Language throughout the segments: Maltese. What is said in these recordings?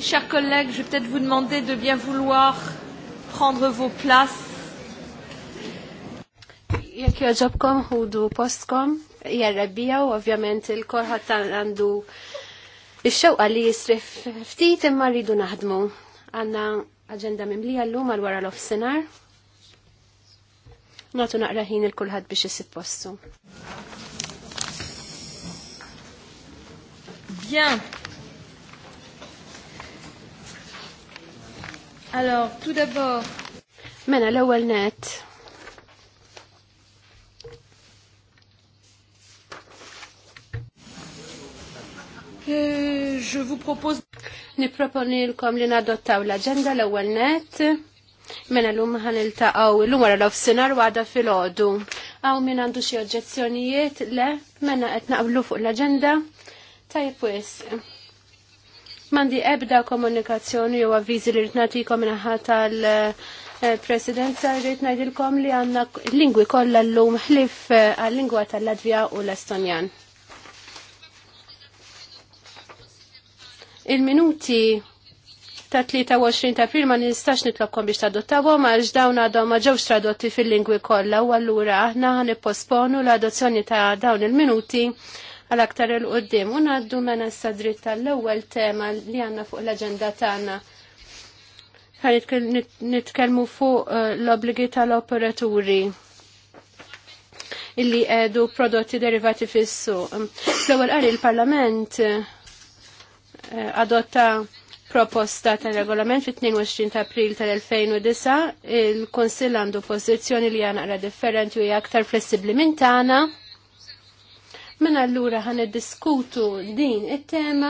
Chers collègues, je vais peut-être vous demander de bien vouloir prendre vos places. Jekk joġobkom postkom, u ovvjament il-korħat għandu xewqa li jisrif ftit imma rridu naħdmu. Għanna mimlija l-lum għal wara l Natu il biex jisib postu. Bien. Alors, tout d'abord. Mena l-ewwel net. Je vous propose Niproponilkom li nadottaw l-agenda l-ewwel net. Mena l-lum ħan il-taqaw l-lum wara l-ofsinar għada fil-ħodu. Aw min għandu xie oġġezzjonijiet le, mena qed naqblu fuq l-agenda. Tajb wisq. Mandi ebda komunikazzjoni u avvizi li rritnatikom minnaħa tal-presidenza rritnajdilkom li għanna lingwi kolla l-lum ħlif eh, għal-lingwa tal-Latvija u l-Estonjan. Il-minuti ta' 23 ta' april ma nistax nitlobkom biex tadottawhom għax dawn għadhom ma ġewx tradotti fil-lingwi kollha u allura aħna ħaniposponu l-adozzjoni ta' dawn il-minuti għal aktar il-qoddim. U għaddu mena s-sadrit tal-ewwel tema li għanna fuq l-agenda tagħna. Ħan nitkellmu fuq eh, l-obligi tal-operaturi illi għedu prodotti derivati fissu. Mm, L-ewwel qari il-Parlament eh, adotta proposta tal-regolament fit-22 ta' april tal-2009 il-Konsil għandu pożizzjoni li għanaqra differenti u aktar flessibli minn tagħna Men allura ħan diskutu din it-tema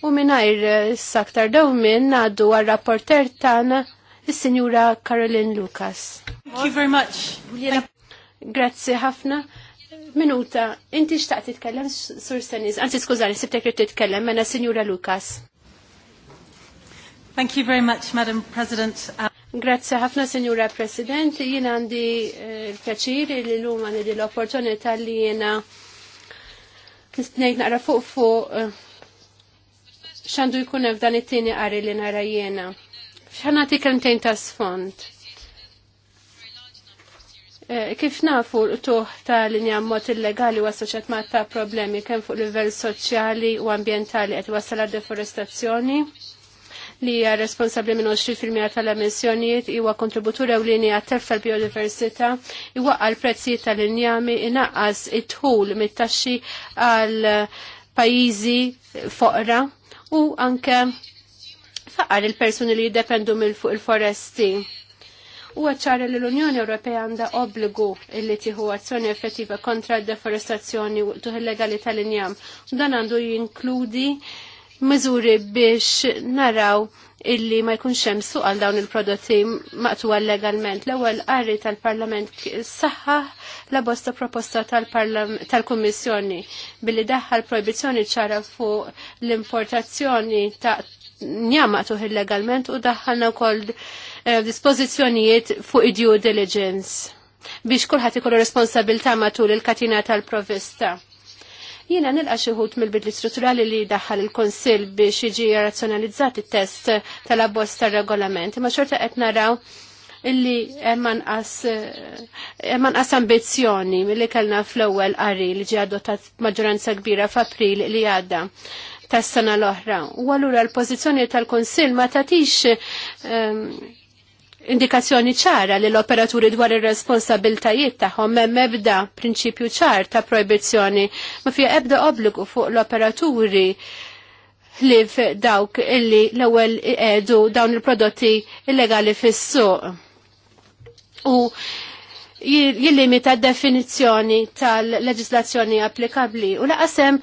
u mingħajr saktar daw minn għaddu għal-rapporter tagħna il-senjura Caroline Lucas. Thank you very much. Grazie ħafna. Minuta, inti xtaqt titkellem, Sur Seniz, anzi skużani, sibtek li titkellem, mena Signora Lukas. Thank you very much, Madam President. Grazzi ħafna, Signora President. Jien għandi eh, l-pjaċir li l-lum għandi l-opportunità li jena nistnejt naqra fuq fuq eh, xandu jkun f'dan it-tieni qari li nara jena. X'ħana ti kemtejn ta' sfond. Eh, kif nafu l-tuħ ta' inja mod illegali wassoċat ma' ta' problemi kemm fuq livell soċjali u ambientali qed wasala għad deforestazzjoni? li hija responsabbli minn 20% tal-emissjonijiet huwa kontributur ewlieni għat-telf tal-biodiversità, iwaqqa għal prezzi tal-injami, inaqqas it-tħul mit-taxxi għal pajjiżi foqra u anke faqar il-persuni li jiddependu mill fuq il-foresti. U għacċar li l-Unjoni Ewropea għandha obbligu li tieħu azzjoni effettiva kontra d-deforestazzjoni u tuħ legali tal-injam. Dan għandu jinkludi miżuri biex naraw illi ma jkunx hemm suq għal dawn il-prodotti maqtuwa legalment. L-ewwel qari tal-Parlament saħħa la bosta proposta tal-Kummissjoni tal billi daħħal proibizzjoni ċara fuq l-importazzjoni ta' njamatuh illegalment u daħħalna wkoll eh, dispożizzjonijiet fuq due diligence biex kulħadd ikollu responsabilità matul il-katina tal-provista Jiena nilqa xieħut mill-bidli strutturali li daħħal il konsil biex jiġi razzjonalizzat it-test tal-abbozz tar-regolament, imma xorta qed naraw illi hemm as ambizzjoni milli kellna fl-ewwel qari li ġie adottat maġġoranza kbira f'April li għadda tas-sena l-oħra. U allura l-pożizzjoni tal konsil ma tatix ehm, indikazzjoni ċara li l-operaturi dwar ir-responsabiltajiet tagħhom hemm ebda prinċipju ċar ta' proibizzjoni ma fija ebda obbligu fuq l-operaturi li dawk illi l-ewwel edu dawn il-prodotti illegali fis-suq. U jillimita d-definizzjoni tal-leġislazzjoni applikabli u laqasem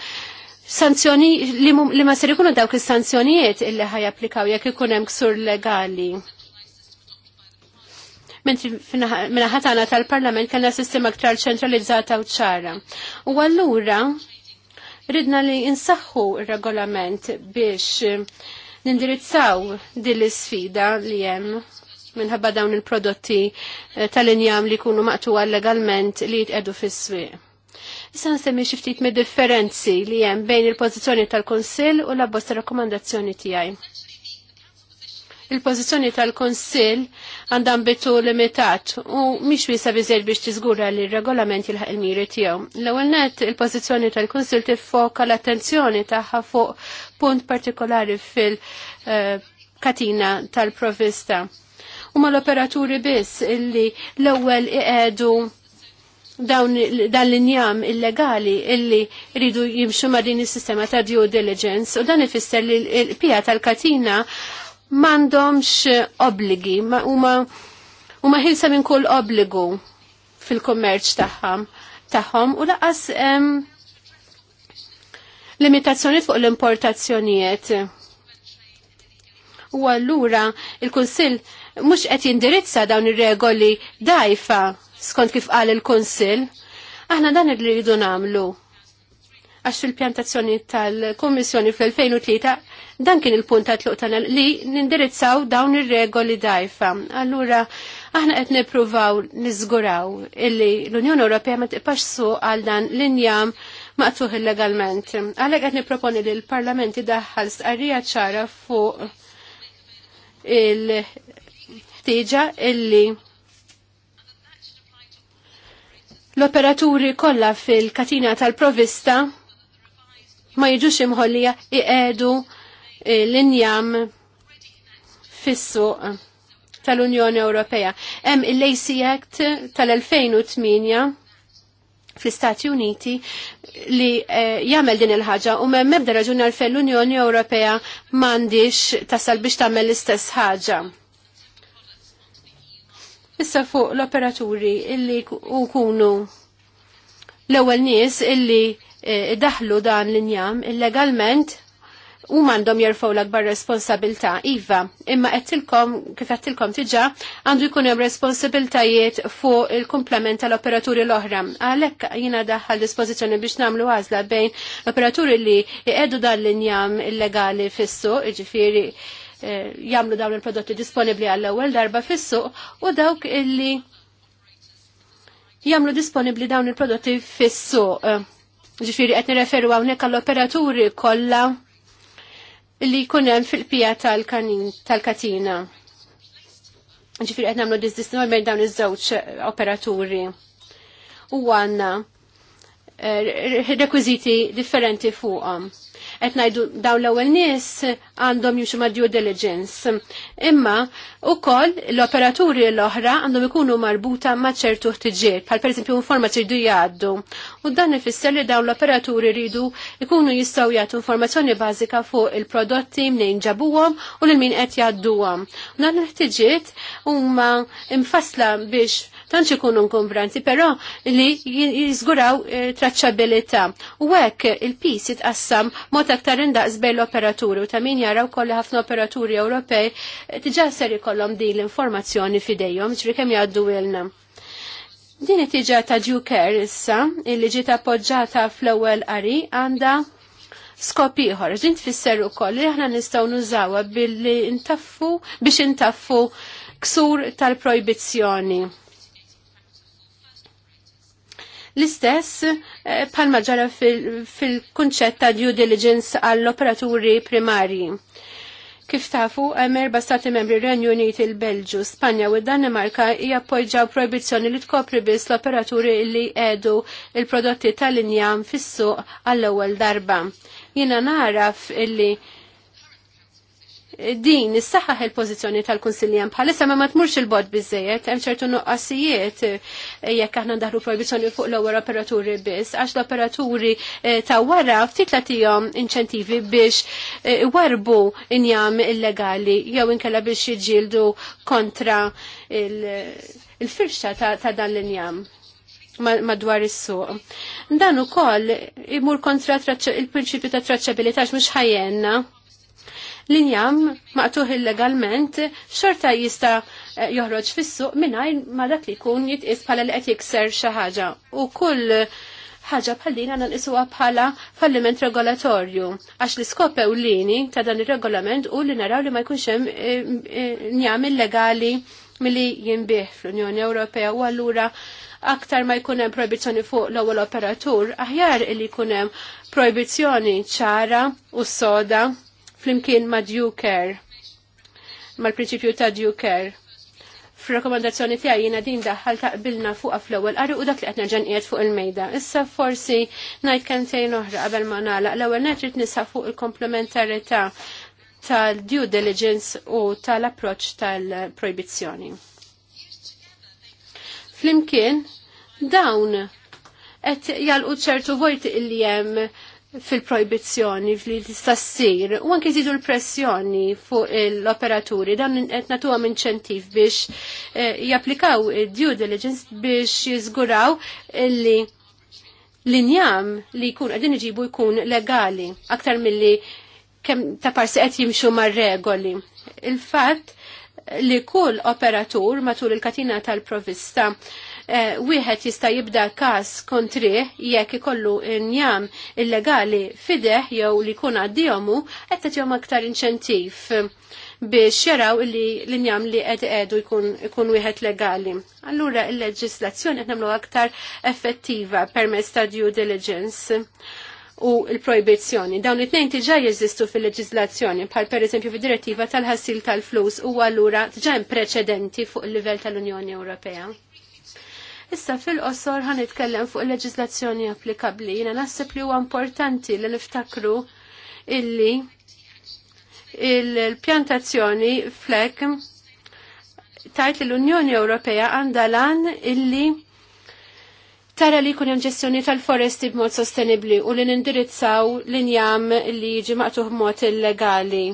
sanzjoni li, li ma ser ikunu dawk is-sanzjonijiet illi ħaj applikaw jekk ikun hemm ksur legali mentri minna ħatana tal-parlament kanna sistema aktar ċentralizzata u ċara. U għallura ridna li insaħħu regolament biex nindirizzaw din l-sfida li jem minħabba dawn il-prodotti eh, tal-injam li kunu maqtuwa legalment li jitqedu fis-swieq. Issa nsemmi xi ftit mid-differenzi li hemm bejn il-pożizzjoni tal-Kunsill u l-abbozz rakkomandazzjoni tiegħi. Il-pożizzjoni tal-Kunsill għandha ambitu limitat u mhix wiesa biżejjed biex tiżgura li r-regolament jilħaq il-miri tiegħu. L-ewwel nett il-pożizzjoni tal-Kunsil tiffoka l-attenzjoni tagħha fuq punt partikolari fil-katina eh, tal-provista. U l operaturi biss illi l-ewwel iqedu dawn dan l-injam illegali illi ridu jimxu ma' din is-sistema ta' due diligence u dan ifisser li l-pija tal-katina m'għandhomx obbligi, u huma ħilsa minn kull obbligu fil-kummerċ tagħhom tagħhom u laqas limitazzjoniet fuq l-importazzjonijiet. U allura il-Kunsill mhux qed jindirizza dawn ir-regoli dajfa skont kif qal il-Kunsill. Aħna dan irridu nagħmlu għax fil-pjantazzjoni tal-Kommissjoni fl-2003 dan kien il-punt ta' tluqtana li nindirizzaw dawn ir-regoli dajfa. Allura aħna qed nippruvaw niżguraw illi l-Unjoni Ewropea ma tibqax għal dan l-injam maqtuħ illegalment. Għalhekk qed nipproponi li l-Parlament idaħħal stqarrija ċara fuq il-ħtieġa illi l-operaturi kollha fil-katina tal-provista ma jiġux imħollija iqedu eh, l-injam fis-suq tal-Unjoni Ewropea. Hemm il-Lacey Act tal-2008 fl-Istati Uniti li eh, jagħmel din il-ħaġa u mebda raġun raġuni fejn l-Unjoni Ewropea m'għandix tasal biex tagħmel l-istess ħaġa. Issa fuq l-operaturi illi u kunu l-ewwel nies illi E, daħlu dan l-injam illegalment u mandom jerfaw l-akbar responsabilta. Iva, imma għettilkom, kif għettilkom tiġa, għandu jkun hemm responsabiltajiet fuq il-komplement tal-operaturi l-oħra. Għalek jina daħħal dispozizjoni biex namlu għazla bejn l-operaturi li jgħedu dan l-injam illegali fissu, iġifiri e, jamlu dawn il-prodotti disponibli għall-ewwel darba fis-suq u dawk illi jamlu disponibli dawn il-prodotti fis-suq Ġifiri qed nirreferu hawnhekk għall-operaturi kollha li jkun hemm fil-pija tal-katina. Ġifiri qed nagħmlu distinzjoni bejn dawn iż-żewġ operaturi. U għandna eh, rekwiżiti differenti fuqhom qed ngħidu dawn l-ewwel nies għandhom jimxu ma' due diligence. Imma wkoll l-operaturi l-oħra għandhom ikunu marbuta ma' ċertu ħtiġiet, bħal pereżempju informaċi ċirdu jgħaddu. U dan ifisser li dawn l-operaturi jridu ikunu jistgħu jagħtu informazzjoni bażika fuq il-prodotti minn ġabuhom u lil min qed jgħadduhom. Dan l-ħtiġiet huma imfassla biex tanċi kunu nkumbranti, però li jiżguraw eh, traċċabilità. U hekk il-pis jitqassam mod aktar indaqs bejn l-operaturi u ta' min jaraw kolli ħafna operaturi Ewropej eh, diġà ser ikollhom din l-informazzjoni fidejhom, ġri kemm jaddu ilna. Din it-tiġa ta' Duker issa, li ġiet appoġġata fl-ewwel qari għandha skop ieħor. Din tfisser ukoll li aħna nistgħu nużawha billi ntaffu biex intaffu ksur tal-projbizzjoni. L-istess eh, palma ġara fil-kunċett ta' due diligence għall-operaturi primarji. Kif tafu, hemm erba' stati membri Renju Uniti, il-Belġu, Spanja u d-Danimarka jappoġġaw proibizjoni li tkopri biss l-operaturi li edu il-prodotti tal-injam fis-suq għall-ewwel darba. Jiena naraf illi din saħħaħ il-pożizzjoni tal-Kunsiljem bħalissa ma ma tmurx il-bod biżejjed, hemm ċertu nuqqasijiet eh, jekk aħna ndaħlu prohibizzjoni fuq l-ewwel operaturi biss, għax l-operaturi eh, ta' wara ftit tagħtihom inċentivi biex eh, warbu injam illegali jew inkella biex jiġġieldu kontra il-firxa ta' dan l-injam madwar is-suq. Dan ukoll imur kontra il-prinċipju ta' traċċabilità mhux ħajjenna l-injam maqtuħ illegalment xorta jista eh, joħroġ fis-suq mingħajr ma dak li jkun jitqis bħala li qed jikser xi ħaġa. U kull ħaġa bħal din għandna nqisuha bħala falliment regolatorju għax l-iskop ewlieni ta' dan ir-regolament u li naraw li ma jkunx hemm eh, eh, njam illegali milli jinbih fl-Unjoni Ewropea u allura aktar ma jkun hemm proibizzjoni fuq l-ewwel operatur, aħjar li jkun hemm proibizzjoni ċara u soda flimkien ma' due care, mal-prinċipju ta' due care. F'rakkomandazzjoni tiegħi jiena din daħħal taqbilna fuqha fl-ewwel qari u dak li qed nerġa' fuq il-mejda. Issa forsi ngħid kentejn oħra qabel ma nagħlaq l-ewwel ngħid trid nisa' fuq il-komplementarità tal-due diligence u tal-approċ tal-proibizzjoni. Flimkien, dawn qed jalqu ċertu vojt il hemm fil-projbizzjoni fil-tassir u anke jżidu l-pressjoni fuq l-operaturi dan qed nagħtuhom inċentiv biex eh, japplikaw due diligence biex jiżguraw li l-injam li jkun qegħdin iġibu jkun legali aktar milli kemm ta' parsi qed jimxu mar-regoli. Il-fatt li kull operatur matul il-katina tal-provista Eh, wieħed jista' jibda każ kontrih jekk ikollu injam illegali fideh jew li jkun għaddihom qed tagħtihom aktar inċentiv biex jaraw li l-injam li qed qegħdu jkun wieħed legali. Allura il-leġislazzjoni qed nagħmlu aktar effettiva permezz ta' due diligence u l-proibizzjoni. Dawn it-tnejn diġà jeżistu fil-leġislazzjoni bħal pereżempju fid-direttiva tal-ħassil tal-flus u allura diġà hemm preċedenti fuq il-livell tal-Unjoni Ewropea. Issa fil-qosor ħan itkellem fuq il-leġizlazzjoni applikabli. Jina naħseb li huwa importanti li niftakru illi il-pjantazzjoni flek tajt l-Unjoni Ewropea għandha lan illi tara li kun hemm ġestjoni tal-foresti b'mod sostenibbli u li nindirizzaw l-injam li jiġi maqtuħ b'mod illegali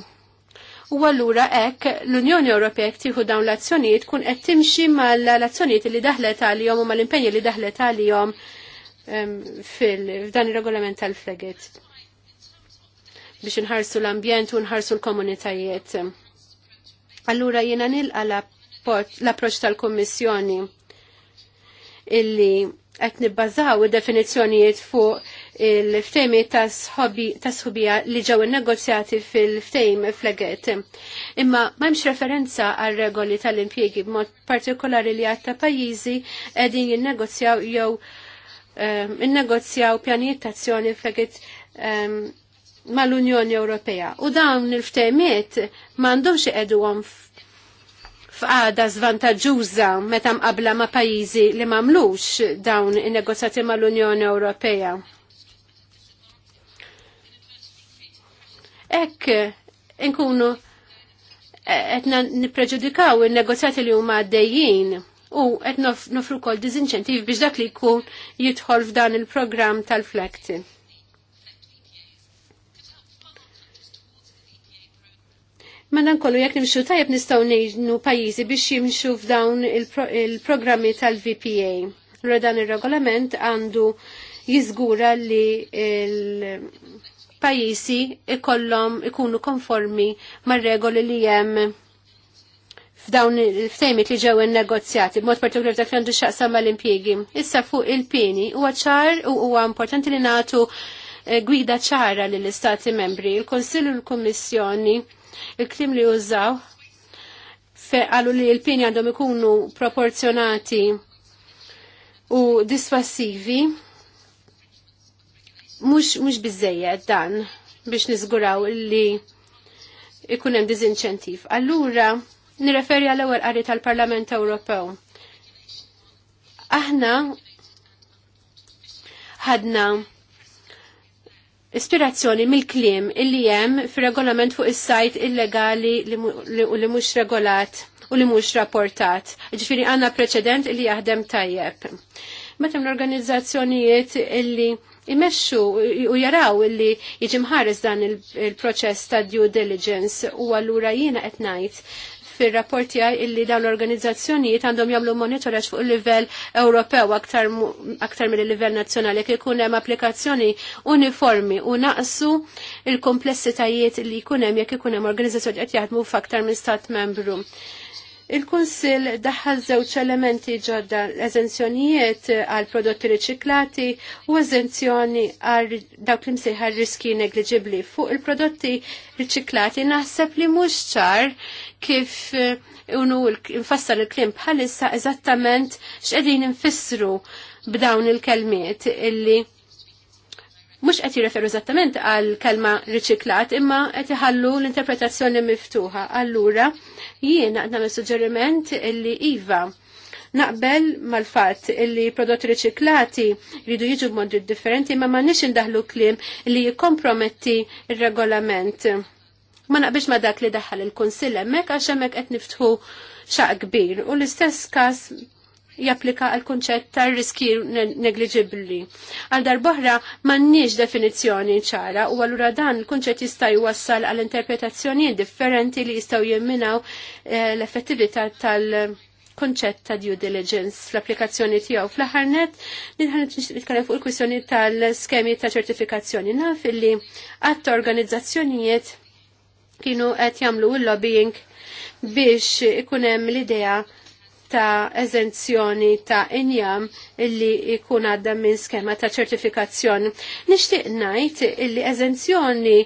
U allura hekk l-Unjoni Ewropea jekk tieħu dawn l-azzjonijiet tkun qed timxi mal-azzjonijiet li daħlet għalihom u mal-impenji li daħlet għalihom f'dan ir-regolament tal-fleget biex nħarsu l-ambjent u nħarsu l-komunitajiet. Allura jiena nilqa l-approċ tal kummissjoni illi qed nibbażaw id-definizzjonijiet fuq il-ftejmi ta' sħubija li ġew negozjati fil-ftejm fleget. Imma m'hemmx referenza għal regoli tal-impjegi b'mod partikolari li għatta pajjiżi qegħdin negozjaw jew um, innegozjaw pjanijiet tazzjoni fleget ma' ehm, mal-Unjoni Ewropea. U dawn il-ftejmiet m'għandhomx iqeduhom f'għada zvantaġġuża meta mqabla ma' pajjiżi li m'għamlux dawn in-negozjati mal-Unjoni Ewropea. Ekk nkunu qed nippreġudikaw in-negozjati li huma għaddejjin u qed nofru kol dizinċentiv biex dak li jkun jidħol f'dan il-programm tal-flekti. Madan kollu jek nimxu tajab nistaw nejnu pajizi biex jimxu f'dawn il-programmi il tal-VPA. L-redan il-regolament għandu jizgura li pajjiżi ikollhom ikunu konformi mar-regoli li hemm f'dawn il-ftejmit li ġew negozjati b'mod partikolari dak li għandu x'aqsam mal-impjiegi. Issa fuq il-pieni huwa ċar u huwa importanti li nagħtu eh, gwida ċara lill istati membri. il konsil u l-Kummissjoni il-klim li użaw għallu li l-pieni għandhom ikunu proporzjonati u dispassivi mux, mux bizzejed dan biex nizguraw li ikunem hemm Allura nirreferi għal ewwel qari tal-Parlament Ewropew. Aħna ħadna ispirazzjoni mill-kliem illi hemm fir-regolament fuq is-sajt illegali u li mhux regolat u li mhux rapportat. Ġifieri għandna preċedent illi jaħdem tajjeb. Meta l-organizzazzjonijiet illi imexxu u jaraw illi jiġi mħares dan il-proċess ta' due diligence u allura jiena qed ngħid fir-rapporti għaj illi dawn l-organizzazzjonijiet għandhom jagħmlu monitoraċ fuq il-livell Ewropew aktar, mill-livell nazzjonali kif ikun hemm applikazzjoni uniformi u naqsu il-komplessitajiet li jkun hemm jekk ikun hemm organizzazzjoni qed jaħdmu f'aktar minn stat membru. Il-Kunsil daħħal żewġ elementi ġodda eżenzjonijiet għal prodotti riċiklati u eżenzjoni għal dawk li msejħa riski negliġibli fuq il-prodotti riċiklati naħseb li mhux ċar kif eh, unu infassal il-klim bħalissa eżattament x'qegħdin infissru b'dawn il-kelmiet illi mux qed referu eżattament għal kelma riċiklat imma qed iħallu l-interpretazzjoni miftuħa. Allura jien nagħmel suġġeriment illi iva naqbel mal-fatt illi prodotti riċiklati jridu jiġu b'modi differenti ma nix indaħlu kliem li jikkomprometti il regolament Ma naqbilx ma dak li daħħal il-Kunsill hemmhekk għax hemmhekk qed niftħu xaq kbir u l-istess każ japplika għal kunċett tar riski negliġibbli. Għal darbohra m'għandniex definizzjoni ċara u allura dan il-kunċett jista' jwassal għal interpretazzjonijiet differenti li jistgħu jimminaw eh, l-effettività tal-kunċett ta' due diligence fl-applikazzjoni tiegħu. Fl-aħħar net nitħanet nitkellem fuq il-kwissjoni tal-skemi ta' ċertifikazzjoni naf illi għatt organizzazzjonijiet kienu qed jagħmlu l-lobbying biex ikun hemm l-idea ta' eżenzjoni ta' injam illi jkun għadda minn skema ta' ċertifikazzjoni. Nixtieq ngħid illi eżenzjoni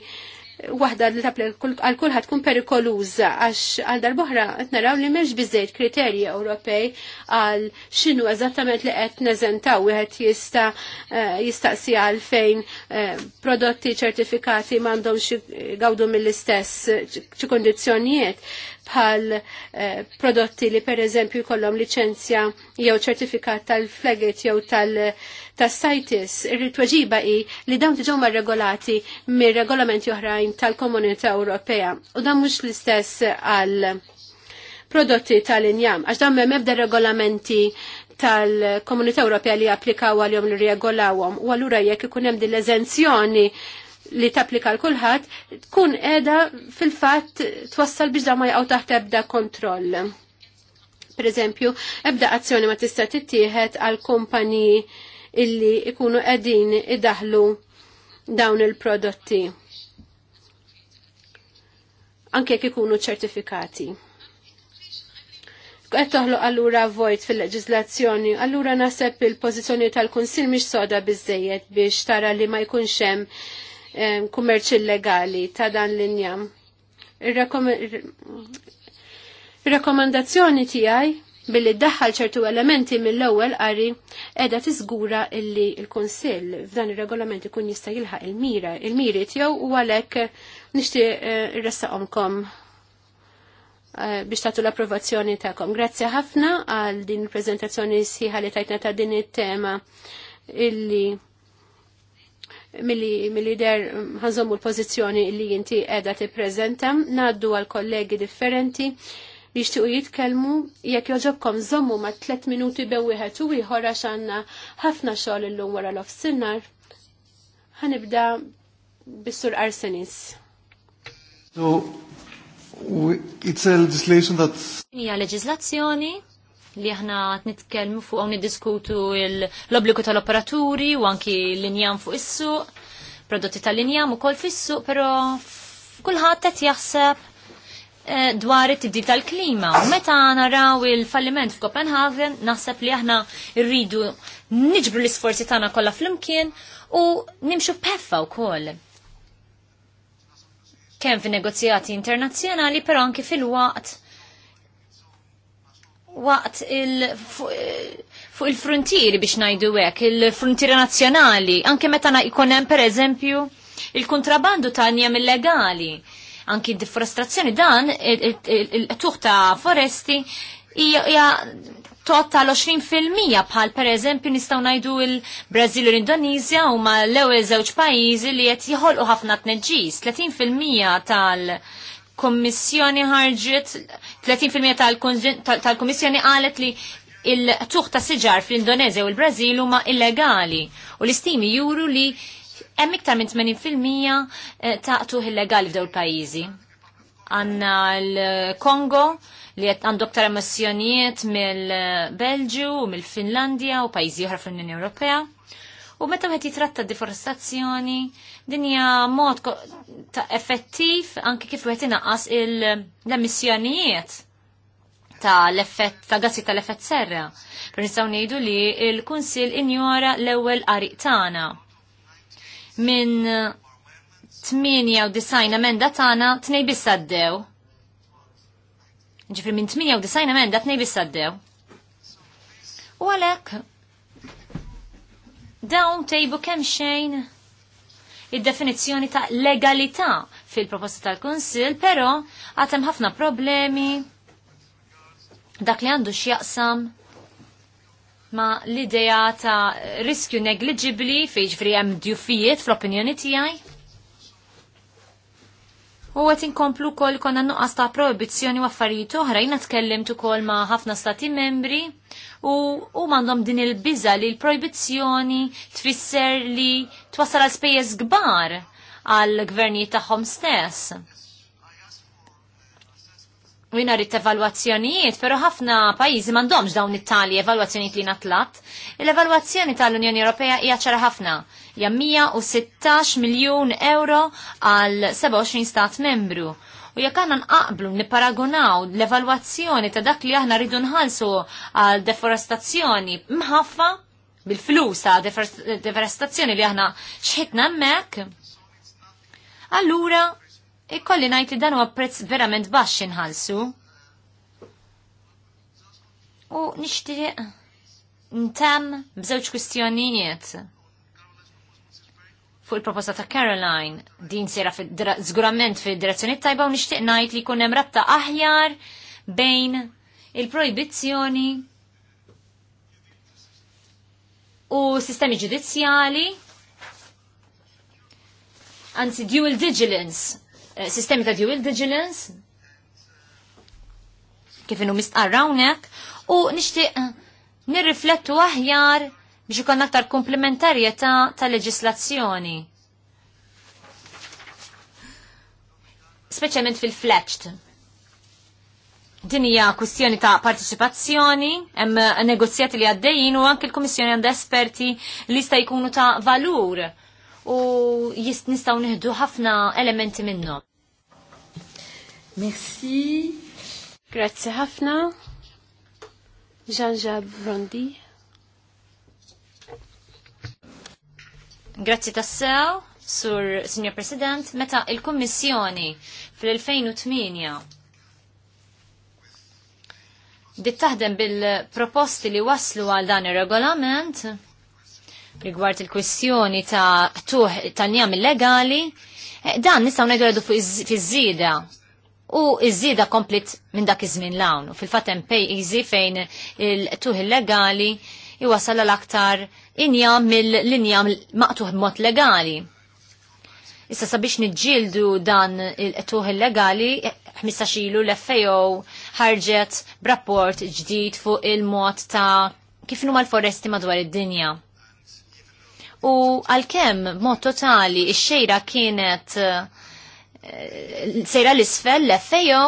waħda li ta' għal kulħadd tkun perikoluża għax għal darbohra qed naraw li m'hemmx bizzejt kriterji Ewropej għal x'inhu eżattament li qed neżentaw wieħed jista' eh, jistaqsi għal fejn eh, prodotti ċertifikati m'għandhomx gawdu mill-istess ċi kondizjonijiet bħal eh, prodotti li per eżempju kollom licenzja jew ċertifikat tal flegget jew tal-sajtis. Ir-tweġiba i li dawn tiġew regolati mir regolamenti oħrajn tal-Komunità Ewropea. U dan mhux l-istess għal prodotti tal-injam, għax dawn m'hemm ebda regolamenti tal-Komunità Ewropea li applikaw għal-jom li regolawhom. U allura jekk ikun hemm din l-eżenzjoni li tapplika l kulħadd tkun qiegħda fil-fatt twassal biex da ma jaqgħu taħt ebda kontroll. Per eżempju, ebda azzjoni ma tista' tittieħed għal kumpaniji illi ikunu qegħdin idaħlu dawn il-prodotti. Anke jekk ikunu ċertifikati. Qed toħloq allura vojt fil-leġiżlazzjoni, allura naħseb il-pożizzjoni tal-Kunsill mhix soda biżejjed biex tara li ma jkunx hemm kummerċ illegali ta' dan l-injam. Il-rakomandazzjoni tiegħi billi daħħal ċertu elementi mill-ewwel qari qiegħda tiżgura illi l-Kunsill f'dan ir-regolament ikun jista' jilħaq il-mira, il-miri tiegħu u għalhekk nixtieq eh, irressaqhomkom eh, biex tagħtu l-approvazzjoni tagħkom. Grazzi ħafna għal din il-preżentazzjoni sħiħa li tajtna ta' din it-tema illi mill der mm, ħanżommu l-pozizjoni li jinti edha ti prezenta naddu għal kollegi differenti li jixtiqu jitkelmu, jekk joġobkom zommu ma' 3 minuti bew wieħed u ieħor għax għandna ħafna xogħol illum wara l-ofsinnar. Ħanibda bis-sur Arsenis. So, it's a legislation that... Hija leġislazzjoni li aħna nitkellmu fuq hawn niddiskutu l-obbligu tal-operaturi u anki l-injam fuq is-suq, prodotti tal-injam ukoll fis-suq, però kulħadd qed jaħseb eh, dwar it-tibdil tal-klima. Meta naraw il-falliment f'Copenhagen, naħseb li aħna rridu niġbru l-isforzi tagħna kollha flimkien u nimxu peffa wkoll. Kemm fin negozjati internazzjonali, però anke fil-waqt waqt il fuq il-frontieri biex najdu hekk, il frontieri nazzjonali, anke meta jkun hemm pereżempju il-kontrabandu ta' njem illegali, anki d-deforestazzjoni dan il-tuħ ta' foresti hija tot tal-20% bħal per eżempju nistaw najdu il-Brazil u l-Indonizja u ma l ewwel żewġ pajjiżi li qed jħolqu ħafna tneġġis. 30% tal- kommissjoni ħarġet, 30% tal-kommissjoni għalet li il-tuħ ta' siġar fl-Indonezja u l-Brazil huma illegali u l-istimi juru li hemm iktar minn 80% eh, ta' tuħ illegali f'dawn il-pajjiżi. Għanna l-Kongo li qed għandu aktar emissjonijiet mill-Belġju u mill-Finlandja u pajjiżi oħra fl-Unjoni Ewropea. U meta qed jitratta deforestazzjoni, dinja mod ta' effettiv anki kif wieħed inaqqas l-emissjonijiet ta' l-effett ta' gassi tal effett serra. Per nistgħu ngħidu li l-Kunsill injora l-ewwel qariq tagħna. Minn 98 emenda tagħna tnej biss għaddew. Ġifri minn 98 emenda tnej biss għaddew. U għalhekk dawn tejbu kemm xejn id-definizzjoni ta' legalità fil-proposta tal-Kunsill, però għatem ħafna problemi dak li għandu x'jaqsam ma l-idea ta' riskju negligibli fejġ fri hemm djufijiet fl-opinjoni tiegħi. U għet inkomplu kol konna nuqqas ta' proibizjoni u affarijiet oħra, jina tkellimt ukoll ma' ħafna stati membri u u mandom din il-biża li l-proibizjoni tfisser li twassal għal spejjeż kbar għal gvernijiet tagħhom stess. U jina rrit evalwazzjonijiet, pero ħafna pajjiżi mandomx dawn it-tali evalwazzjonijiet li natlat. L-evalwazzjoni tal-Unjoni Ewropea hija ċara ħafna hija 116 miljun euro għal 27 stat membru. U jekk għandna nqaqblu nipparagunaw l-evalwazzjoni ta' dak li aħna rridu nħallsu għal deforestazzjoni mħaffa bil-flus ta' deforestazzjoni li aħna xħitna hemmhekk, allura ikkolli ngħid li dan huwa prezz verament baxx inħallsu. U nixtieq ntemm bżewġ kwistjonijiet fuq il-proposta ta' Caroline din sera zgurament fi direzzjoni tajba u nixtieq ngħid li jkun hemm rabta aħjar bejn il-proibizzjoni u sistemi ġudizzjali anzi dual vigilance eh, sistemi ta' dual vigilance kif inhu mistqarrawnek u nixtieq nirriflettu aħjar biex ikon aktar komplementarjetà ta' leġislazzjoni. Speċjalment fil-fletched. Din hija kwistjoni ta' partiċipazzjoni, hemm negozjati li għaddejjin u anke l-Kummissjoni għandha esperti li jista' jkunu ta' valur u jist nistgħu nieħdu ħafna elementi minnhom. Merci. Grazzi ħafna. Jean-Jacques Vrondi. Grazzi tassew, sur Signor President, meta il-Kommissjoni fl-2008 dit taħdem bil-proposti li waslu għal dan ir-regolament rigward il-kwistjoni ta' tuħ ta' njam illegali, eh, dan nistaw ngħidu għadu iż żieda U iż-żieda komplit minn dak iż-żmien l Fil-fatem pej easy fejn il-tuħ illegali iwasal l-aktar inja mill-linja maqtuħ b'mod legali. Issa sabiex nġildu dan il-qtuħ illegali, 15 ilu l-FAO ħarġet b'rapport ġdid fuq il-mod ta' kif numa l-foresti madwar id-dinja. U għal-kem, mod totali, il xejra kienet eh, sejra l-isfel l-FAO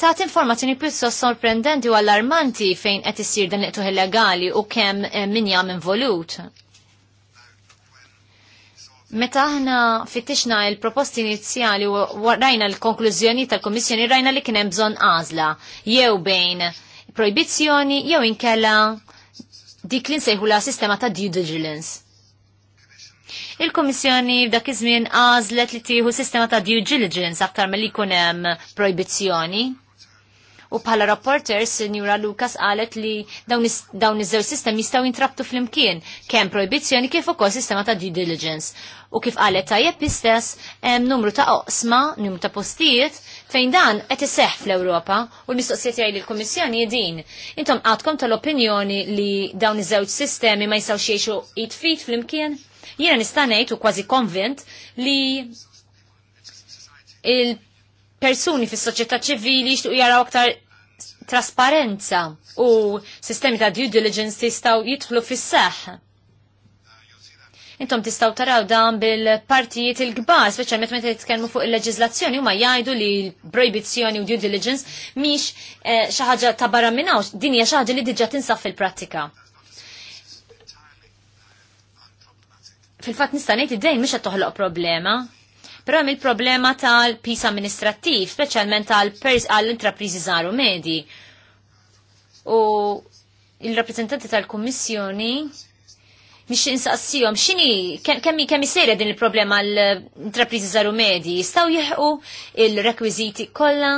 ta' informazzjoni pjuttost sorprendenti u allarmanti fejn qed issir dan iqtuħ illegali u kemm eh, min jam involut. Meta aħna fittixna il-proposti inizjali u rajna l-konklużjoni tal-Komissjoni rajna li kien hemm bżonn għażla jew bejn proibizzjoni jew inkella dik li nsejħula sistema ta' due diligence. Il-Komissjoni f'dak iż-żmien għażlet li tieħu sistema ta' due diligence aktar milli jkun hemm proibizzjoni u bħala rapporter Sinjura Lukas qalet li dawn iż-żewġ sistemi jistgħu jintraptu fl-imkien kemm proibizzjoni kif ukoll sistema ta' due diligence. U kif qalet tajjeb istess hemm numru ta' oqsma, numru ta' postijiet fejn dan qed iseħħ fl-Ewropa u l-mistoqsijiet jgħid il-Kummissjoni din. Intom għadkom tal-opinjoni li dawn iż-żewġ sistemi ma jistgħux jgħixu jitfit fl-imkien? Jiena nista' ngħid u kważi konvint li il persuni fis soċjetà ċivili jixtuq jaraw aktar trasparenza u sistemi ta' due diligence jistgħu jidħlu fis-seħħ. Intom tistgħu taraw dan bil-partijiet il-kbar, speċjalment meta jitkellmu fuq il-leġiżlazzjoni huma jgħidu li l-projbizzjoni u due diligence mhix eh, xi ħaġa ta' barra minn din hija xi ħaġa li diġà tinsab fil-prattika. Fil-fatt nista' ngħid id-dejn mhix qed toħloq problema, Pero għam il-problema tal-pis amministrattiv, speċjalment tal-intrapriżi Zaru Medi. U il-rappreżentanti tal-Kummissjoni biex insaqsijom, xini, kemmi kemmi serja din il-problema l-intrapriżi zaru Medi staw jihqu il-rekwiziti kolla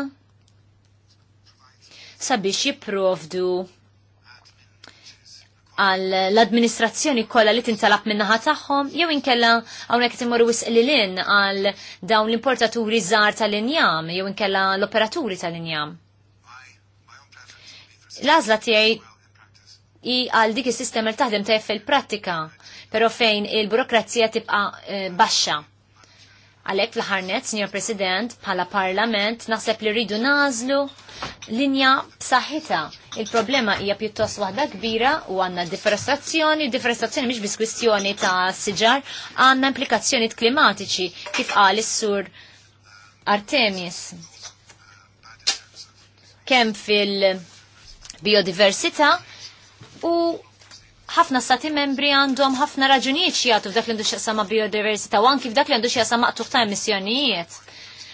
sabiex jiprovdu l administrazzjoni kollha li tintalab minnaħa tagħhom jew inkella hawnhekk li l-in għal dawn l-importaturi żgħar tal-injam jew inkella l-operaturi tal-injam. L-għażla tiegħi i għal dik is-sistema li taħdem tajf fil-prattika, però fejn il-burokrazija tibqa' eh, baxxa. Għalhekk fl-ħarnet, Signor President, bħala Parlament, naħseb li rridu nażlu linja b'saħħitha. Il-problema hija pjuttost waħda kbira u għandna deforestazzjoni, deforestazzjoni mhix biss kwistjoni ta' siġar, għandna implikazzjonijiet klimatiċi kif qal is-sur Artemis. Kemm fil-biodiversità u ħafna stati membri għandhom ħafna raġunijiet xi jagħtu f'dak li għandu x'jaqsam ma' biodiversità u anki f'dak li għandu jaqsam ma' tuħta emissjonijiet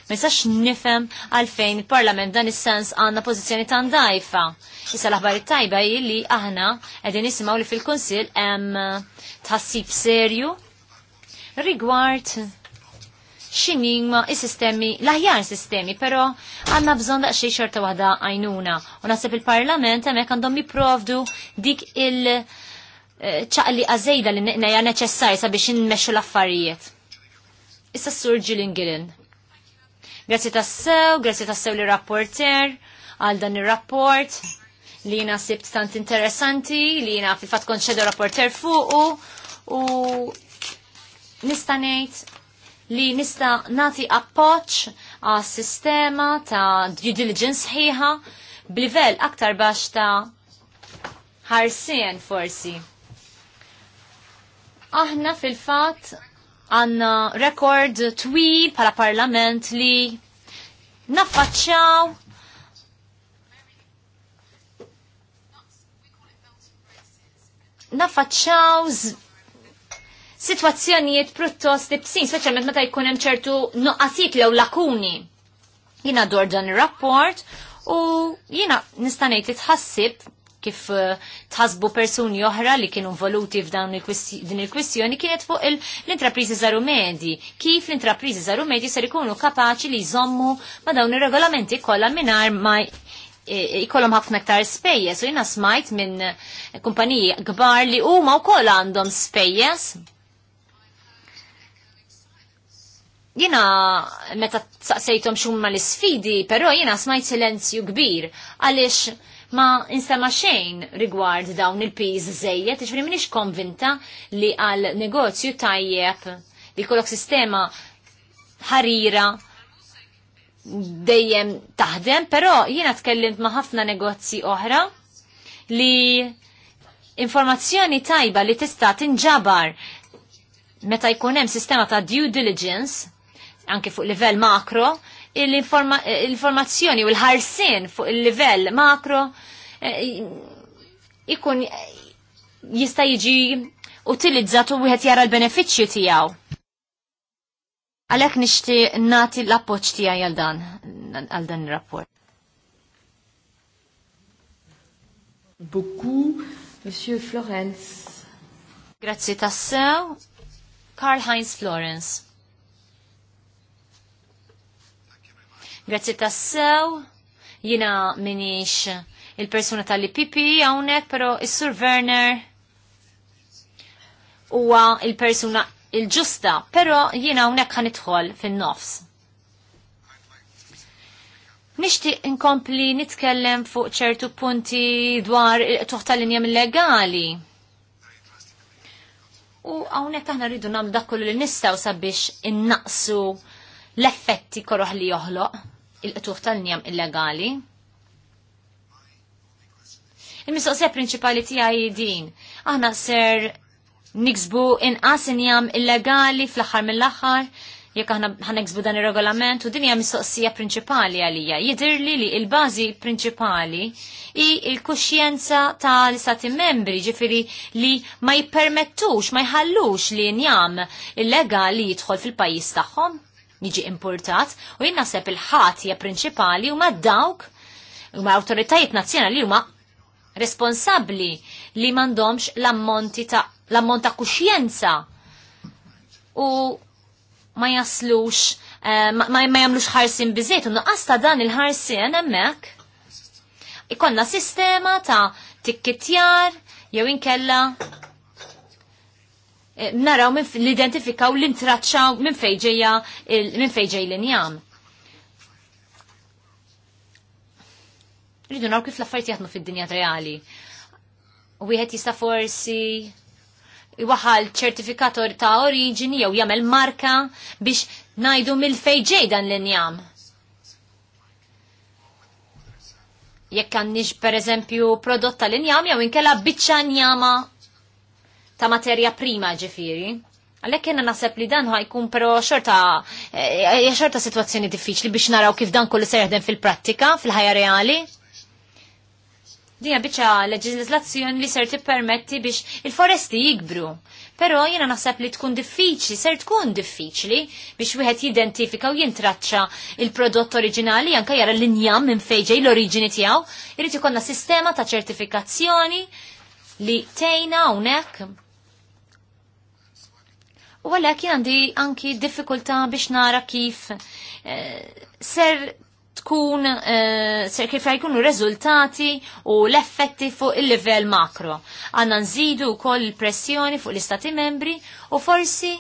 Mistax nifem għalfejn il-Parlament dan is-sens għandna pożizzjoni tan dajfa. Issa l-aħbar tajba li aħna qegħdin nisimgħu li fil-Kunsill hemm eh, tħassib serju rigward xinima is-sistemi, l-aħjar sistemi, pero għanna bżon daqxie xorta wahda għajnuna. U il-parlament għamek għandhom jiprovdu dik il- eh, ċaqli għazejda li neqnija neċessari sabiex nmexxu l-affarijiet. Issa s-sur Gilin Gilin. Grazzi tassew, grazzi tassew li rapporter għal dan il-rapport li jina sibt tant interessanti, li jina fil-fat konċedu rapporter fuqu u nistanejt li nista nati appoċ għas sistema ta' due diligence ħiħa b'livell aktar bax ta' ħarsien forsi. Aħna fil-fat għanna rekord twil pala parlament li naffaċċaw naffaċċaw situazzjonijiet pruttost ibsin, speċjalment meta jkun hemm ċertu noqqasijiet lew lakuni. Jina dor dan ir-rapport u jina nista' ngħid li tħassib kif eh, tħasbu persuni oħra li kienu involuti f'dan din il-kwistjoni kienet fuq l-intrapriżi żaru medji. Kif l-intrapriżi żaru medji ser ikunu kapaċi li jżommu ma' dawn ir-regolamenti kollha mingħajr ma jkollhom ħafna aktar spejjeż u jiena smajt minn kumpaniji kbar li huma wkoll għandhom spejjeż. Jiena meta saqsejthom xumma l-isfidi, però jiena smajt silenzju kbir għaliex ma insema xejn rigward dawn il piz zejjet, iġifieri minix konvinta li għal negozju tajjeb li kolok sistema ħarira dejjem taħdem, però jiena tkellimt ma' ħafna negozji oħra li informazzjoni tajba li tista' tinġabar meta jkun hemm sistema ta' due diligence anke fuq livell makro, l-informazzjoni u l-ħarsin fuq il-livell makro eh, ikun jista' jiġi utilizzat u wieħed jara l-benefiċċju tiegħu. Għalhekk nixtieq nagħti l-appoġġ tiegħi għal dan għal dan ir-rapport. Beaucoup, Monsieur Florence. Grazzi tassew, Karl Heinz Florence. Grazzi tassew, jina minix il-persuna tal-IPP għawnek, pero il-Sur Werner huwa il-persuna il-ġusta, pero jina għawnek ħanitħol fin-nofs. Nishti inkompli nitkellem fuq ċertu punti dwar toħta linja legali. U għawnek aħna rridu namdakullu l li nistaw sabiex innaqsu l-effetti korroħ li joħloq il-qtuħ tal-njam illegali. Il-mistoqsija prinċipali tiegħi din. Aħna ser niksbu inqas injam illegali fl-aħħar mill-aħħar jekk aħna ħanexbu dan ir-regolament u din hija mistoqsija prinċipali għalija. Jidirli li il-bażi prinċipali hi l-kuxjenza tal-istati membri ġifiri li ma jippermettux, ma jħallux li injam illegali jidħol fil-pajjiż tagħhom jiġi importat u jien naħseb il-ħatja prinċipali huma dawk huma awtoritajiet nazzjonali huma responsabbli li m'għandhomx l-ammonti ta' l-ammont ta' kuxjenza u ma jaslux eh, ma, ma jamlux ħarsin biżejt u nuqqas ta' dan il-ħarsin hemmhekk ikonna sistema ta' tikkitjar jew inkella Eh, naraw l-identifikaw l-intraċċaw minn fejġeja minn fejġej l-injam. Rridu naraw kif l-affarijiet jaħdmu fid-dinja reali. Wieħed jista' forsi iwaħal ċertifikator ta' oriġini jew jagħmel marka biex ngħidu mill-fejġej dan l-injam. Jekk għandix pereżempju prodott tal-injam jew inkella biċċa njama ta' materja prima ġifiri. Għalek jena nasab li dan ħajkun pero xorta, e, xorta situazzjoni diffiċli biex naraw kif dan kollu serħden fil-prattika, fil-ħajja reali. Dina biċa leġizlazzjoni li ser permetti biex il-foresti jikbru. Pero jena naħseb li tkun diffiċli, ser tkun diffiċli biex wieħed jidentifika u jintraċċa il-prodott oriġinali anke jara l-injam minn fejġej l-oriġini tiegħu, irid ikollna sistema ta' ċertifikazzjoni li tejna hawnhekk U għalhekk għandi anki diffikultà biex nara kif eh, ser tkun eh, ser kif jkunu rezultati u l-effetti fuq il-livell makro. Għanna nżidu wkoll pressjoni fuq l-istati membri u forsi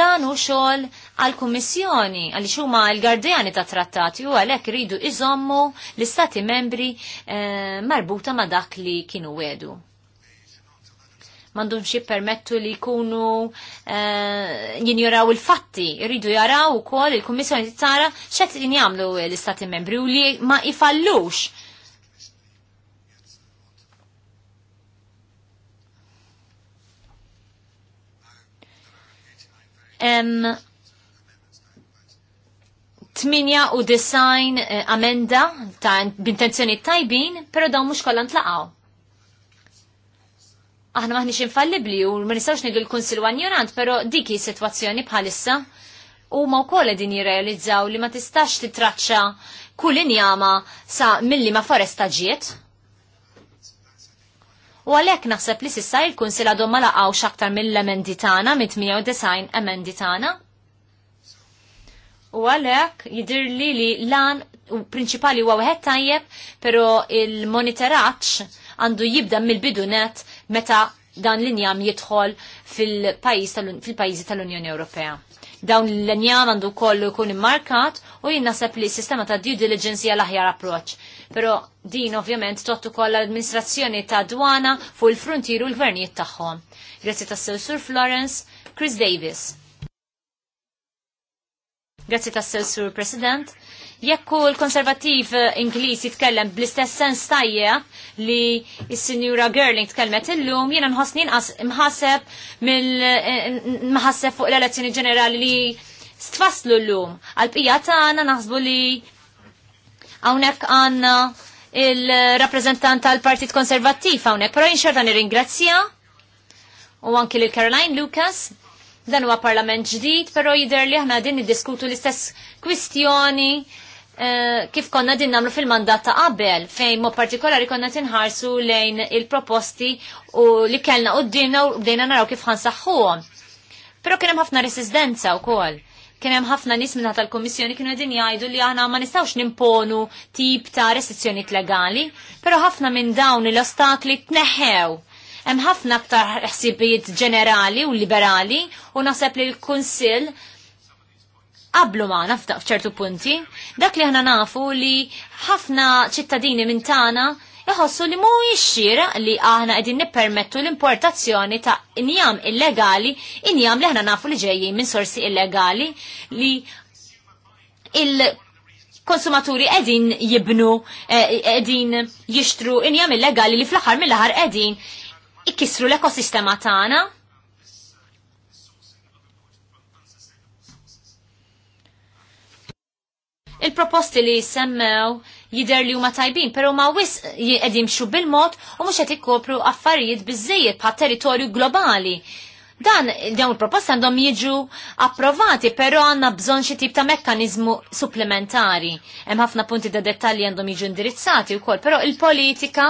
dan u xogħol għal-Kummissjoni għal huma l-gardjani ta' trattati u għalhekk ridu iżommu l-istati membri eh, marbuta ma' dak li kienu wedu xie jippermettu li jkunu eh, jinjuraw il-fatti, irridu jaraw u kol il-Kommissjoni tara xet njamlu l-Istati membri u li ma jifallux. Um, 8 u design eh, amenda ta' b'intenzjoni tajbin, pero dawn mux kollan tlaqaw aħna maħniċ infallibli u ma nistawx nidu l-Kunsil għanjorant, pero diki situazzjoni bħalissa u ma wkoll din jirrealizzaw li ma tistax titraċċa kull injama sa milli ma foresta ġiet. U għalek naħseb li sissa il-Kunsil għadhom ma laqgħux aktar mill-emendi tagħna mit 190 emendi tagħna. U għalek jidir li li lan u prinċipali huwa wieħed tajjeb, pero il-monitoraġġ għandu jibda mill-bidu meta dan l-injam jidħol fil-pajjiżi tal-Unjoni Ewropea. Dawn l-injam għandu kollu jkun immarkat u jien naħseb li s-sistema ta' due diligence hija l-aħjar approċ. Però din ovvjament tottu koll l administrazzjoni ta' dwana fuq il-frontier u l-gvernijiet tagħhom. Grazzi ta' Sur Florence, Chris Davis. Grazzi ta' Sur President. Jekku l-konservativ eh, Ingliż jitkellem bl-istess sens tajja li s-sinjura Gerling tkellmet illum, jiena nħossni imħaseb mill eh, mħasseb fuq l-elezzjoni ġenerali li stfaslu l-lum. Għal-pija tagħna naħsbu li hawnhekk għandna il rappresentant tal-Partit Konservattiv hawnhekk, però nir ingrazzja u anki lil Caroline Lucas dan huwa parlament ġdid, però jidher li aħna din niddiskutu l-istess kwistjoni Eh, kif konna din namlu fil-mandat ta' qabel, fejn mo partikolari konna tinħarsu lejn il-proposti u li kellna u d-dina u bdejna naraw kif ħansaxħuhom. Pero kienem ħafna resistenza u kol. Kienem ħafna nis minna tal-Komissjoni kienu din jgħidu li aħna ma nistawx nimponu tip ta' restrizzjoniet legali, pero ħafna minn dawn il-ostakli tneħħew. Hemm ħafna aktar ħsibijiet ġenerali u liberali u naħseb li l-Kunsill qablu maħna f'ċertu punti, dak li ħna nafu li ħafna ċittadini minn tagħna jħossu li mu jixxira li aħna qegħdin nippermettu l-importazzjoni ta' injam illegali, injam li ħna nafu li ġejjin minn sorsi illegali li il-konsumaturi qegħdin jibnu, eh, qegħdin jixtru injam illegali li fl-aħħar mill-aħħar qegħdin ikissru l-ekosistema tagħna Il-proposti li semmew jider li huma tajbin, pero ma wis qegħdin xu bil-mod u mhux qed ikopru affarijiet bizzejiet pa' territorju globali. Dan dawn il-proposti għandhom jiġu approvati, però għandna bżonn xi tip ta' mekkaniżmu supplementari. Hemm ħafna punti da' dettalji għandhom jiġu indirizzati wkoll, però il-politika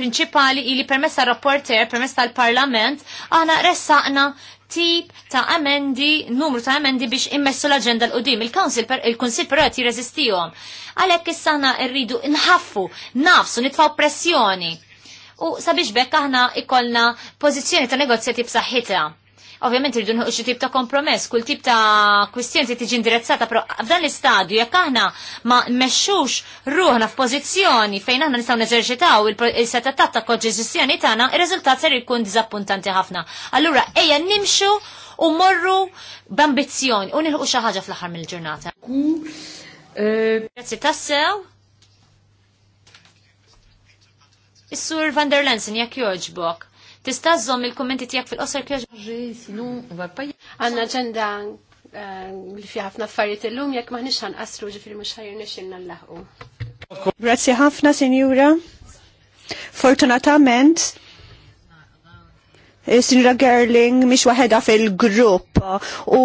prinċipali ili permessa rapporter, permessa tal-parlament, għana ressaqna tip ta' amendi, numru ta' amendi biex immessu l-agenda l-qudiem. Il-Konsil il-Konsil per qed jirreżistihom. Għalhekk issa rridu nħaffu, nafsu, nitfa'w pressjoni. U sabiex bekk aħna ikollna pożizzjoni ta' negozjati b'saħħitha. Ovvjament irridu nħuq xi tip ta' kompromess, kull tip ta' kwistjoni tiġi indirizzata, però f'dan l-istadju jekk aħna ma mexxux ruħna f'pożizzjoni fejn aħna nistgħu neżerċitaw il-setatat ta' koġġeżizzjoni tagħna, ir-riżultat ser jkun diżappuntanti ħafna. Allura ejja nimxu u morru b'ambizzjoni u nilħu xi ħaġa fl-aħħar mill-ġurnata. Eh, Grazzi tassew. Is-sur Van der Lensen jekk joġbok. Tista' żomm il-kummenti tiegħek fil-qosor kjoġ. Għandna ġenda eh, li fi ħafna affarijiet illum jekk maħniex ħanqasru ġifieri mhux ħajr nexxilna nlaħqu. Grazzi ħafna, Sinjura. Fortunatament, eh, Sinjura Gerling mhix waħedha fil-grupp u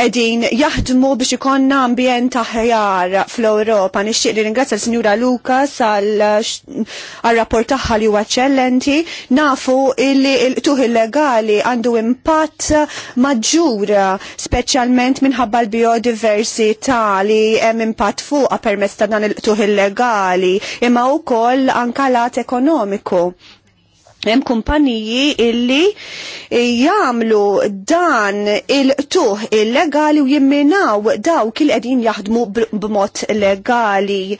edin jaħdmu biex ikonna ambjent aħjar fl-Europa. Nixtieq li ringrazzja l-Sinjura Lukas għal-rapport tagħha li huwa eċċellenti. Nafu illi l-tuħ illegali għandu impatt maġġur, speċjalment minħabba l-biodiversità li hemm impatt fuqha permezz ta' dan il-tuħ illegali, imma wkoll anke lat ekonomiku Hemm kumpaniji illi jagħmlu dan il-tuħ illegali u jimminaw dawk il qegħdin jaħdmu b'mod legali.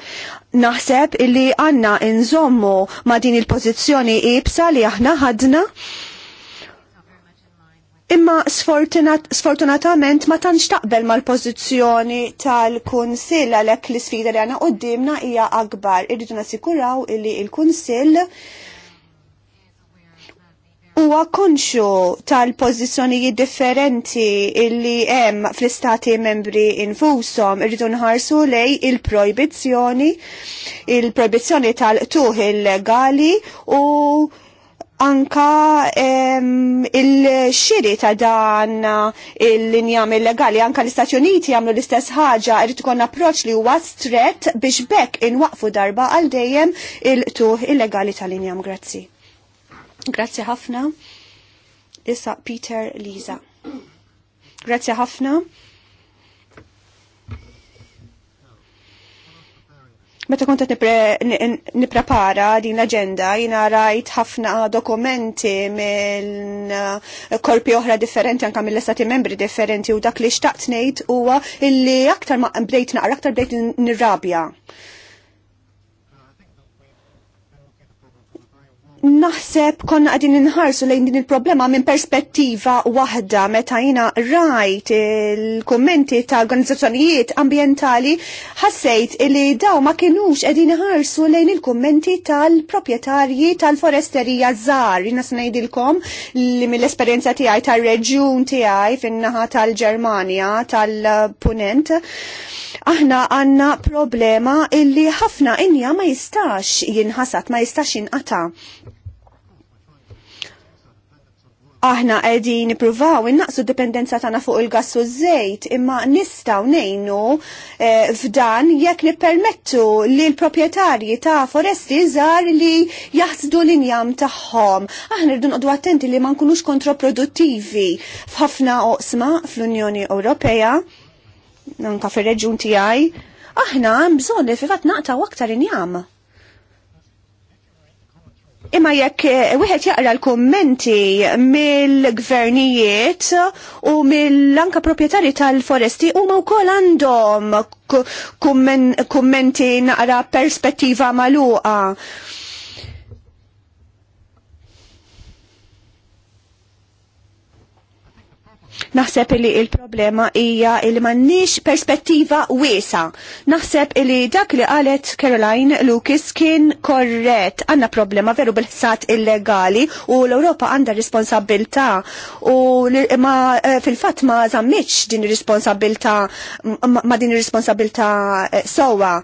Naħseb illi għandna inżommu ma' din il-pożizzjoni ibsa li aħna ħadna Imma sfortunatament ma tantx taqbel mal-pożizzjoni tal-Kunsill għalhekk l-isfida li għandna qudiemna hija akbar. Irridu nassikuraw illi il-Kunsill il kunsill huwa konxu tal-pożizzjonijiet differenti illi hemm fl-istati membri infushom irridu nħarsu lej il-projbizzjoni, il-projbizzjoni tal-tuħ illegali u anka il-xiri ta' dan il-linjam illegali, anka l-Istati Uniti għamlu l-istess ħaġa, irrid ikun approċ li huwa strett biex bekk inwaqfu darba għal dejjem il-tuħ illegali tal-linjam. Grazzi. Grazzi ħafna. Issa Peter Liza. Grazzi ħafna. Meta kont nipprepara din l-aġenda jiena rajt ħafna dokumenti minn uh, korpi oħra differenti anke mill-istati membri differenti u dak li xtaqt ngħid huwa illi aktar ma bdejt naqra aktar bdejt nirrabja. naħseb konna għadin inħarsu lejn din il-problema minn perspettiva waħda meta jina rajt il-kommenti ta' organizzazzjonijiet ambientali ħassejt li daw ma kienux għadin inħarsu lejn il-kommenti tal-propietarji tal-foresterija żgħar. Jina snejdilkom li mill-esperjenza tiegħi tar-reġjun tiegħi fin-naħa tal-Ġermanja tal-Punent aħna għanna problema illi ħafna inja ma jistax jinħasat, ma jistax jinqata aħna qegħdin nippruvaw innaqsu dipendenza tagħna fuq il gassu u żejt imma nistgħu ngħinu eh, f'dan jekk nippermettu li l-proprjetarji ta' foresti żgħar li jaħsdu l-injam tagħhom. Aħna rridu noqdu attenti li ma nkunux kontraproduttivi f'ħafna oqsma fl-Unjoni Ewropea anka fir-reġjun tiegħi. Aħna bżonn li fatt naqtaw aktar injam. Imma jekk eh, wieħed jaqra l-kummenti mill-gvernijiet u mill-anka proprjetarji tal-foresti huma wkoll għandhom kummenti naqra perspettiva maluqa. Naħseb li il-problema hija il m'għandniex perspettiva wiesa. Naħseb li dak li qalet Caroline Lucas kien korret, Għandna problema veru bil-ħsat illegali u l-Ewropa għandha responsabilta u ma eh, fil-fatt ma zammiċ din ir ma din ir-responsabilità eh, sowa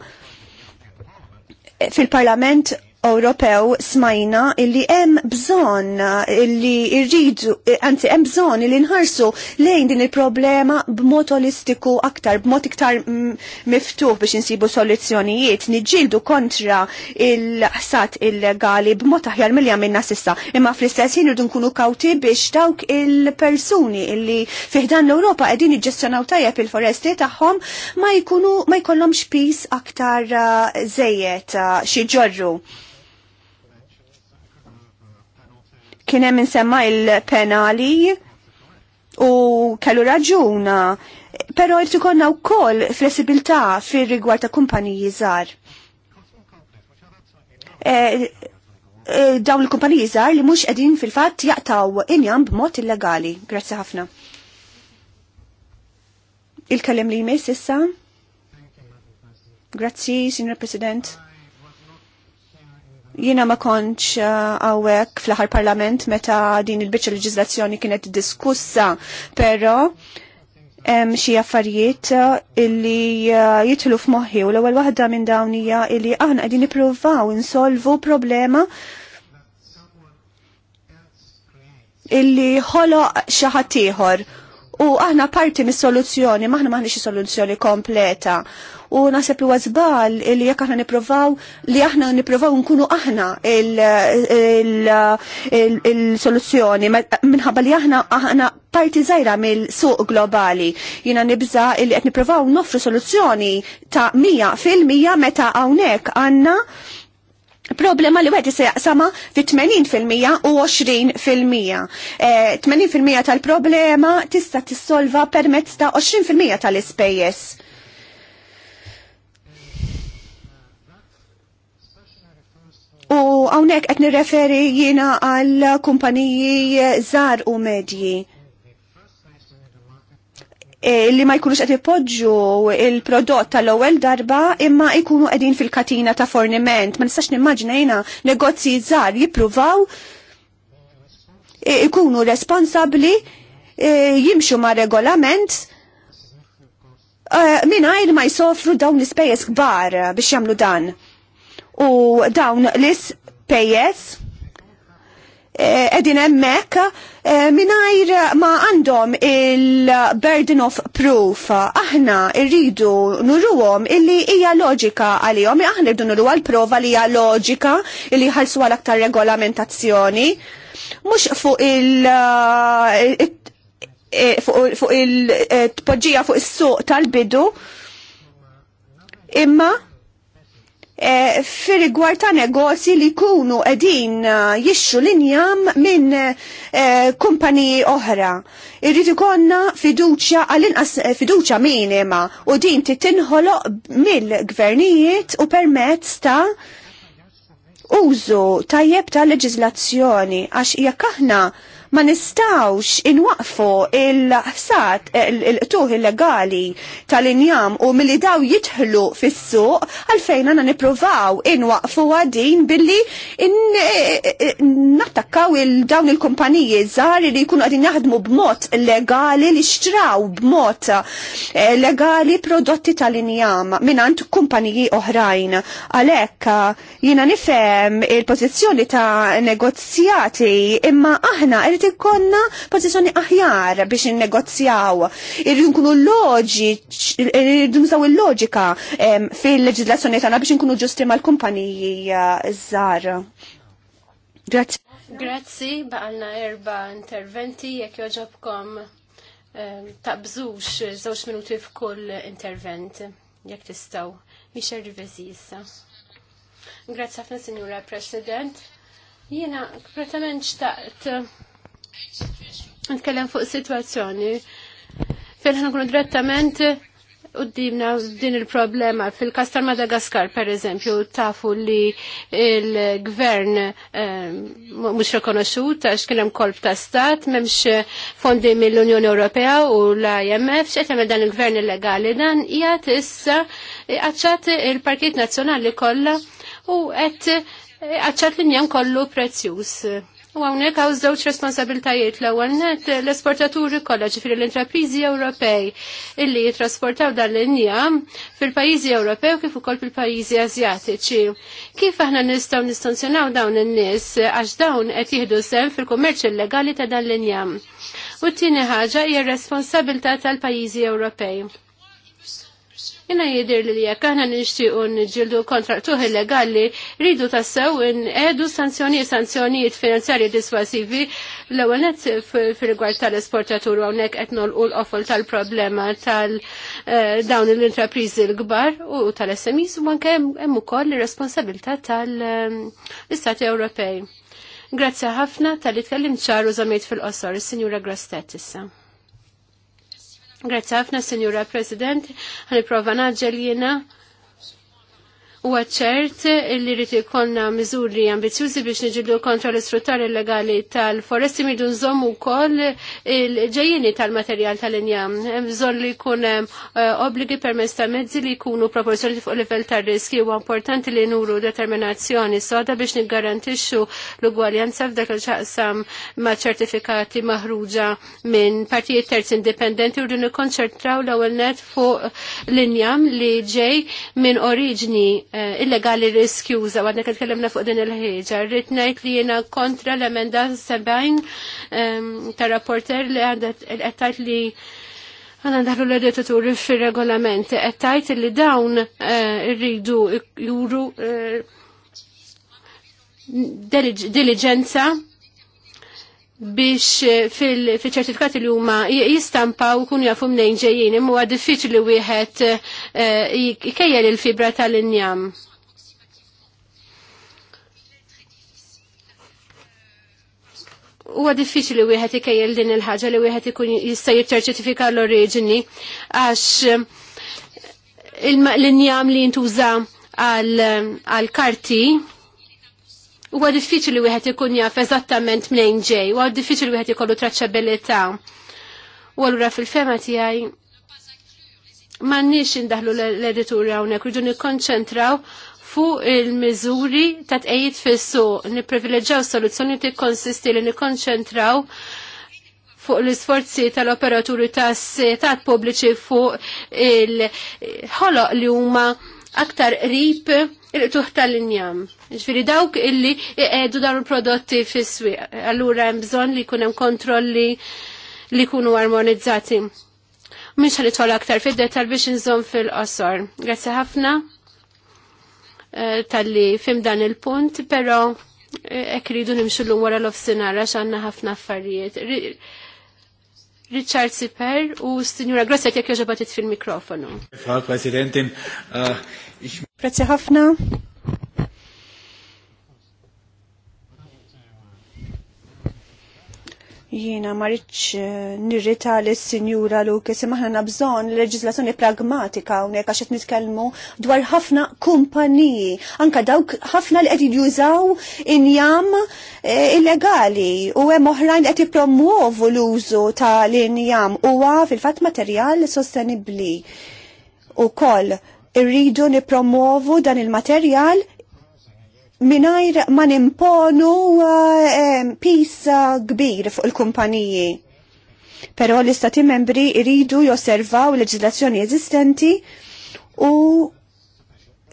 eh, fil-parlament Ewropew smajna illi hemm bżonn illi rridu, anzi hemm bżonn illi nħarsu lejn din il-problema b'mod holistiku aktar, b'mod iktar mm, miftuħ biex insibu soluzzjonijiet, niġġieldu kontra il-ħsat illegali b'mod aħjar milli minna sissa. Imma fl-istess ħin irridu nkunu kawti biex dawk il-persuni illi fiħdan l-Ewropa qegħdin iġġestjonaw tajjeb il-foresti tagħhom ma jkunu ma jkollhomx pis aktar eh, żejjed eh, xi ġorru. Kien hemm insemma il-penali u kellu raġuna, però jrid ikollna wkoll flessibilità fir-rigward ta' kumpaniji żgħar. E, e, dawn il-kumpaniji żgħar li mhux qegħdin fil-fatt jaqtaw injam b'mod illegali. Grazzi ħafna. Il-kellem li jmiss issa? Grazzi, Signor President. Jina ma konċ uh, għawek fl-ħar parlament meta din il-bicċa leġizlazzjoni kienet diskussa, pero hemm xi affarijiet uh, illi uh, jitlu f'moħħi u l-ewwel waħda minn dawn hija illi aħna qegħdin nippruvaw insolvu problema illi ħoloq xi ħadd ieħor U aħna parti mis-soluzzjoni, maħna maħniex soluzzjoni kompleta. U naħseb li wazbal li jekk aħna niprovaw li aħna niprovaw nkunu aħna il-soluzzjoni minħabba li aħna aħna parti żgħira mill-suq globali. Jiena nibża li qed niprovaw nofru soluzzjoni ta' mija fil-mija meta hawnhekk għandna Problema li għed sama fi 80% u 20%. 80% eh, tal-problema tista tissolva permezz ta' 20% tal-ispejjes. U għawnek għetni nirreferi jina għal kumpaniji zar u medji Eh, li ma jkunux qed ipoġġu il-prodott tal-ewwel darba imma jkunu qegħdin fil-katina ta' forniment. Ma nistax nimmaġnejna negozji żgħar jippruvaw eh, ikunu responsabbli eh, jimxu ma' regolament mingħajr ma jsofru dawn l-ispejjeż kbar biex jagħmlu dan. U dawn l-ispejjeż edin emmek eh, minajr ma għandhom il-burden of proof. Aħna irridu nurruwom illi hija loġika għalihom, aħna irridu nurru għal-prova li hija loġika illi ħalsu għal aktar regolamentazzjoni. Mux fuq il- eh, eh, fuq il-tpoġġija fuq is-suq tal-bidu imma E, eh, fir ta' negozji li kunu edin eh, jixxu linjam minn eh, kumpaniji oħra. Irrid ikonna fiduċja għall-inqas fiduċja minima u din titinħoloq mill-gvernijiet u permezz ta' użu tajjeb ta' leġiżlazzjoni għax jekk aħna ma nistawx inwaqfu il-ħsat il-tuħ illegali tal-injam u mill daw jitħlu fis-suq għalfejn għana niprovaw inwaqfu għadin billi nattakkaw il-dawn il-kumpaniji zar li jkunu għadin jaħdmu b'mod legali li xtraw b'mod eh, legali prodotti tal-injam minant kumpaniji oħrajn. Għalek jina nifem il-pozizjoni ta' negozjati imma aħna irid ikollna pożizzjoni aħjar biex innegozjaw. Irridu nkunu loġi, irridu nżaw il-loġika fil-leġiżlazzjoni tagħna biex nkunu ġusti mal-kumpaniji eh, żgħar. Grazzi. Grazzi, baqalna erba interventi jekk joġobkom taqbżux żewġ minuti f'kull intervent jekk tistgħu. Michel Rivesi issa. Grazzi ħafna, Signora President. Jiena, pretament xtaqt Nitkellem fuq situazzjoni fejn ħankunu direttament Uddimna din il-problema fil-kas tal Madagaskar, per eżempju, tafu li il-gvern mux ehm, rekonoxut, għax kienem kolb ta' stat, memx fondi mill-Unjoni Ewropea u l-IMF, xet jemel dan il-gvern illegali, dan jgħat issa għacċat il-Partit Nazjonali kolla u għet għacċat l-injan kollu prezzjuż U għawnek għaw zewċ responsabiltajiet l-ewwel l-esportaturi kollha ġifieri l-intrapriżi Ewropej illi jitrasportaw dan l-injam fil-pajjiżi Ewropew kif ukoll fil-pajjiżi Azjatiċi. Kif aħna nistgħu nistanzjonaw dawn in-nies għax dawn qed jieħdu sem fil-kummerċ illegali ta' dan l-injam. U t-tieni ħaġa hija r-responsabilità tal-pajjiżi Ewropej Jena jidir li jek aħna nixtiequ nġildu kontraktuħ illegali ridu tassew in edu sanzjoni sanzjonijiet finanzjarji diswasivi l-ewwel fil-rigward tal-esportatur hawnhekk qed nolqu l-qofol tal-problema tal-dawn eh, l-intrapriżi l-kbar u tal smis u anke hemm ukoll ir-responsabilità tal-Istati eh, Ewropej. Grazzi ħafna tal itkellim ċaru zamiet fil-qosor, is-Sinjura Grastetissa. issa. Grazie ħafna, Signora President, għan prova naġġel jena U ċert li rrit ikonna miżuri ambizjużi biex niġidu kontra l-istruttar illegali tal-foresti mirdu nżommu kol il-ġejjini tal-materjal tal-injam. Bżon li kun eh, obligi permess ta' mezzi li kunu proporzjoni fuq livell tar riski u importanti li nuru determinazzjoni soda biex niggarantixxu l-ugwaljanza f'dak il-ċaqsam ma' ċertifikati maħruġa minn partijiet terzi indipendenti u li nikkonċertraw l-ewwel net fuq l-injam li ġej minn oriġni Eh, illegali riskjuża għadna kħedkellemna fuq din il-ħieġa. Rrid ngħid li jiena kontra l-emenda 70 ta' rapporter li qed tgħid li għanna daħlu l-editaturi fil-regolament, għettajt li dawn eh, rridu juru eh, diligenza biex eh, fil-ċertifikati li huma jistampaw kunu jafu mnejn ġejjin, imma huwa diffiċli wieħed eh, ikejjel il-fibra tal-injam. Huwa diffiċli wieħed ikejjel din il-ħaġa li wieħed ikun jista' jiċċertifika l-oriġini għax eh, l-injam li jintuża għal-karti huwa diffiċli wieħed ikun jaf eżattament minn ġej, huwa diffiċli wieħed ikollu traċċabilità. U allura fil-fema tiegħi m'għandniex indahlu l-edituri hawnhekk, rridu nikkonċentraw fuq il-miżuri ta' t-ejjit suq nipprivileġġjaw soluzzjoni tikkonsisti li nikkonċentraw fuq l-isforzi tal-operaturi tas-setat pubbliċi fuq il-ħoloq li huma aktar rip il-tuħ tal-injam. Ġifiri dawk illi jgħedu dawn il-prodotti fis-swi. Allura hemm bżonn li jkun hemm kontrolli li jkunu armonizzati. Mhux ħalli tħol aktar fid-detal biex inżomm fil-qosor. Grazzi ħafna eh, tal-li fim dan il-punt, però eh, ekridu ridu nimxu l-lum wara l-ofsinara xanna ħafna affarijiet. Richard Siper u Signora Grosset jek joġobatit fil-mikrofonu. Frau Presidentin, uh, äh, ich... Grazie ħafna. Jiena marriċ eh, nirrita li s-sinjura Lucas imma ħana bżon leġislazzjoni pragmatika hawnhekk għax qed nitkellmu dwar ħafna kumpaniji, anka dawk ħafna li qed jużaw injam eh, illegali u hemm oħrajn qed jippromuovu l-użu tal-injam huwa fil-fatt materjal sostenibbli. Ukoll irridu nipromuovu dan il-materjal minajr ma nimponu uh, pisa kbir fuq il-kumpaniji. Pero l-istati membri iridu josservaw leġislazzjoni eżistenti u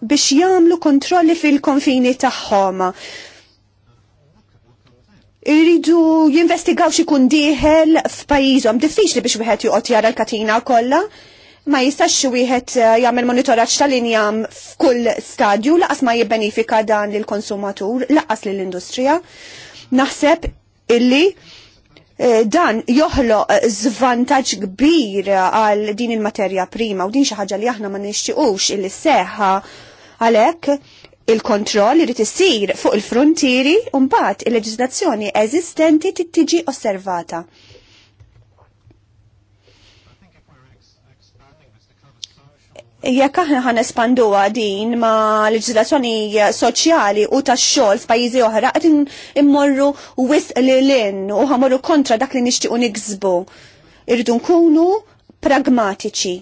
biex jamlu kontrolli fil-konfini tagħhom. Iridu jinvestigaw xi kun diħel f'pajjiżhom. Diffiċli biex wieħed joqgħod jara l-katina kollha ma jistax wieħed eh, jagħmel monitoraġġ tal-injam f'kull stadju laqas ma jibbenifika dan lil konsumatur laqas lil industrija. Naħseb illi eh, dan joħloq eh, zvantaġġ kbir għal din il-materja prima u din xi ħaġa li aħna ma nixtiequx illi seħħa għalhekk il-kontroll irid isir fuq il-frontieri u mbagħad il-leġiżlazzjoni eżistenti tittiġi osservata. jekk aħna ħan espanduha din ma' leġislazzjoni soċjali u tax-xogħol f'pajjiżi oħra qed immorru wisq lilin u ħamorru kontra dak li nixtiequ niksbu. Irridu nkunu pragmatiċi.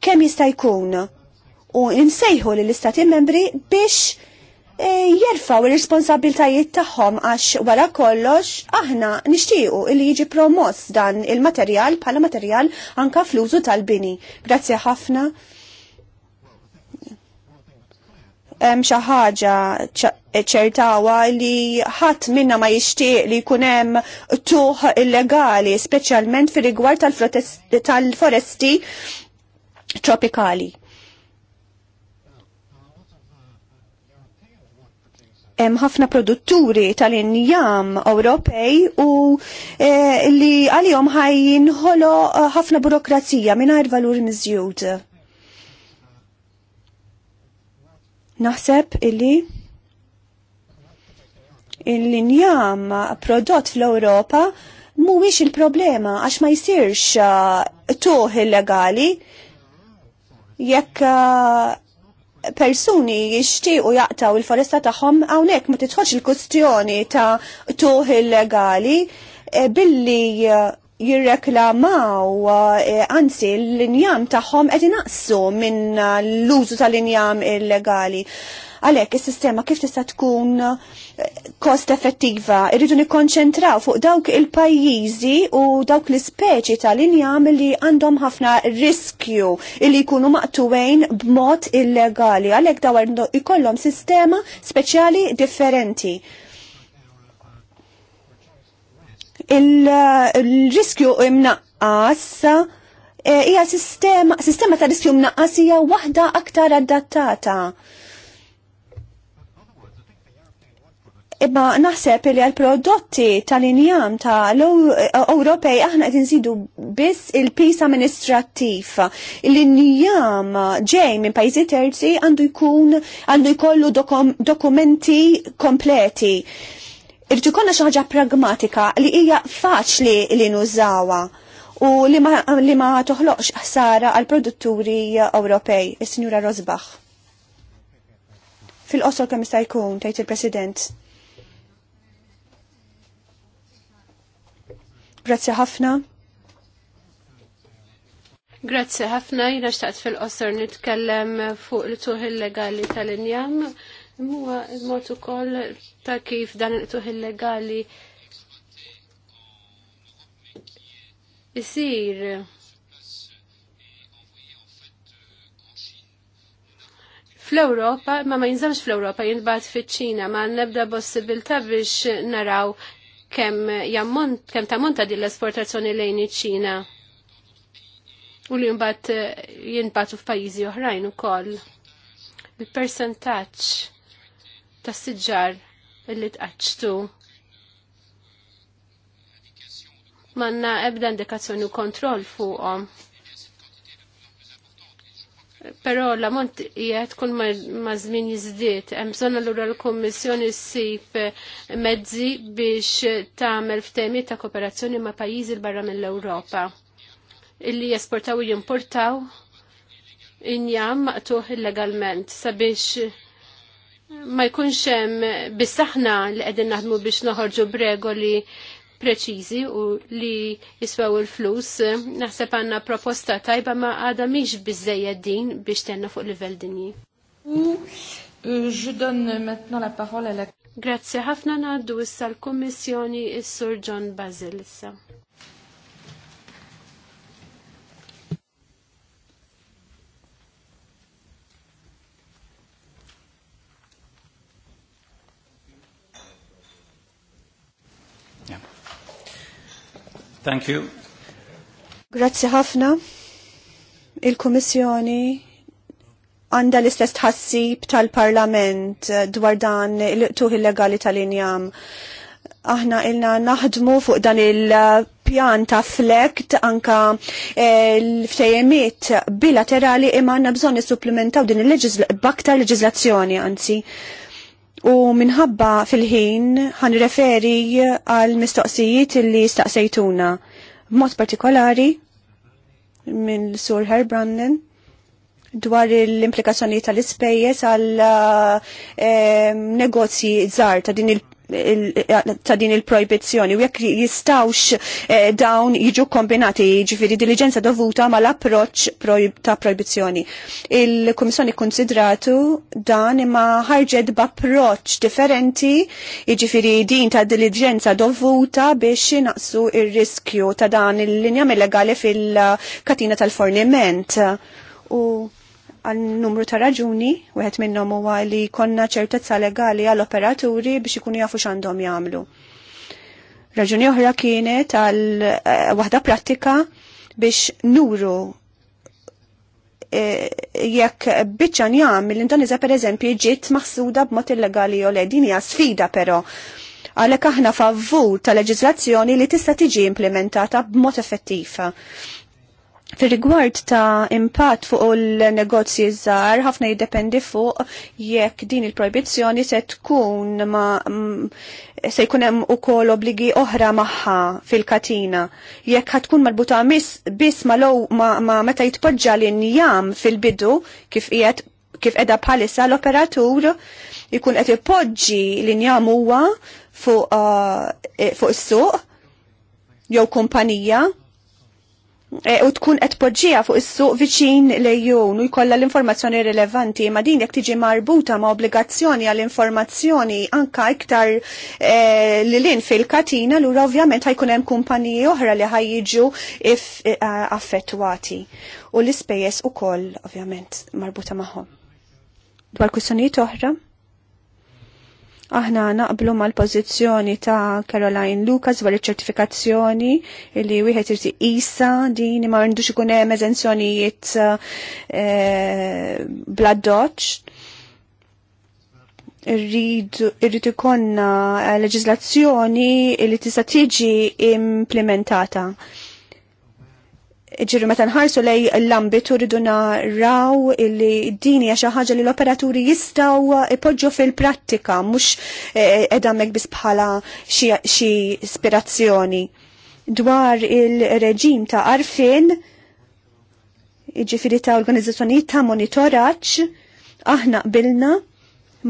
Kemm jista' jkun? U insejħu lill-istati membri biex e, jerfaw il-responsabiltajiet tagħhom għax wara kollox aħna nixtiequ li jiġi promoss dan il-materjal bħala materjal anka fl-użu tal-bini. Grazzi ħafna hemm xi ħaġa ċertawa li ħadd minna ma jixtieq li jkun hemm tuħ illegali, speċjalment fir-rigward tal-foresti tal tropikali. Hemm ħafna produtturi tal-injam Ewropej u e, li għalihom ħajjinħolo e, ħafna burokrazija mingħajr valur miżjud. Naħseb illi il-linjam prodott fl-Europa mhuwiex il-problema għax ma jsirx uh, toħ illegali jekk uh, persuni jixtiequ jaqtaw il-foresta tagħhom hawnhekk ma titħolx il-kustjoni ta' toħ illegali eh, billi uh, jirreklamaw, eh, anzi l-injam taħħom qed inaqsu minn eh, l-użu tal-injam illegali. Għalek, il-sistema kif tista' tkun kost eh, effettiva, irridu nikkonċentraw fuq dawk il-pajjiżi u dawk l-ispeċi tal-injam li għandhom ħafna riskju li jkunu maqtuwejn b'mod illegali. Għalek dawar ikollhom sistema speċjali differenti il-riskju imnaqqas e, hija sistema, sistema ta' riskju imnaqqas hija waħda aktar adattata. Imma naħseb li għal-prodotti tal-injam tal-Ewropej e, aħna qed inżidu biss il-pis amministrattiv. L-injam ġej minn pajjiżi terzi għandu jkun għandu jkollu dokumenti kompleti irġu konna xaħġa pragmatika li hija faċli li nużawa u li ma, li ma toħloqx ħsara għal produtturi Ewropej, is-Sinjura Rosbach. Fil-qosor kemm jista' jkun tgħid il-President. Grazzi ħafna. Grazzi ħafna, jina xtaqt fil-qosor nitkellem fuq l-tuħ illegali tal-injam Imma il-mod ukoll ta' kif dan il-qtuħ illegali jisir. fl-Europa, ma ma jinżamx fl-Europa, jintbat fiċ-ċina, ma nebda possibilta biex naraw kem, jammont, kem tamonta din l-esportazzjoni lejn iċ-ċina. U li jimbat jinbatu f'pajjiżi oħrajn ukoll. Il-percentaċ tas siġar illi tqaċċtu. Manna ebda indikazzjoni u kontroll fuqhom. Però l-ammont qiegħed kull ma' żmien jiżdied, hemm bżonn allura l-Kummissjoni ssib mezzi biex tagħmel ftehmiet ta' kooperazzjoni ma' pajjiżi l barra mill-Ewropa illi jesportaw u jimportaw injam maqtuħ illegalment sabiex ma jkunx hemm biss aħna li qegħdin naħdmu biex noħorġu b'regoli preċiżi u li jiswew il-flus. Naħseb għandna proposta tajba ma għadha mhix biżejjed din biex tenna fuq livell dinji. E, Grazzi ħafna ngħaddu issa l-Kummissjoni is-Sur John Basil issa. Thank you. Grazzi ħafna. Il-Kummissjoni għanda l-istess tħassib tal-Parlament dwar dan il-tuħ illegali tal-injam. Aħna ilna naħdmu fuq dan il- pjan ta' flekt anka eh, l-ftejemiet bilaterali imma għanna bżon supplementaw din il-baktar leġizlazzjoni, anzi. U minħabba fil-ħin ħan referi għal mistoqsijiet li staqsejtuna. B'mod partikolari minn Sur Herbranden dwar l-implikazzjoni tal-ispejjeż għal eh, negozji żgħar ta' din il- ta' din il-proibizzjoni u jekk jistawx eh, dawn jiġu kombinati ġifiri diligenza dovuta ma l-approċ ta' proibizzjoni. Il-Komissjoni konsidratu dan imma ħarġed b'approċ differenti ġifiri din ta' diligenza dovuta biex naqsu il-riskju ta' dan il-linjam illegali fil-katina tal-forniment. U għal numru ta' raġuni, wieħed minnhom huwa li konna ċertezza legali għall operaturi biex ikunu jafu xandom jagħmlu. Raġuni oħra kienet għal eh, waħda prattika biex nuru eh, jekk biċċan jagħmel l-Indonizja eżempju ġiet maħsuda b'mod illegali jew le din hija sfida però għalhekk aħna favur ta' leġiżlazzjoni li tista' tiġi implementata b'mod effettiva. Fir rigward ta' impatt fuq il-negozji żgħar ħafna jiddependi fuq jekk din il-proibizzjoni se tkun ma mm, se jkun hemm ukoll obligi oħra magħha fil-katina. Jekk ħatkun marbuta miss biss ma low ma, ma meta jitpoġġa l-injam fil-bidu kif qiegħed kif edha bħalissa l-operatur jkun qed ipoġġi l-injam huwa fuq uh, fuq is-suq jew kumpanija E, u tkun qed poġġija fuq is-suq viċin lejjun u jkollha l-informazzjoni rilevanti ma din jekk tiġi marbuta ma' obbligazzjoni għall informazzjoni anka iktar e, li lin fil-katina lura ovvjament ħajkun hemm kumpaniji oħra li ħajjiġu e, affettwati u l-ispejjeż ukoll ovvjament marbuta magħhom. Dwar kwistjonijiet oħra? Aħna naqblu mal-pożizzjoni ta' Caroline Lucas dwar iċ-ċertifikazzjoni li wieħed irti isa din ma rridux ikun hemm eżenzjonijiet eh, bla doċ. Irrid ikonna eh, leġiżlazzjoni li tista' tiġi implementata ġirri meta nħarsu lej l-ambitu rridu naraw illi dini għaxa ħaġa li l-operaturi jistaw ipoġġu fil-prattika, mux edamek bis bħala xi ispirazzjoni. Dwar il-reġim ta' arfin, ġifiri ta' organizzazzjoni ta' monitoraċ, aħna qbilna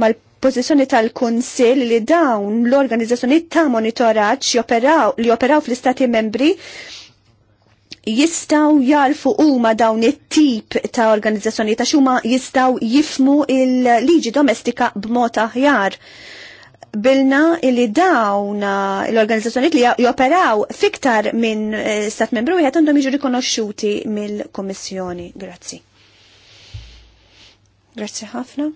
mal pożizzjoni tal-Kunsill li dawn l-organizzazzjoni ta' monitoraġġ li operaw fl-Istati membri jistaw jarfu huma dawn it-tip ta' organizzazzjoni ta' xuma jistaw jifmu il-liġi domestika b'mod aħjar. Bilna li dawn l-organizzazzjoni li joperaw fiktar minn eh, stat membru jħed għandhom jiġu rikonoxxuti mill-Kommissjoni. Grazzi. Grazzi ħafna.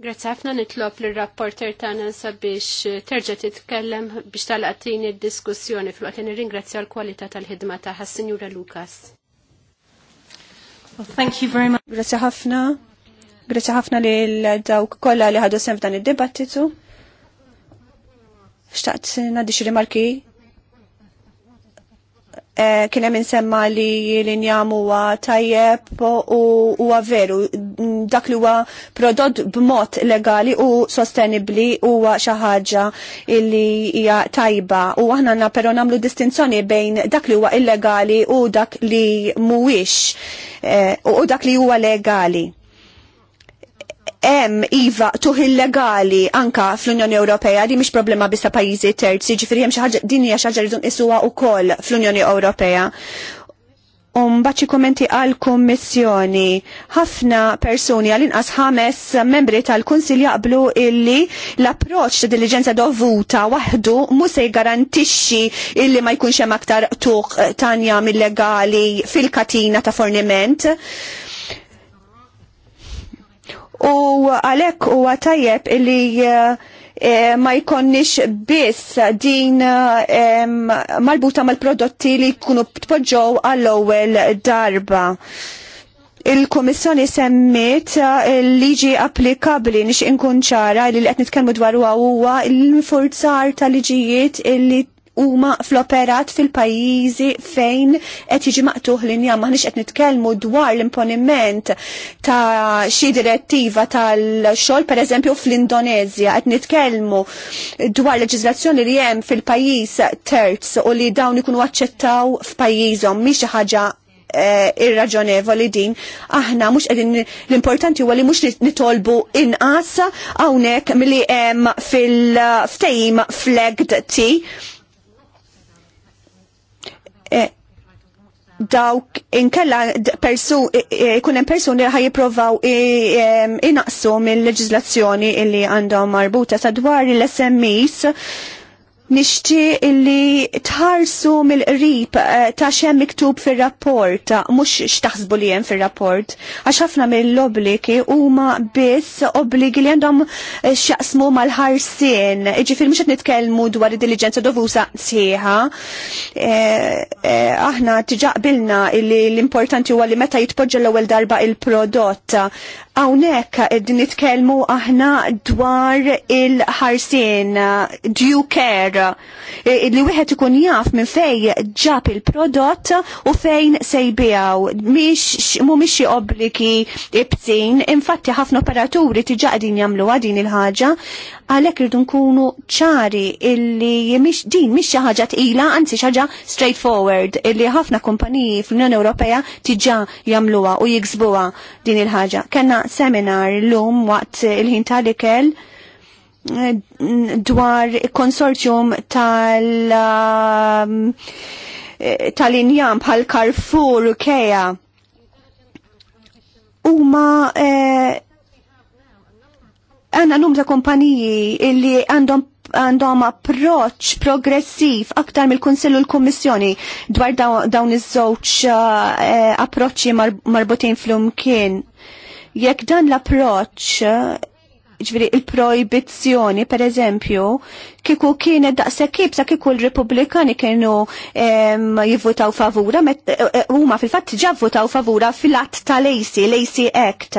Grazie ħafna nitlob l rapporter tagħna sabiex eh, terġa' titkellem biex talqatin id-diskussjoni fil-waqt li nirringrazzja l-kwalità tal-ħidma tagħha Sinjura Lukas. Thank you very much. Grazie ħafna. Grazie ħafna lil dawk kollha li ħadu sem f'dan id-dibattitu. Xtaqt ngħaddi xi rimarki eh, kien hemm insemma li l-injam huwa tajjeb u huwa veru dak li huwa prodott b'mod legali u sostenibli huwa xi ħaġa li hija tajba u aħna na però nagħmlu distinzjoni bejn dak li huwa illegali u dak li mhuwiex eh, u dak li huwa legali hemm iva tuħ illegali anka fl-Unjoni Ewropea li mhix problema biss ta' pajjiżi terzi, ġifieri hemm xi ħaġa din hija xi ħaġa li nqisuha wkoll fl-Unjoni Ewropea baċi kommenti għal kommissjoni. Ħafna personi għal-inqas ħames membri tal-Kunsil jaqblu illi l-approċ ta' diligenza dovuta waħdu se jgarantixxi illi ma jkunx hemm aktar tuq tanja mill-legali fil-katina ta' forniment. U għalhekk huwa tajjeb illi Eh, ma jkonniex biss din marbuta mal-prodotti li jkunu tpoġġow għall-ewwel darba. Il-Komissjoni semmit eh, il-liġi applikabli nix inkun ċara li l-qed nitkellmu dwar huwa l-infurzar ta' liġijiet illi huma fl-operat fil-pajjiżi fejn qed jiġi maqtuħ linja maħniex qed nitkellmu dwar l-imponiment ta' xi direttiva tal-xogħol pereżempju fl-Indonezja qed nitkellmu dwar leġiżlazzjoni li hemm fil-pajjiż terz u li dawn ikunu aċċettaw f'pajjiżhom mhi xi ħaġa eh, irraġonevoli din, aħna mux edin l-importanti huwa li mux nitolbu inqas hawnhekk milli hemm fil-ftejim flagged tea Eh, dawk inkella persu eh, eh, hemm persuni li ħajjippruvaw inaqsu mill-leġiżlazzjoni li għandhom marbuta sadwar l-SMEs nixti illi tħarsu mill-qrib eh, ta' xem miktub fil-rapport, mux xtaħsbu li jen fil-rapport, għax ħafna mill u huma biss obligi li għandhom eh, xaqsmu mal-ħarsin, fil mux nitkelmu dwar diligenza dovusa tsiħa, eh, Aħna tġaqbilna illi l-importanti huwa li meta jitpoġġa l-ewwel darba il-prodott Hawnhekk qed nitkellmu aħna dwar il-ħarsien due care li wieħed ikun jaf minn fejn ġab il-prodott u fejn se jbijaw. Mhumiex xi obbligi ibsin, infatti ħafna operaturi tiġa qegħdin jagħmluha din il-ħaġa għalhekk irdu nkunu ċari illi din mhix xi ħaġa tqila, anzi xi ħaġa straightforward illi ħafna kumpaniji fl-Unjoni Ewropea tiġa jagħmluha u jiksbuha din il-ħaġa. Kenna seminar l-lum waqt il-ħin tal-ikel dwar konsortium tal- um, tal-injam bħal Carrefour u Kea. ma eh, għanna num ta' kompaniji illi għandhom għandhom approċ progressiv aktar mill-Kunsillu l-Kommissjoni dwar dawn iż-żewġ eh, approċċi marbutin fl-umkien. Jekk dan l-approċ ġviri il-proibizjoni, per eżempju, kiku kienet daqseg kibsa kiku l-Republikani kienu jivvotaw favura, e, e, huma fil-fatt ġa votaw favura fil-att ta' Lacey, Lacey Act.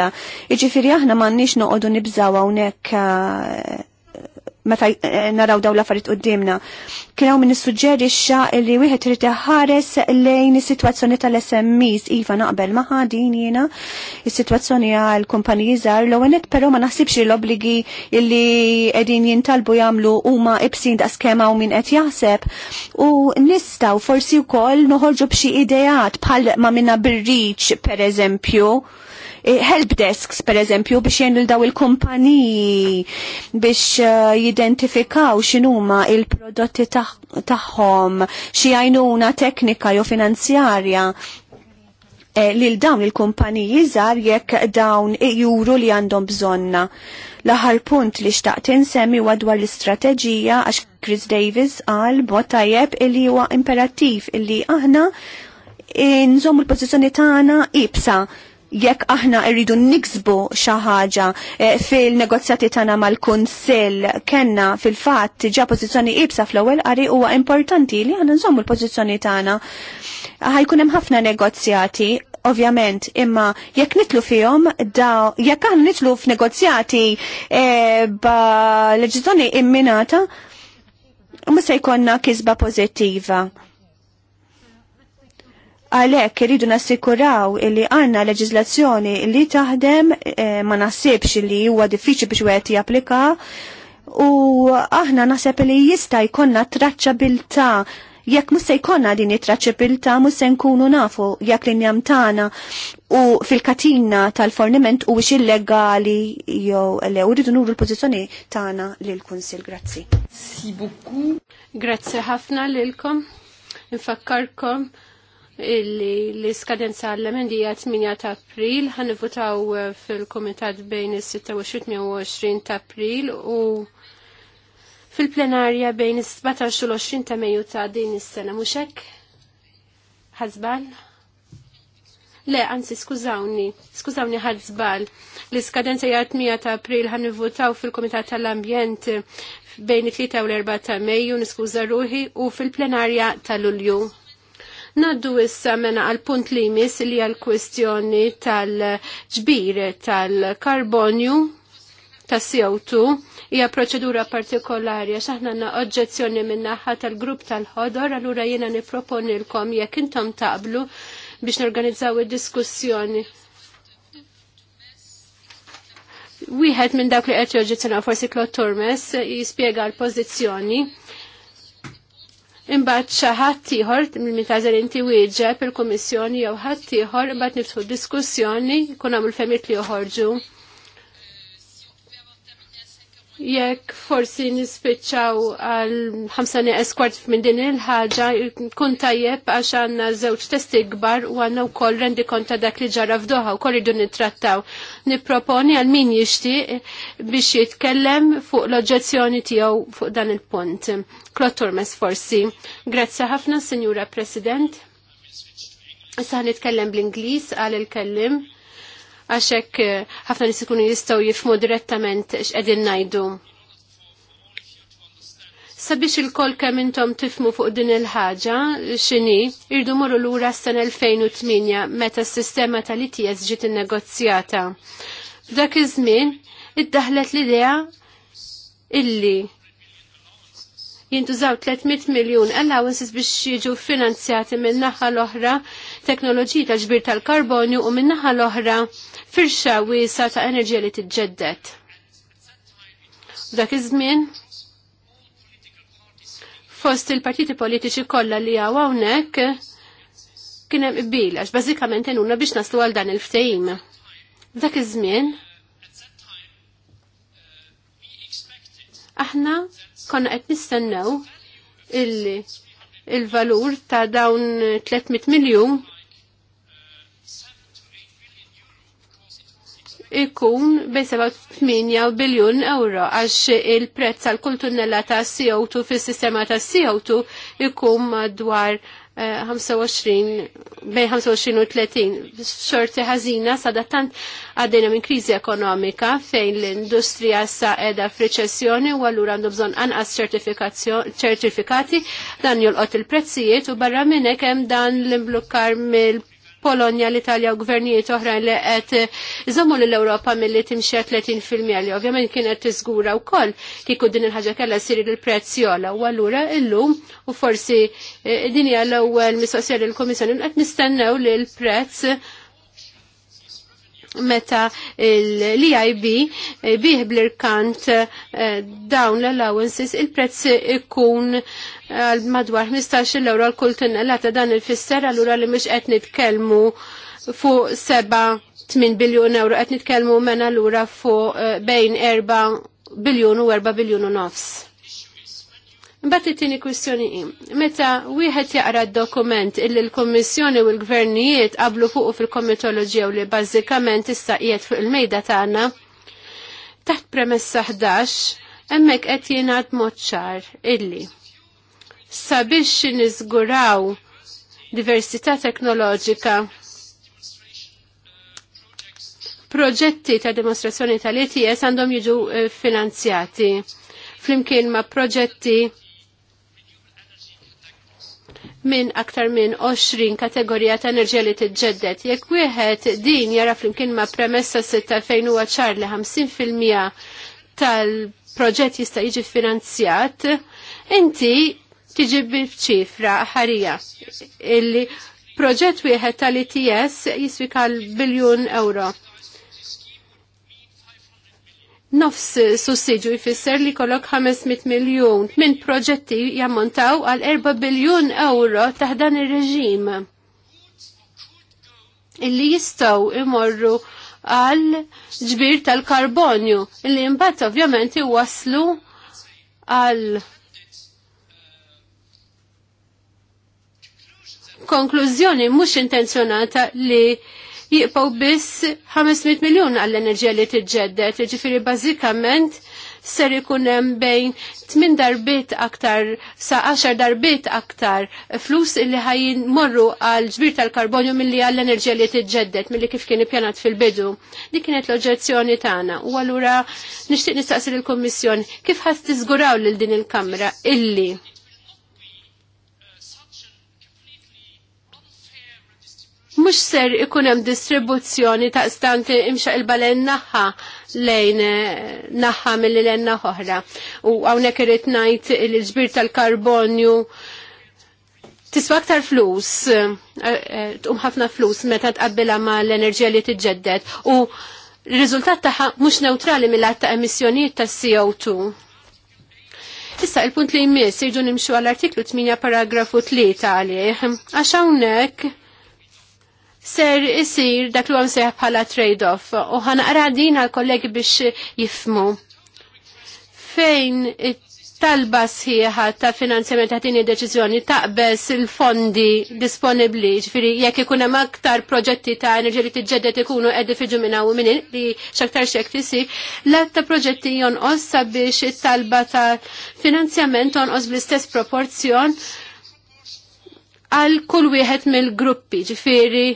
Iġifiri aħna ma nix noqodu nibżaw hawnhekk meta eh, naraw daw l-affarijiet qudiemna. Kien hawn nissuġġerixxa li wieħed irid ħares lejn is-sitwazzjoni tal-SMEs iva naqbel ma' ħadin jiena is-sitwazzjoni għal kumpaniji żgħar l ewwel però ma naħsibx li l-obbligi li qegħdin jintalbu jagħmlu huma ibsin da skema u min qed jaħseb u nistgħu forsi wkoll noħorġu b'xi ideat bħal ma minna bir-riċ pereżempju. Eh, help desks per eżempju biex jgħinu daw il-kumpaniji biex eh, jidentifikaw x'inhuma il-prodotti tagħhom xi għajnuna teknika jew finanzjarja eh, lil dawn il-kumpaniji żgħar jekk dawn juru li għandhom bżonna. L-aħar punt li xtaqt insemmi huwa dwar l-istrateġija għax Chris Davis qal mod tajjeb illi huwa imperattiv illi aħna inżommu l-pożizzjoni tagħna ibsa jekk aħna rridu niksbu xi ħaġa eh, fil-negozjati tagħna mal-Kunsill kenna fil-fatt ġa pożizzjoni ibsa fl-ewwel qari huwa importanti li aħna nżommu l-pożizzjoni tagħna. Ħajkun hemm ħafna negozjati ovvjament, imma jekk nitlu fihom da jekk aħna nitlu f'negozjati b'leġizzjoni eh, ba' imminata, ma se jkollna kisba pożittiva għalek rridu nassikuraw li għanna leġizlazzjoni li taħdem eh, ma nasibx li huwa diffiċi biex wieħed japplika u aħna naħseb li jista' jkollna traċċabilta jekk mhux se jkollna din it-traċċabilta mhux se nkunu nafu jekk li injam tagħna u fil-katina tal-forniment u illegali jew le uridu nuru l-pożizzjoni tagħna lill kunsil Grazzi. Si Grazzi ħafna lilkom. Infakkarkom l-iskadenza għall-emendija 8 ta' april votaw eh, fil-komitat bejn il-26 ta' april u fil-plenarja bejn il-17 u l-20 ta' Mejju ta' din is-sena mhux hekk? Ħażbal? Le, anzi, skużawni, skużawni ħadżbal. L-iskadenza jgħat 8 ta' april għan votaw fil-Komitat tal-Ambjent bejn it-3 u l-4 ta' Mejju, niskuża ruħi, u fil-plenarja tal-Ulju. Naddu issa mena għal punt li jmiss li għal kwestjoni tal-ġbir tal-karbonju ta' CO2 hija proċedura partikolari għax aħna għandna oġġezzjoni minn naħa tal-grupp tal-ħodor allura jiena nipproponilkom jekk intom taqblu biex norganizzaw id-diskussjoni wieħed minn dak li qed joġġezzjonaw forsi Claude Turmes jispjega l-pożizzjoni imbagħad xi ħadd ieħor mill inti wieġeb il-Kummissjoni jew ħadd ieħor imbagħad niftħu diskussjoni jkun hawn femiet li joħorġu jekk forsi nispiċċaw għal ħamsani eskwart minn din il-ħaġa, kun tajjeb għax għanna żewġ testi kbar u għanna wkoll rendi konta dak li ġara f'doħa u koll iddu nittrattaw. Nipproponi għal min jishti biex jitkellem fuq l-oġġezzjoni tiegħu fuq dan il-punt. mes forsi. Grazzi ħafna, Signora President. Issa nitkellem bl-Ingliż għal il-kellim. il il kellim għaxek eh, ħafna nis ikunu jistaw jifmu direttament x'qegħdin ngħidu. Sabiex il-kol kemm intom tifmu fuq din il-ħaġa, xini, irdu morru lura s-sena 2008 meta s-sistema tal-ITS ġiet innegozjata. F'dak iż-żmien iddaħlet l-idea illi jintużaw 300 miljon allowances biex jiġu finanzjati minn naħa l-oħra teknoloġiji ta' ġbir tal-karbonju u minnaħa l-oħra firxa wiesa ta' enerġija li tiġġeddet. Dak iż-żmien fost il-partiti politiċi kollha li hawnhekk kien hemm qbil għax bażikament inuna biex naslu għal dan il-ftehim. Dak iż-żmien aħna konna qed nistennew illi il-valur ta' dawn 300 miljun ikun bejn 7-8 biljun euro għax il-prezz għal kull tunnella ta' CO2 fis-sistema ta' CO2 ikun madwar 25 bejn 25 u 30 xorti ħażina tant għaddejna minn kriżi ekonomika fejn l-industrija sa qiegħda f'riċessjoni u allura għandu bżonn anqas ċertifikati dan jolqot il-prezzijiet u barra minnek hemm dan l-imblukkar mill Polonja, l-Italja u gvernijiet oħrajn li qed iżommu l-Ewropa milli li timxi 30% li ovvjament kienet tiżgura wkoll kieku din il-ħaġa kellha ssir il-prezz jola u allura illum u forsi eh, din hija l-ewwel mistoqsija lill-Kummissjoni qed nistennew li l-prezz meta l-EIB eh, biħ bl-irkant eh, dawn l-allowances il-prezz ikun eh, madwar 15 euro għal kull għata dan il-fisser allura li mhux qed nitkellmu fuq 7-8 biljun euro qed nitkellmu mena l-għura fuq bejn 4 biljun u 4 biljun u nofs. Mbagħad it-tieni kwistjoni hi meta wieħed jaqra d-dokument illi l-Kummissjoni u l-Gvernijiet qablu fuq fil-komitoloġija u li bażikament issa qiegħed fuq il-mejda tagħna taħt premessa 11 hemmhekk qed jingħad mod ċar illi sabiex niżguraw diversità teknoloġika proġetti ta' dimostrazzjoni tal-ETS għandhom jiġu eh, finanzjati flimkien ma' proġetti minn aktar minn 20 kategorija ta' enerġija li tiġġedded. Jekk wieħed din jara flimkien ma' premessa sitta fejn huwa ċar li 50% tal-proġett jista' jiġi finanzjat, inti tiġi b'ċifra ħarija illi proġett wieħed tal-ITS jiswika l-biljun euro nofs sussidju jfisser li kolok 500 miljon minn proġetti jammontaw għal 4 biljun euro taħdan ir-reġim illi jistaw imorru għal ġbir tal-karbonju illi imbat ovvjament waslu għal konklużjoni mhux intenzjonata li jiqpaw biss 500 miljon għall-enerġija li tiġġedded, ġifiri bażikament ser ikun hemm bejn 8 darbit aktar sa 10 darbit aktar flus illi ħajin morru għal ġbir tal-karbonju milli għall enerġija li tiġġedded milli kif kien ippjanat fil-bidu. Dik kienet l-oġġezzjoni tagħna. U allura nixtieq nistaqsi lill kummissjoni kif ħadd tiżguraw lil din il-Kamra illi mux ser ikunem distribuzzjoni ta' stanti imxaq il-balen naħħa lejn eh, naħħa mill lejn oħra. U għawnek irrit najt il-ġbir tal-karbonju tiswa aktar flus, eh, eh, tqum ħafna flus meta tqabbilha ma' l-enerġija li tiġġedded u r-riżultat tagħha mhux neutrali mill-att ta' emissjonijiet ta' CO2. Issa il-punt li jmiss irġu nimxu għall-artiklu 8 paragrafu 3 għalih. Għax hawnhekk ser isir dak li għam bħala trade-off u ħanaqra din għal-kollegi biex jifmu. Fejn talba sħiħa ta' finanzjament ta' tini deċizjoni bes il-fondi disponibli, ġifiri jekk ikun hemm aktar proġetti ta' enerġi li t-ġeddet ikunu qegħdi fiġu minn hawn li x'aktar xek tisir, l-att ta' proġetti jonqos sabiex it-talba ta' finanzjament tonqos bl-istess proporzjon għal kull wieħed mill-gruppi, ġifiri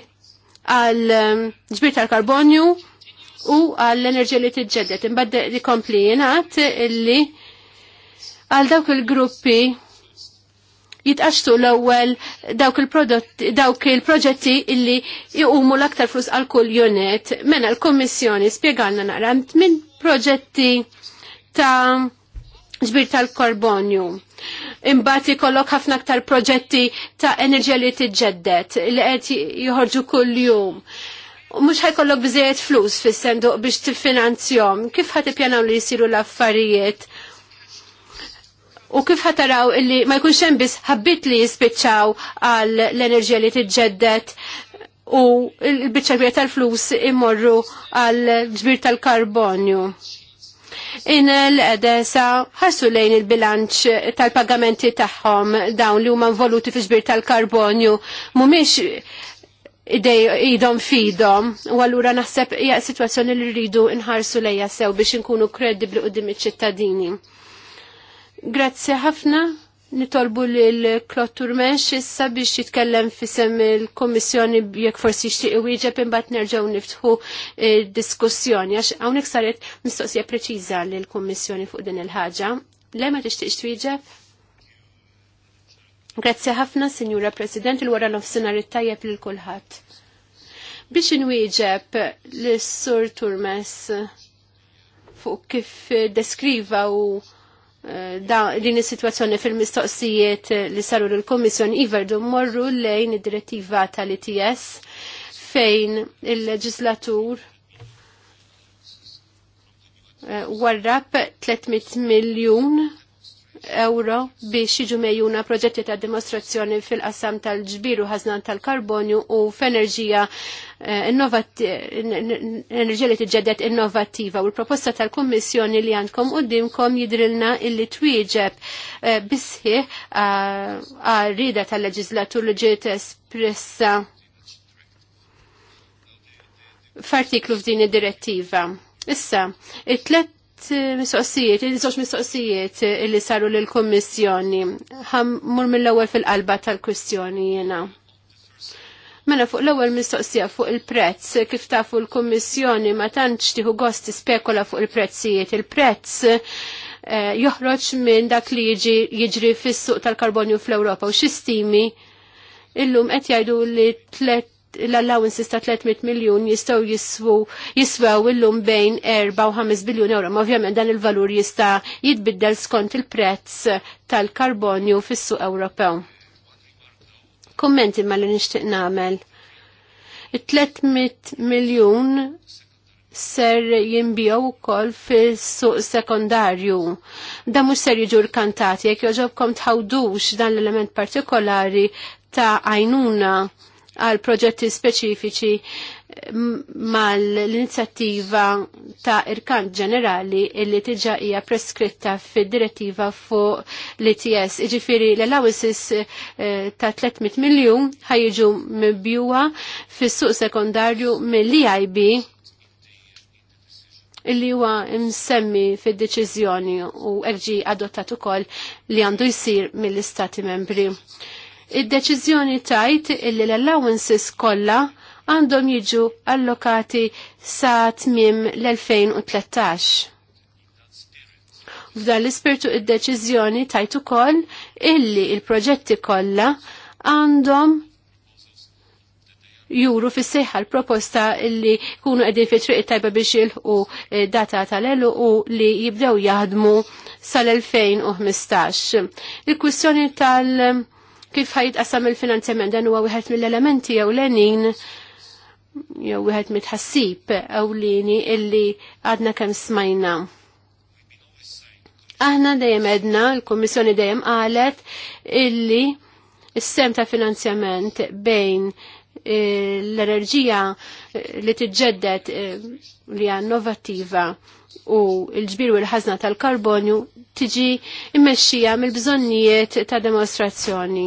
għal um, ġbir tal-karbonju u għall enerġija li t-ġeddet. Mbadde li kompli jenat illi għal dawk il-gruppi jitqaxtu l-ewwel dawk il-prodotti dawk il-proġetti illi jqumu l-aktar flus għal kull unit. Mena l-Kummissjoni spjegalna naqra minn proġetti ta' ġbir tal-korbonju. Imbagħad ikollok ħafna aktar proġetti ta' enerġija li tiġġedded li qed joħorġu kuljum. U mhux ħajkollok biżejjed flus fis-senduq biex tiffinanzjom. Kif ħat ippjanaw li jsiru l-affarijiet? U kif ħat taraw illi ma jkunx hemm biss ħabbit li jispiċċaw għal l-enerġija li tiġġedded u l-biċċa tal-flus imorru għal ġbir tal-karbonju in l-edesa ħassu lejn il-bilanċ tal-pagamenti tagħhom dawn li huma voluti fi ġbir tal-karbonju mhumiex idej idom fidom u allura naħseb hija sitwazzjoni li rridu nħarsu lejja sew biex inkunu kredibbli u iċ-ċittadini. Grazzi ħafna nitolbu l-Klot Turmenx issa biex jitkellem fissem il-Komissjoni jekk forsi u wieġeb imbagħad nerġgħu niftħu eh, diskussjoni għax hawnhekk saret mistoqsija preċiża lill-Kummissjoni fuq din il-ħaġa. Le ma tixtieqx twieġeb? Grazzi ħafna, Sinjura President, il-wara nofsinhar it-tajjeb lil kulħadd. Biex inwieġeb l sur Turmes fuq kif deskriva u din is-sitwazzjoni fil-mistoqsijiet li saru lill-Kummissjoni iverdu mmorru lejn id-direttiva tal-ITS fejn il-leġislatur eh, warrab 300 miljun euro biex jiġu mejjuna proġetti ta' dimostrazzjoni fil-qassam tal-ġbiru ħaznan tal-karbonju u f'enerġija eh, enerġija li tiġġedet innovattiva u l-proposta tal-Kummissjoni li għandkom u dimkom jidrilna illi twieġeb eh, bisħi eh, għal-rida tal-leġizlatur li ġiet espressa f'artiklu f'din id-direttiva. Issa, it-tlet mistoqsijiet, il mistoqsijiet li saru l-Kommissjoni. Mur mill-ewel fil-qalba tal-kwistjoni jena. Mela fuq l-ewwel mistoqsija fuq il-prezz, kif tafu l-Kummissjoni ma tantx tieħu gost spekula fuq il-prezzijiet. Il-prezz eh, joħroġ minn dak li jiġi jiġri fis-suq tal-karbonju fl-Ewropa u xi stimi illum qed jgħidu li tlet l-allowances ta' 300 miljon jistaw jiswu jiswew illum bejn 4 u 5 biljun euro. Ma ovvjament dan il-valur jista' jitbiddel skont il-prezz tal-karbonju fis-suq Ewropew. Kommenti ma li nixtieq nagħmel. 300 miljun ser jimbijaw ukoll fis-suq sekondarju. Da mhux ser jiġu rkantati jekk joġobkom tħawdux dan l-element partikolari ta' għajnuna għal proġetti speċifiċi eh, mal-inizjattiva ta' irkant ġenerali illi tiġa hija preskritta fid-direttiva fuq l-ITS. Iġifiri l-allowances eh, ta' 300 miljon ħajġu mibjuwa fis-suq sekondarju mill-EIB illi huwa msemmi fid-deċiżjoni u erġi adottat ukoll li għandu jsir mill-Istati membri. Id-deċiżjoni tajt illi l-allowances kollha għandhom jiġu allokati sa tmim l-2013. F'dan l-ispirtu id-deċiżjoni tajt ukoll illi il-proġetti kollha għandhom juru fis seħħa l-proposta illi kunu għedin fi triq tajba biex u eh, data tal-elu u li jibdew jaħdmu sal-2015. Il-kwistjoni tal- kif ħajtqasam il-finanzjament dan huwa wieħed mill-elementi jew lenin jew wieħed mitħassib ewlieni illi għadna kemm smajna. Aħna dejjem edna, l-Kummissjoni dejjem qalet illi s-sem ta' finanzjament bejn eh, l-enerġija eh, li tiġġedded eh, li innovattiva u l-ġbir u l-ħazna tal-karbonju tiġi immexxija mill-bżonnijiet ta' demonstrazzjoni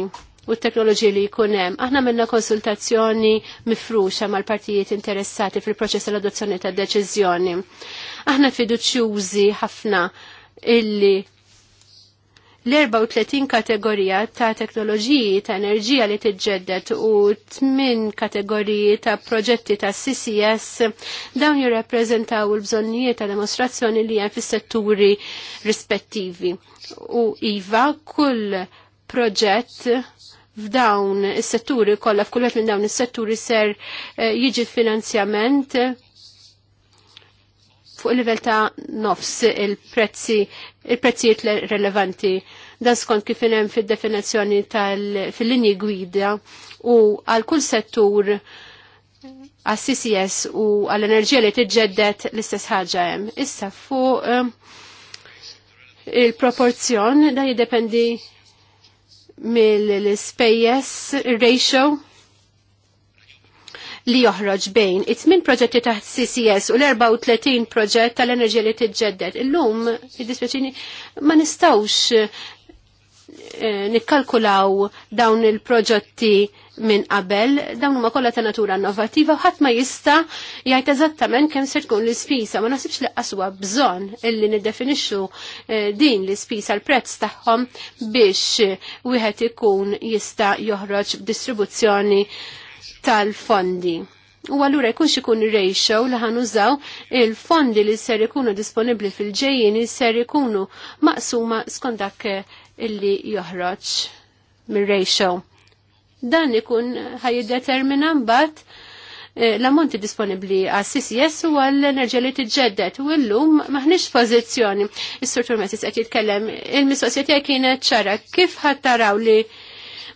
u t-teknoloġija li jkun hemm. Aħna minna konsultazzjoni mifruxa mal-partijiet interessati fil-proċess tal-adozzjoni ta' deċiżjoni. Aħna fiduċjużi ħafna illi l-34 kategorija ta' teknoloġiji ta' enerġija li tiġġeddet u 8 kategoriji ta' proġetti ta' CCS dawn jirrappreżentaw il-bżonnijiet ta' demonstrazzjoni li hemm fis-setturi rispettivi. U iva kull proġett f'dawn is-setturi kollha f'kull minn dawn is-setturi ser eh, jiġi finanzjament fuq il-livell ta' nofs il-prezzi il-prezzijiet relevanti dan skont kif hemm fid-definizzjoni fil-linji gwida u għal kull settur għas CCS u għall enerġija li tiġġeddet l-istess ħaġa hemm. Issa fuq eh, il-proporzjon dan jiddependi mill-spejjes, il-ratio li joħroġ bejn it-8 proġetti ta' CCS u l-34 proġett tal-enerġija li tiġġedded. Illum, id-dispjaċini, ma nistawx eh, nikkalkulaw dawn il-proġetti minn qabel, dawn huma kollha ta' natura innovattiva u ħadd ma jista' jgħid eżattament kemm se tkun l-ispisa, ma nasibx li qaswa bżonn illi niddefinixxu eh, din l-ispisa l-prezz tagħhom biex wieħed ikun jista' joħroġ b'distribuzzjoni distribuzzjoni tal-fondi. U għallura jkunx ikun ratio li użaw il-fondi li ser ikunu disponibli fil-ġejjin ser ikunu maqsuma skont dak eh, illi joħroġ mir-ratio. Dan ikun determina mbagħad eh, l-ammonti disponibli għas CCS u għall-enerġija li tiġġedded u llum maħniex pożizzjoni. Is-Sur Turmesis qed jitkellem il-mistoqsija tiegħek kienet ċara kif ħattaraw li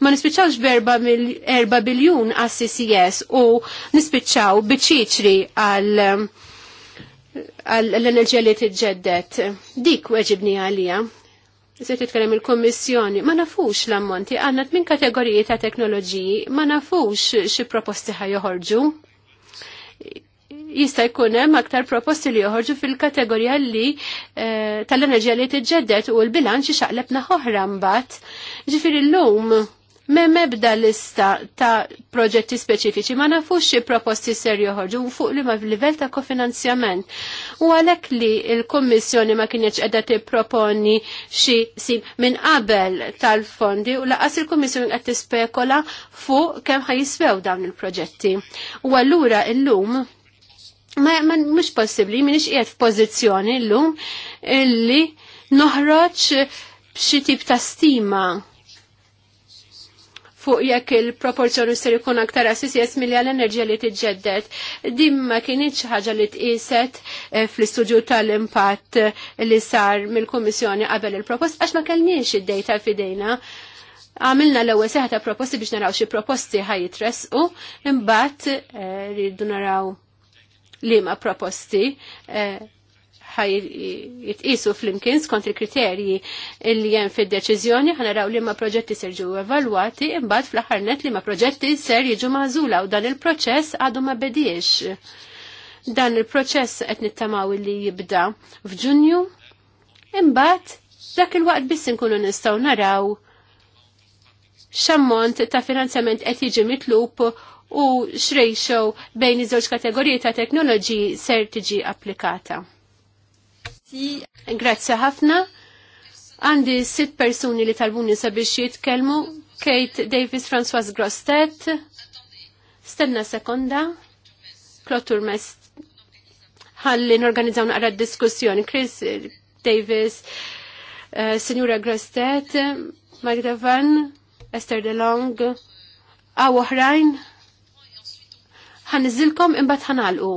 ma nispiċċawx b'4 biljun għas CCS u nispiċċaw biċiċri għal l-enerġija li tiġġeddet. Dik weġibni għalija. Se titkellem il-Kommissjoni, ma nafux l-ammonti, għannat minn kategoriji ta' teknoloġiji, ma nafux xi proposti ħaj joħorġu jista' jkun hemm aktar proposti li joħorġu fil-kategorija li eh, tal-enerġija li tiġġedded u l-bilanċ xaqleb naħoħra mbagħad. Ġifieri llum Mem ebda lista ta' proġetti speċifiċi ma nafux xi proposti ser ħorġu fuq li ma' livell ta' kofinanzjament. U għalhekk li l-Kummissjoni ma kienx qiegħda tipproponi xi sim minn qabel tal-fondi u laqas il-Kummissjoni qed tispekola fuq kemm ħajiswew dawn il-proġetti. U allura lum ma mhux possibbli minix qiegħed f'pożizzjoni llum illi noħroġ b'xi tip ta' stima fuq jekk il-proporzjoni ser ikun aktar assisjes milli l enerġija li tiġġedded. Din ma kienitx ħaġa li tqiset eh, fl-istudju tal-impatt eh, li sar mill-Kummissjoni qabel il-propost għax ma kellniex id-dejta fidejna. Għamilna l-ewwel seħta proposti biex naraw xi proposti ħajitresqu, imbagħad eh, rridu naraw liema proposti ħaj jitqisu fl-imkien skont il-kriterji li hemm fid-deċiżjoni ħanaraw li ma proġetti ser ġew evalwati imbagħad fl-aħħar net li ma proġetti ser jiġu mażula u dan il-proċess għadu ma bediex. Dan il-proċess qed nittamaw li jibda f'Ġunju imbagħad dak il-waqt biss nkunu nistgħu naraw xammont ta' finanzjament qed jiġi mitlub u x'rejxow bejn iż-żewġ kategoriji ta' teknoloġi ser tiġi applikata. Grazzi ħafna. Għandi sitt persuni li talbuni sabiex jitkellmu. Kate Davis, François Grostet. Stenna sekonda. Klotur Mest. Ħalli norganizzaw naqra diskussjoni. Chris Davis, eh, Signora Grostet, Magda Van, Esther DeLong. Għaw oħrajn. Ħanizzilkom imbat ħanalqu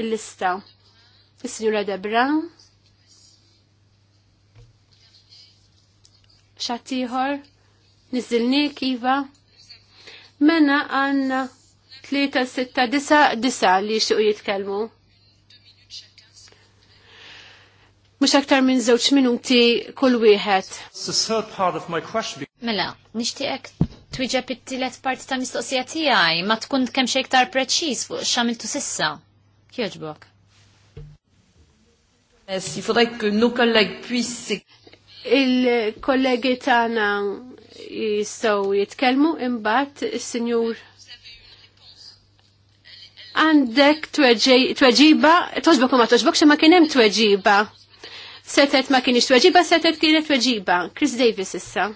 il-lista fis sinjura Debra. Xattiħor. Nizzilnik, Iva. Mena għanna 3-6-9 li xuq jitkelmu. Mux aktar minn zewċ minuti kull wieħed. Mela, nishtiqek twiġeb it-tielet parti ta' mistoqsija tiegħi ma tkun kemm xejn iktar preċiż fuq x'amiltu sissa. Jogħġbok. Il faudrait que nos collègues puissent il-kollegi tagħna jistgħu jitkellmu imbagħad is-Sinjur għandek tweġiba, toġbok ma toġbok ma kien hemm tweġiba. Setet ma kienx tweġiba, setet kienet tweġiba. Chris Davis issa.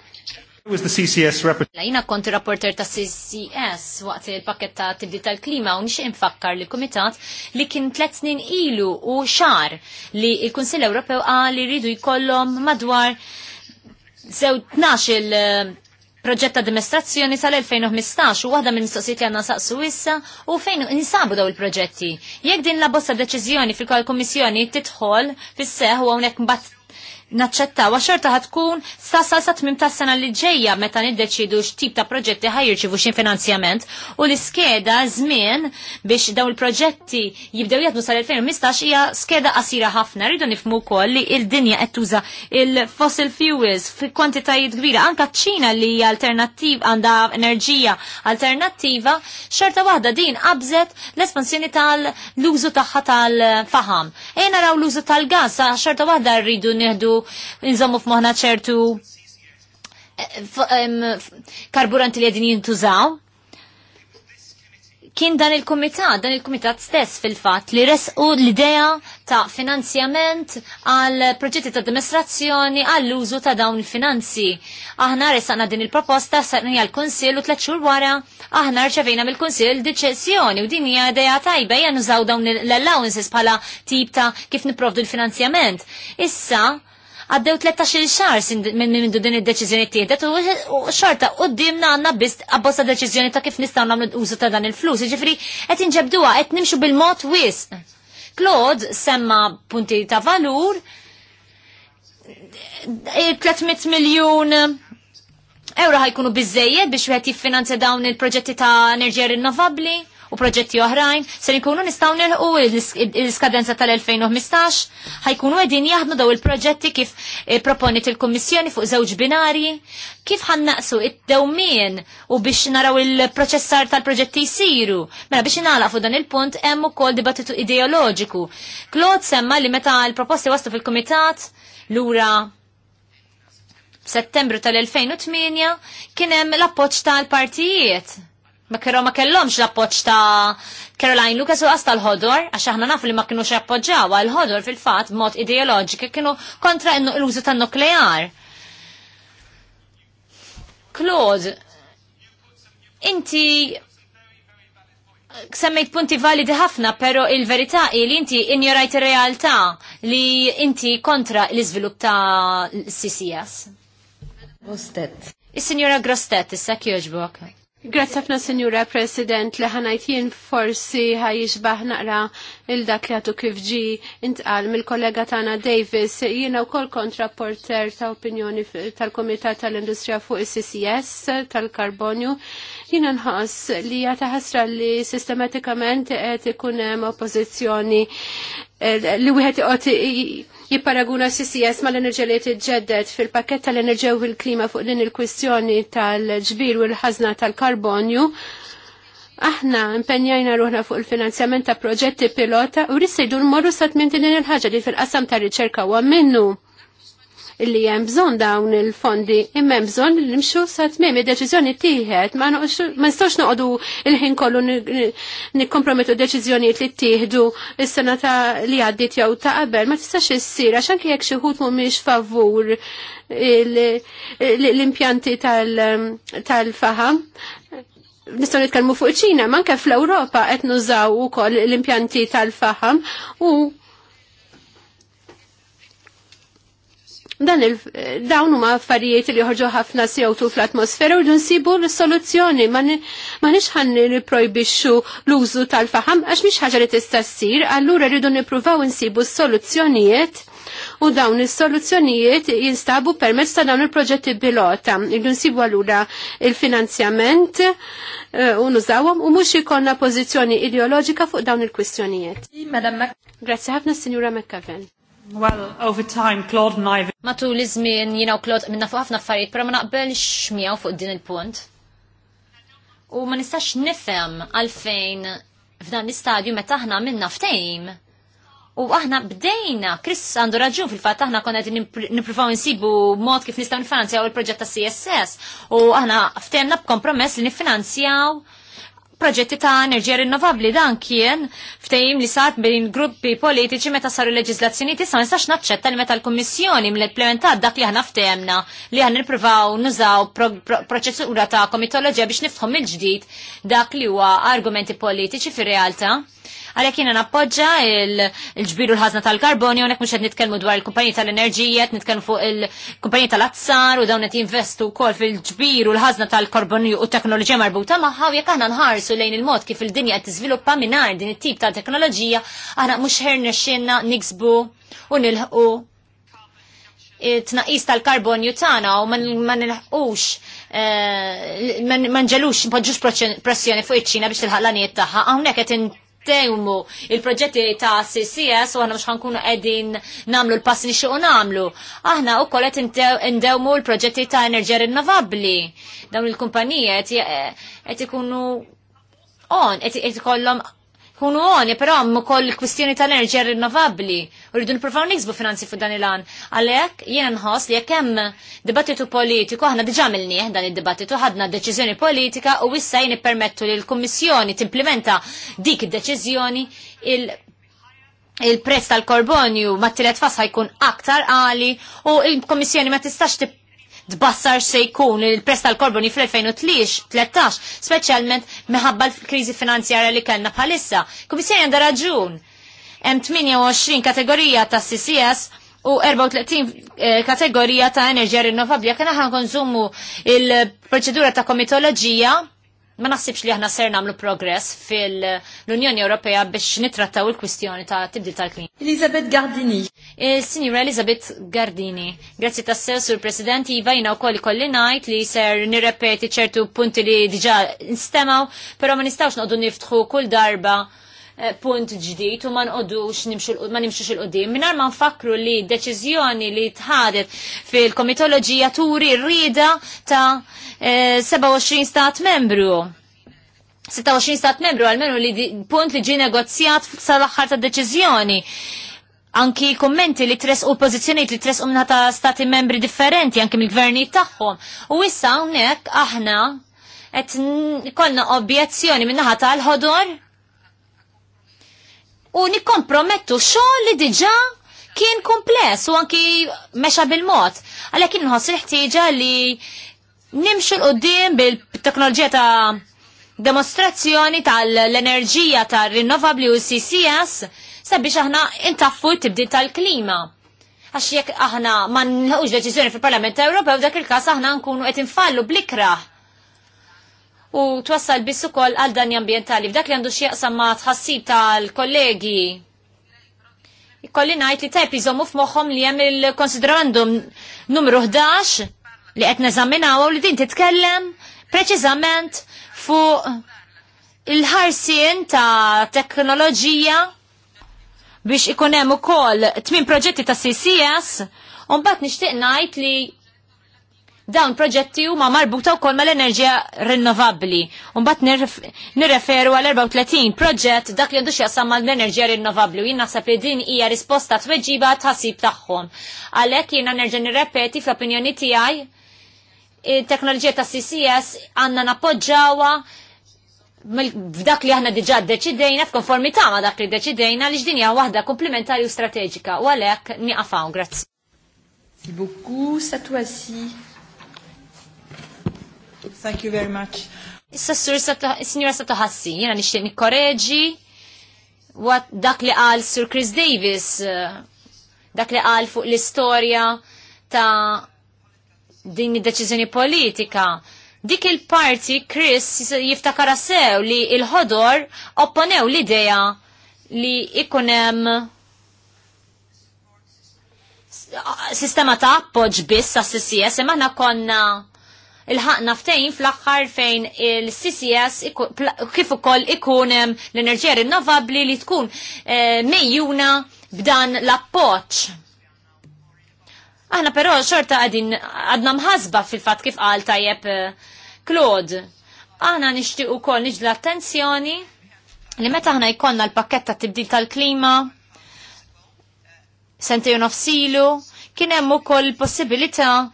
Was the CCS rapporteur? konti rapporter ta' CCS waqt il-pakket ta' tibdi tal-klima u nixie infakkar li komitat li kien tlet snin ilu u xar li il-Kunsill Ewropew għali ridu jkollhom madwar sew 12 il- eh, proġett ta' dimostrazzjoni sal-2015 u waħda minn mistoqsijiet li għanna saqsu issa u fejn nisabu daw il-proġetti. Jekk din la bosta deċiżjoni fil-kol kommissjoni titħol fis-seħ u hawnhekk mbagħad wa xorta ħatkun sa sa sa tmim ta' sena li ġejja meta niddeċidu x'tip ta' proġetti ħajrċivu xin finanzjament u l-iskeda żmien biex daw il-proġetti jibdew jadmu sal-2015 hija skeda qasira ħafna. Rridu nifmu wkoll li l-dinja qed tuża il-fossil fuels fi kwantitajiet kbira anka ċina li hija alternattiv għandha enerġija alternattiva xorta waħda din qabżet l-espansjoni tal-użu tagħha tal-faham. Ejna raw l-użu tal-gas xorta waħda rridu nieħdu nżommu f'moħna ċertu eh, karburanti li għedin jintużaw. Kien dan il-komitat, dan il-komitat stess fil-fat li resqu l-idea ta' finanzjament għal proġetti ta' administrazzjoni għall użu ta' dawn il-finanzi. Aħna resqna din il-proposta sarni għal-konsil u tlet xhur wara aħna rċevejna mill-konsil deċessjoni u din hija idea tajba hija nużaw dawn l-allowances bħala tip ta' kif niprovdu l-finanzjament. Issa, għaddew 13 xar minn minn din id-deċiżjoni tieħdet u xorta d-dimna għandna biss abbozza deċiżjoni ta' kif nistgħu namlu użu ta' dan il-flus, jiġifieri qed inġebduha qed nimxu bil-mod wis. Klod semma punti ta' valur 300 e, miljun euro ħajkunu bizzejed biex wieħed jiffinanzja dawn il-proġetti ta' enerġija rinnovabbli u proġetti oħrajn se nkunu nistgħu nilħu l-iskadenza tal-2015 ħajkunu qegħdin jaħdmu daw il-proġetti kif eh, proponiet il-Kummissjoni fuq żewġ binarji, kif ħannaqsu id-dewmien u biex naraw il-proċessar tal-proġetti jsiru. Mela biex ingħalaq fuq dan il-punt hemm ukoll dibattitu ideoloġiku. Claude semma li meta l-proposti waslu fil-Kumitat lura Settembru tal-2008 kien hemm l-appoġġ tal-partijiet ma kero ma kellomx l-appoċ ta' Caroline Lucas u għasta l-ħodor, għax aħna nafu li ma kienu xappoġġaw l-ħodor fil-fat mod ideologiki, kienu kontra l-użu ta' nuklear. Claude, inti semmejt punti validi ħafna, pero il-verità hi li inti injorajt ir-realtà li inti kontra l-iżvilupp ta' CCS. Grostet. Is-Sinjora Grostet, issa kjoġbok. Grazzi ħafna Signora President li ħanajt jien forsi ħajixbaħ naqra il-dak li għatu kif ġi intqal mill-kollega Tana Davis jiena wkoll kontraporter ta' opinjoni tal-Kumitat tal-Industrija fuq is-CCS tal-Karbonju Jiena nħas li hija ħasra li sistematikament qed ikun hemm oppożizzjoni eh, li wieħed iqgħod jipparaguna CCS ma l enerġa li tiġġedded fil-pakket tal enerġa u fil klima fuq din il-kwistjoni tal-ġbir u l-ħazna tal-karbonju. Aħna impenjajna ruħna fuq il-finanzjament ta' proġetti pilota u rissejdu l-morru sa' din il-ħagġa li fil-qasam ta' riċerka u minnu li hemm bżonn dawn il-fondi imma hemm bżonn li nimxu sa tmiem id-deċiżjoni tieħed ma nistax noqogħdu il-ħin kollu nikkompromettu deċizjoni li ttieħdu il sena ta' li għaddiet jew ta' qabel ma tistax issir għaxan anke jekk xi mu mhumiex favur l-impjanti tal-faham nistaw nitkellmu fuq ċina, manka fl-Ewropa qed nużaw ukoll l-impjanti tal faham u Dan dawn huma affarijiet li joħorġu ħafna CO2 fl-atmosfera u nsibu l-soluzzjoni ma nix ħan niprojbixxu l-użu tal-faħam għax mhix ħaġa li tista' ssir, allura rridu nippruvaw insibu s-soluzzjonijiet u dawn is-soluzzjonijiet jinstabu permezz ta' dawn il-proġetti pilota. Irdu nsibu allura il-finanzjament eh, u nużawhom u mhux ikollna pożizzjoni ideoloġika fuq dawn il-kwistjonijiet. Grazzi ħafna, Sinjura McCaven. Well, over time, Claude and I... Matul iż-żmien jiena u Claude minna fuq ħafna affarijiet, però ma naqbelx miegħu fuq din il-punt. U ma nistax nifhem għalfejn f'dan l-istadju meta aħna minna ftejm. U aħna bdejna, Chris għandu raġun fil-fatt aħna konna qed nippruvaw insibu mod kif nistgħu nifinanzjaw il-proġett ta' CSS u aħna ftehmna b'kompromess li niffinanzjaw proġetti ta' enerġija rinnovabli dan kien ftejim li sat bejn gruppi politiċi meta saru leġizlazzjoni tisa' ma nistax naċċetta li meta l-Kummissjoni mill dak li aħna ftehemna li aħna nippruvaw nużaw proċessura ta' komitoloġija biex nifhom il ġdid dak li huwa argumenti politiċi fir-realtà għalek jina nappoġġa il-ġbiru l-ħazna tal-karbonju, unek mux nitkelmu dwar il-kumpanji tal enerġijiet nitkelmu fuq il-kumpanji tal-azzar u dawn qed jinvestu kol fil-ġbiru l-ħazna tal-karbonju u teknoloġija marbuta maħħa u jekk aħna nħarsu nħarsu lejn il-mod kif il-dinja qed tiżviluppa mingħajr din it-tip ta' teknoloġija aħna mhux ħerna xinna niksbu u nilħqu tnaqis tal-karbonju tagħna u ma nilħqux eh, ma nġelux npoġġux pressjoni fuq iċ-Ċina biex tilħaq l-għanijiet tagħha hawnhekk qed tewmu il-proġetti ta' CCS u għana mux ħankunu edin namlu l pass nixi u namlu. Aħna u kollet indewmu l-proġetti ta' enerġija rinnovabli. Dawn il-kumpanijiet jett eh, ikunu on, et ikollhom kunu għoni, e però mu koll kwistjoni tal-enerġija rinnovabli. rridu niprofaw niksbu finanzi fu dan il-għan. Għalek, jien nħos li jekem dibattitu politiku, ħna diġà milnieh dan il-dibattitu, ħadna deċizjoni politika u wissa jien permettu li l-Kommissjoni timplementa dik il-deċizjoni id il-prezz tal-korbonju ma t-tilet fas ħajkun aktar għali u il komissjoni ma tistax tbassar se jkun il presta tal-korboni fl-2013, speċjalment meħabba l-kriżi finanzjarja li kellna bħalissa. Kummissarju għandha raġun. Hemm 28 kategorija ta' CCS u 34 eh, kategorija ta' enerġija rinnovabli. Jekk aħna konsumu il-proċedura ta' komitoloġija, ma naħsibx li aħna ser nagħmlu progress fil-Unjoni Ewropea biex nitrattaw il-kwistjoni ta' tibdil tal klim Elizabeth Gardini. Signora Elizabeth Gardini, grazzi ta' sew sur President Iva jina wkoll kolli ngħid li ser nirrepeti ċertu punti li diġa' nistemaw, però ma nistawx noqdu niftħu kull darba Eh, punt ġdid u ma nqodux ma nimxux il-qudiem. Mingħajr ma nfakru li deċiżjoni li tħadet fil-komitoloġija turi rrida ta' 27 eh, stat membru. 26 stat membru għalmenu li punt li ġi negozjat sal-axħar ta' deċiżjoni. Anki kommenti li tres u pozizjoniet li tres umna ta' stati membri differenti, anki mill-gvernijiet tagħhom. U issa hawnhekk aħna qed konna objezzjoni minnaħa tal-ħodor u nikkompromettu xogħol li diġà kien kompless u anki mexa bil-mod. Għalhekk kien nħos ħtieġa li nimxu l-qoddim bil-teknoloġija ta' demonstrazzjoni tal-enerġija ta' rinnovabli u CCS sabiex aħna intaffu t-tibdil tal-klima. Għax jekk aħna ma nħuġ deċiżjoni fil-Parlament Ewropew dak il-każ aħna nkunu qed infallu blikraħ u twassal biss ukoll għal danni ambjentali. F'dak li għandu x'jaqsam ma' tħassib tal-kollegi. Kolli ngħid li tajb jizomu f'moħħom li hemm il-konsiderandum numru 11 li qed u li din titkellem preċiżament fuq il-ħarsien ta' teknoloġija biex ikun hemm ukoll tmien proġetti ta' CCS un bat nixtieq ngħid li dawn proġetti huma marbuta wkoll mal-enerġija rinnovabbli. Mbagħad nirreferu għal 34 proġett dak li għandu jasam mal-enerġija rinnovabbli u jien naħseb li din hija risposta tweġiba tħassib tagħhom. Għalhekk jiena nerġa' nirrepeti fl-opinjoni tiegħi teknoloġija ta' CCS għandna nappoġġawha f'dak li aħna diġà deċidejna f'konformità ma' dak li deċidejna li x'dinja waħda komplementari u strateġika u għalhekk nieqafgħu. grazzi. Merci beaucoup, Satouassi. Thank you very much. Issa s-sur s-sinjura sa taħassi, jena nishtiq nikkoreġi dak li għal Sir Chris Davis, eh, dak li għal fuq l-istoria ta' din id-deċiżjoni politika. Dik il-parti Chris jiftakara sew li il-ħodor opponew l-idea li ikunem sistema ta' appoġ biss sa' CCS, imma konna il-ħakna ftejn fl-axħar fejn il-CCS kif ukoll ikun l-enerġija rinnovabbli li tkun eh, mejjuna b'dan l-appoċ. Aħna però xorta għadin għadna mħasba fil-fat kif qal tajjeb eh, Claude. Aħna nixtieq ukoll niġla attenzjoni li meta aħna jkollna l-pakket ta' tibdil tal-klima sentejn nofsilu kien hemm ukoll possibilità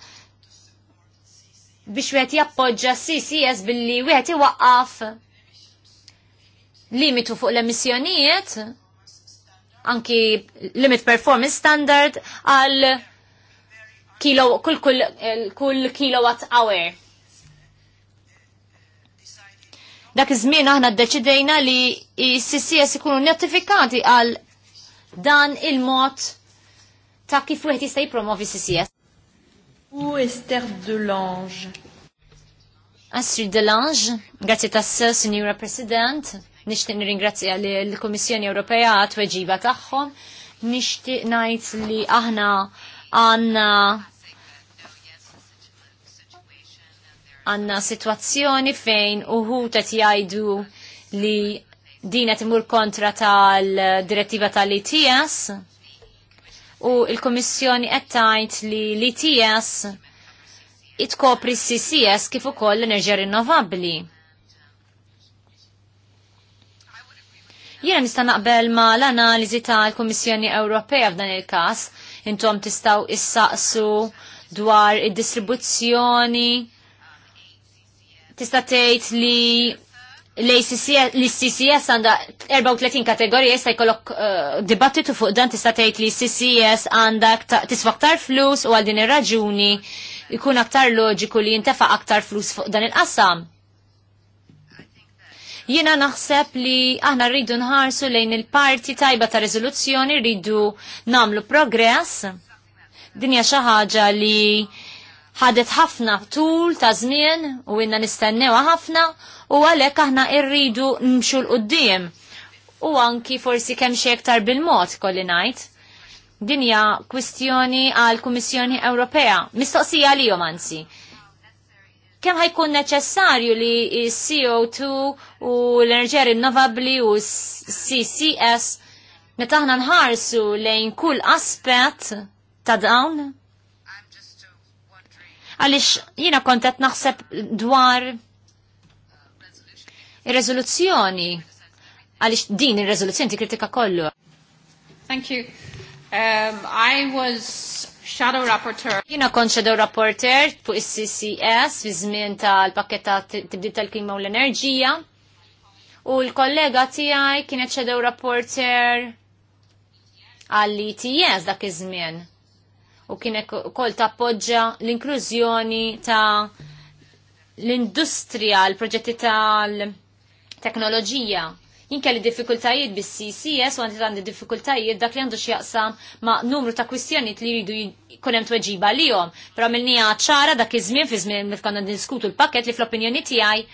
biex wieħed jappoġġa CCS billi wieħed iwaqqaf limitu fuq l-emissjonijiet, anki limit performance standard għal kilo, kull, kull, eh, kull kilowatt hour. Dak iż-żmien aħna ddeċidejna li s-CCS ikunu notifikati għal dan il-mod ta' kif wieħed jista' jippromovi CCS. U Esther Delange. Astrid Delange, grazie tassew, Signora President. nishti nirringrazzja li l-Komissjoni Ewropea għat-tweġiba tagħhom. nishti najt li aħna għanna għanna situazzjoni fejn uħut qed jgħidu li din qed imur kontra tal-direttiva tal its u il-Komissjoni qed tgħid li l-ITS itkopri s-CCS kif ukoll l-enerġija rinnovabbli. Jiena nista' naqbel ma l-analiżi tal-Kummissjoni Ewropea f'dan il-każ, intom tistgħu issaqsu dwar id-distribuzzjoni tista' tgħid li l-CCS għanda 34 kategorija jista jkollok eh, dibattitu fuq dan tista' tgħid li CCS għanda tiswa aktar flus u għal din ir-raġuni jkun aktar loġiku li jintefa' aktar flus fuq dan il-qasam. Jiena naħseb li aħna rridu nħarsu lejn il-parti tajba ta' riżoluzzjoni rridu namlu progress. Dinja xi ħaġa li ħadet ħafna tul ta' żmien u inna nistennewa ħafna u għalhekk aħna rridu nmxu l-qudiem u anki forsi kemm xi aktar bil-mod kolli ngħid. Din hija kwistjoni għal Kummissjoni Ewropea, mistoqsija li jom anzi. Kemm ħajkun neċessarju li CO2 u l-enerġija rinnovabbli u CCS meta aħna nħarsu lejn kull aspett ta' dawn? Għaliex jiena kont qed naħseb dwar Ir-rezoluzzjoni għaliex din ir-rezoluzzjoni tikkritika kollu. Thank you. Um, I was shadow rapporteur. Jina kon shadow rapporteur fuq is-CCS fi żmien tal-pakket ta' tibdil tal-klima u l-enerġija. U l-kollega tiegħi kienet shadow rapporteur għall-ETS dak iż-żmien. U kienet ukoll tappoġġa l-inklużjoni ta' l-industrija, l-proġetti tal-, -industrija, l proġetti tal teknoloġija. Jien kelli diffikultajiet bis-CCS u għandi għandi diffikultajiet dak li għandu x'jaqsam ma' numru ta' kwistjonijiet li jridu jkun hemm tweġiba jom. Però għamilnija ċara dak iż-żmien fi żmien li fkanna diskutu l paket li fl-opinjoni tiegħi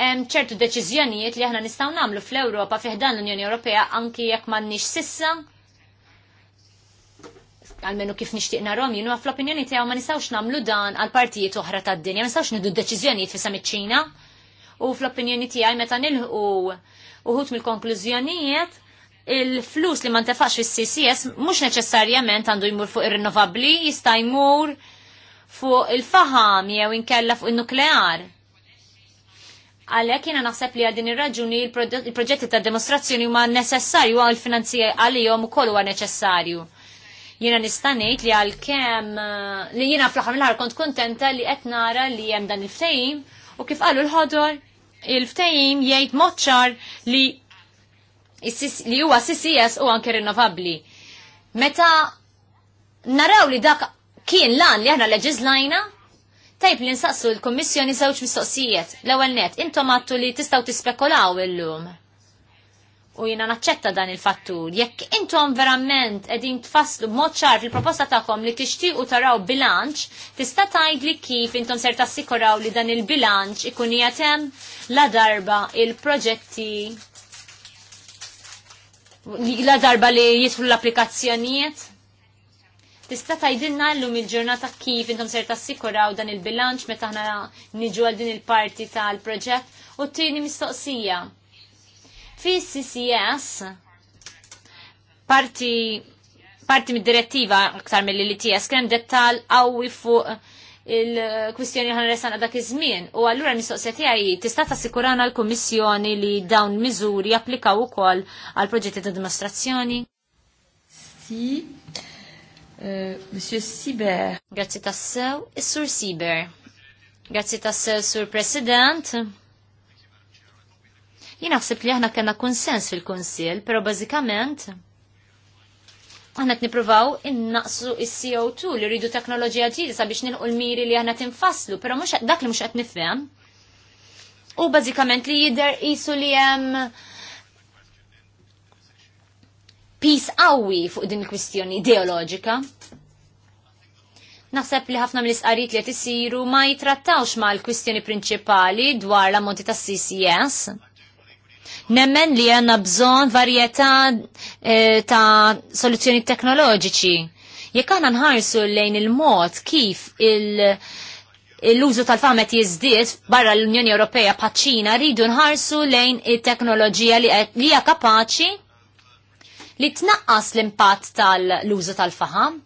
hemm ċertu deċiżjonijiet li aħna nistgħu nagħmlu fl-Ewropa fih dan l-Unjoni Ewropea anki jekk m'għandniex sissa għalmenu kif nixtieq narhom għaf fl-opinjoni tiegħu ma nistgħux nagħmlu dan għal partijiet oħra tad-dinja, ma nistgħux nidu d fi samiċ ċina. U fl-opinjoni tiegħi meta nilħu uħut mill-konklużjonijiet il-flus li ma ntefax fis-CCS mhux neċessarjament għandu jmur fuq ir-rinnovabbli, jista' jmur fuq il-faham jew inkella fuq il-nuklear. Għalhekk jiena naħseb li għal din ir-raġuni il-proġetti ta' demonstrazzjoni huma necessarju għal finanzija u ukoll għal neċessarju. Jiena nista' ngħid li għalkemm eh, li jiena fl-aħħar mill kont kontenta li qed nara li hemm dan il-ftehim u kif qalu l-ħodor il-ftehim jgħid mod li li huwa CCS u anke rinnovabbli. Meta naraw li dak kien lan li aħna leġizlajna, tajb li nsaqsu l-Kommissjoni żewġ mistoqsijiet. L-ewwel net, intom għattu li tistgħu tispekulaw illum u jina naċċetta dan il-fattur. Jekk intom verament edin tfasslu mod ċar fil-proposta tagħkom li tixtiequ taraw bilanċ, tista' tgħidli kif intom ser tassikuraw li dan il-bilanċ ikun jatem la darba il-proġetti la darba li jitru l-applikazzjonijiet. Tista' tgħidilna llum il-ġurnata kif intom ser tassikuraw dan il-bilanċ meta aħna niġu għal din il-parti tal-proġett u t-tieni mistoqsija Fi CCS, parti parti mid-direttiva aktar mill lts kien dettal qawwi fuq il-kwistjoni ħan resan dak iż-żmien u allura mistoqsija għaj tista' tassikurana l-Kummissjoni li dawn miżuri u ukoll għal proġetti ta' dimostrazzjoni? Si. Eh, Monsieur Siber. Grazzi tassew, sur Siber. Grazzi tassew, Sur President. Jien naħseb li aħna kellna konsens fil-Kunsill, però bażikament aħna qed nippruvaw innaqsu il co 2 li rridu teknoloġija ġiri sabiex nilqu l-miri li aħna tinfasslu, però mhux dak li mhux qed nifhem. U bażikament li jidher qisu li hemm pis qawwi fuq din il-kwistjoni ideoloġika. Naħseb li ħafna mill isqarit li qed isiru ma jitrattawx ma' l-kwistjoni prinċipali dwar l-ammonti tas-CCS Nemmen li għanna bżon varjetà eh, ta' soluzzjoni teknoloġiċi. Jekk għanna nħarsu lejn il-mod kif il- l-użu tal-famet jizdiet barra l-Unjoni Ewropea paċina rridu nħarsu lejn it-teknoloġija li hija kapaċi li tnaqqas l-impatt tal-użu tal-faham?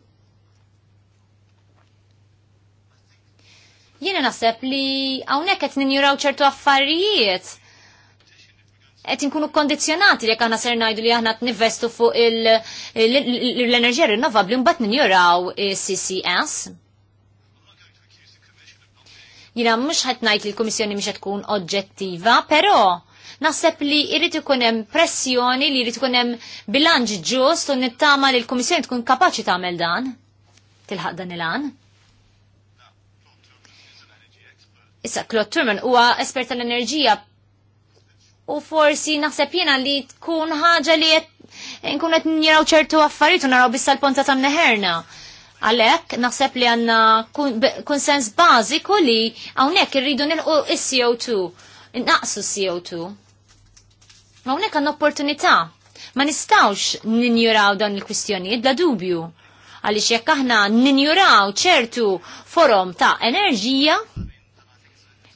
Jiena naħseb li hawnhekk qed ninjuraw ċertu affarijiet qed inkunu kondizjonati li aħna ser ngħidu li aħna t-nivestu fuq l-enerġija rinnovabbli mbagħad ninjuraw CCS. Jina mhux qed ngħid li l-Kummissjoni qed tkun oġġettiva, però naħseb li jrid ikun hemm pressjoni li jrid ikun hemm bilanċ ġust u nittama li l-Kummissjoni tkun kapaċi tagħmel dan tilħaq dan il-għan. Issa, Claude Turman huwa espert tal-enerġija, u forsi naħseb jiena li tkun ħaġa li nkun qed njiraw ċertu affarijiet u naraw bissa l-ponta ta' neħerna. Għalhekk naħseb li għandna konsens bażiku li hawnhekk irridu nilqu is-CO2, naqsu CO2. hawnhekk għandna opportunità. Ma nistawx ninjuraw dan il-kwistjonijiet bla dubju. Għaliex jekk aħna ninjuraw ċertu forom ta' enerġija,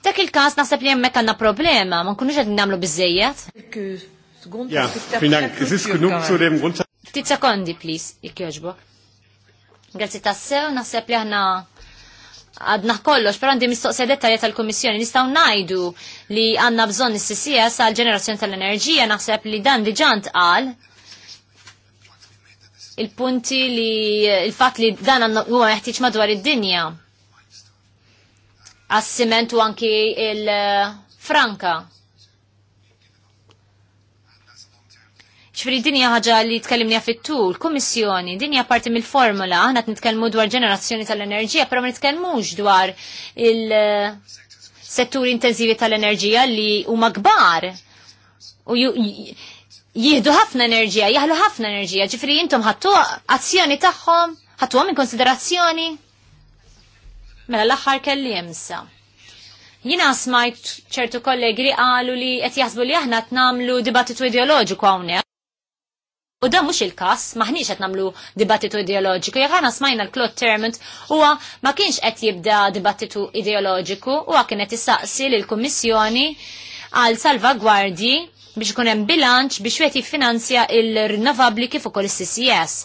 Dak il-każ naħseb li hemmhekk għandna problema, ma nkunux qed nagħmlu biżejjed. Ja, Ftit sekondi, please, jekk jogħġbok. Grazzi tassew, naħseb li aħna għadna kollox, pero għandi mistoqsija dettalja tal-Komissjoni, nistaw najdu li għanna bżon is-CCS għal ġenerazzjoni tal-enerġija, naħseb li dan diġant għal il-punti li il-fat li dan huwa meħtieġ madwar id-dinja għas-siment u anki il-franka. ċfri dinja ħagġa li tkellimni fit-tul, komissjoni dinja parti mill-formula, aħna t-nitkelmu dwar ġenerazzjoni tal-enerġija, pero ma nitkellmux dwar il settur intensivi tal-enerġija li huma kbar u jihdu ħafna enerġija, jahlu ħafna enerġija, ġifri jintom ħattu azzjoni tagħhom, ħattu għom in konsiderazzjoni. Mela l-aħħar kelli jemsa. Jina smajt ċertu kollegi li qalu li qed jaħsbu li aħna namlu dibattitu ideoloġiku hawnhekk. U da mhux il-każ, maħniex qed nagħmlu dibattitu ideoloġiku. Jekk aħna smajna l-Claude Terment huwa ma kienx qed jibda dibattitu ideoloġiku, huwa kien qed issaqsi lill-Kummissjoni għal salvagwardji biex ikun hemm bilanċ biex wieħed jiffinanzja il-rinnovabbli kif ukoll is-CCS.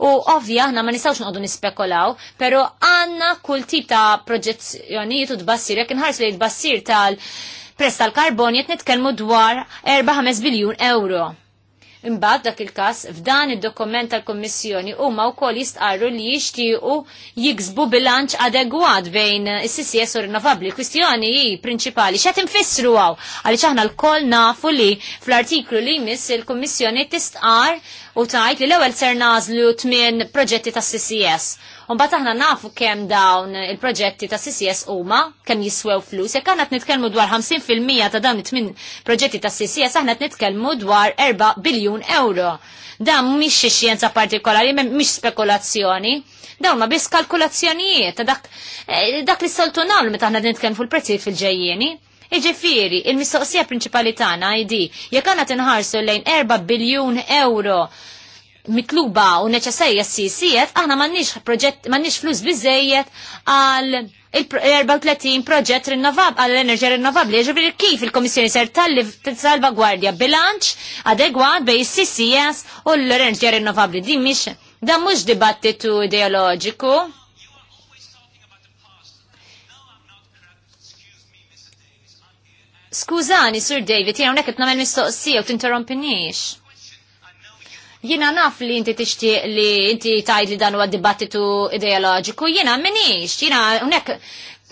U ovvja, aħna ma nistawx noqdu nispekulaw, pero għanna kull tip ta' proġezzjonijiet u tbassir, jek inħarsu li tbassir tal-press tal-karbon jett nitkellmu dwar 4-5 biljun euro. Imbagħad dak il-każ f'dan id-dokument tal-Kommissjoni huma wkoll jistqarru li jixtiequ jiksbu bilanċ adegwat bejn is-CCS u rinnovabbli. Kwistjoni hi prinċipali x'qed infissru hawn għaliex aħna lkoll nafu li fl-artiklu li jmiss il-Kummissjoni tistqar u tajt li l-ewel ser nażlu tmien proġetti ta' CCS. bat aħna nafu kem dawn il-proġetti ta' CCS huma kem jiswew flus, jek għanat nitkellmu dwar 50% ta' dawn it proġetti ta' CCS aħna nitkellmu dwar 4 biljun euro. Dan mhix xi xjenza partikolari, mhix spekulazzjoni. Dawn ma biss kalkulazzjonijiet ta' dak, eh, dak li saltu nagħmlu meta aħna nitkellmu fuq il-prezzijiet fil-ġejjieni. Iġifiri, il-mistoqsija principali tagħna ID jekk għandna tinħarsu lejn 4 biljun euro mitluba u neċessarja s-sisijiet, aħna mannix proġett, mannix flus bizzejiet għal il-34 proġett rinnovab għal enerġija rinnovabli. Ġifri kif il-Komissjoni ser tal-salva gwardja bilanċ adegwat bej s ccs u l-enerġija rinnovabli. dimmix. dan mux dibattitu ideologiku Skużani, Sir David, jena unek namel mistoqsija u t-interrompiniex. Jena naf li inti tixtieq li inti tajd li dan huwa dibattitu ideologiku, jena minix, jena unek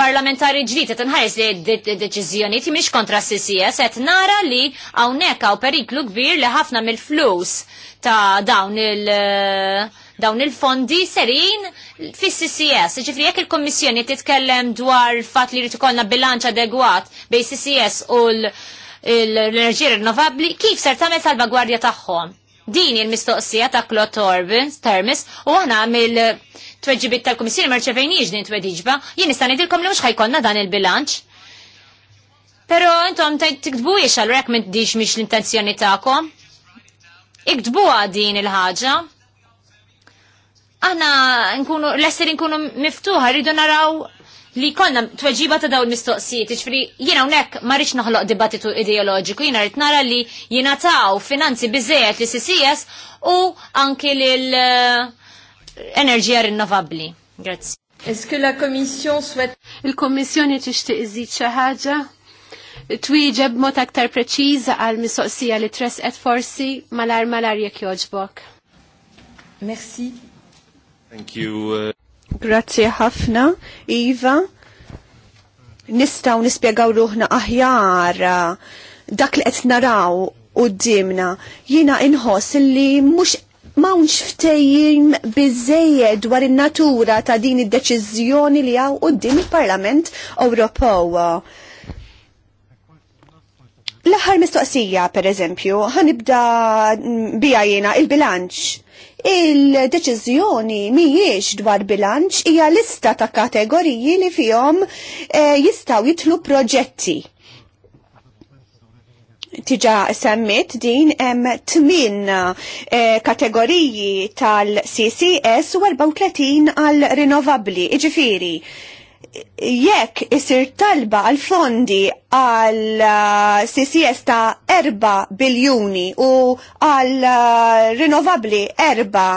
parlamentari ġdid qed inħares li deċiżjoni ti mhix kontra CCS set nara li hawnhekk hawn periklu kbir li ħafna mill-flus ta' dawn il- dawn il-fondi serin fis-CCS. Ġifri jekk il-Kommissjoni titkellem dwar fatt li jrid ikollna bilanċ adegwat bej CCS u l-enerġija rinnovabbli, kif ser tagħmel salvagwardja tagħhom? Din il-mistoqsija ta' Claude Torbin, Termis, u għana mill tweġibit tal-Komissjoni marċevejniex din tweġiba, jien nista' ngħidilkom li mhux ħajkonna dan il-bilanċ. Pero intom tiktbu jiex għal rekment mintdix miex l-intenzjoni ta'kom. Iktbu din il-ħagġa aħna nkunu, l-esser nkunu miftuħa, rridu naraw li konna tweġiba ta' daw il-mistoqsijiet, ġifri jiena unek marriċ naħloq dibattitu ideoloġiku, jiena rrit nara li jiena taw finanzi bizzejet li CCS u anki l-enerġija eh, rinnovabli. Grazie. Est-ce la Commission souhaite... Il-Kommissjoni tixtieq iżid xi ħaġa? Twieġeb mod aktar preċiża għal mistoqsija li et forsi malar malar jekk jogħġbok. Merci. Thank you. Uh, Grazie ħafna, Iva. Nistaw nispjegaw ruħna aħjar uh, dak li qed naraw dimna. Jiena inħoss li mhux mawnx ftejjim bizzejed dwar in-natura ta' din id-deċiżjoni li hawn quddiem il-Parlament Ewropew. L-aħħar mistoqsija, per eżempju, ħanibda bija jiena il-bilanċ il-deċiżjoni mhijiex dwar bilanċ hija lista ta' kategoriji li fihom eh, jistgħu jitlu proġetti. Tiġa semmit din hemm tmin eh, kategoriji tal-CCS u 34 għal rinnovabbli, iġifieri jekk isir talba għal fondi għal uh, CCS ta' 4 biljuni u għal uh, rinnovabli 4 uh,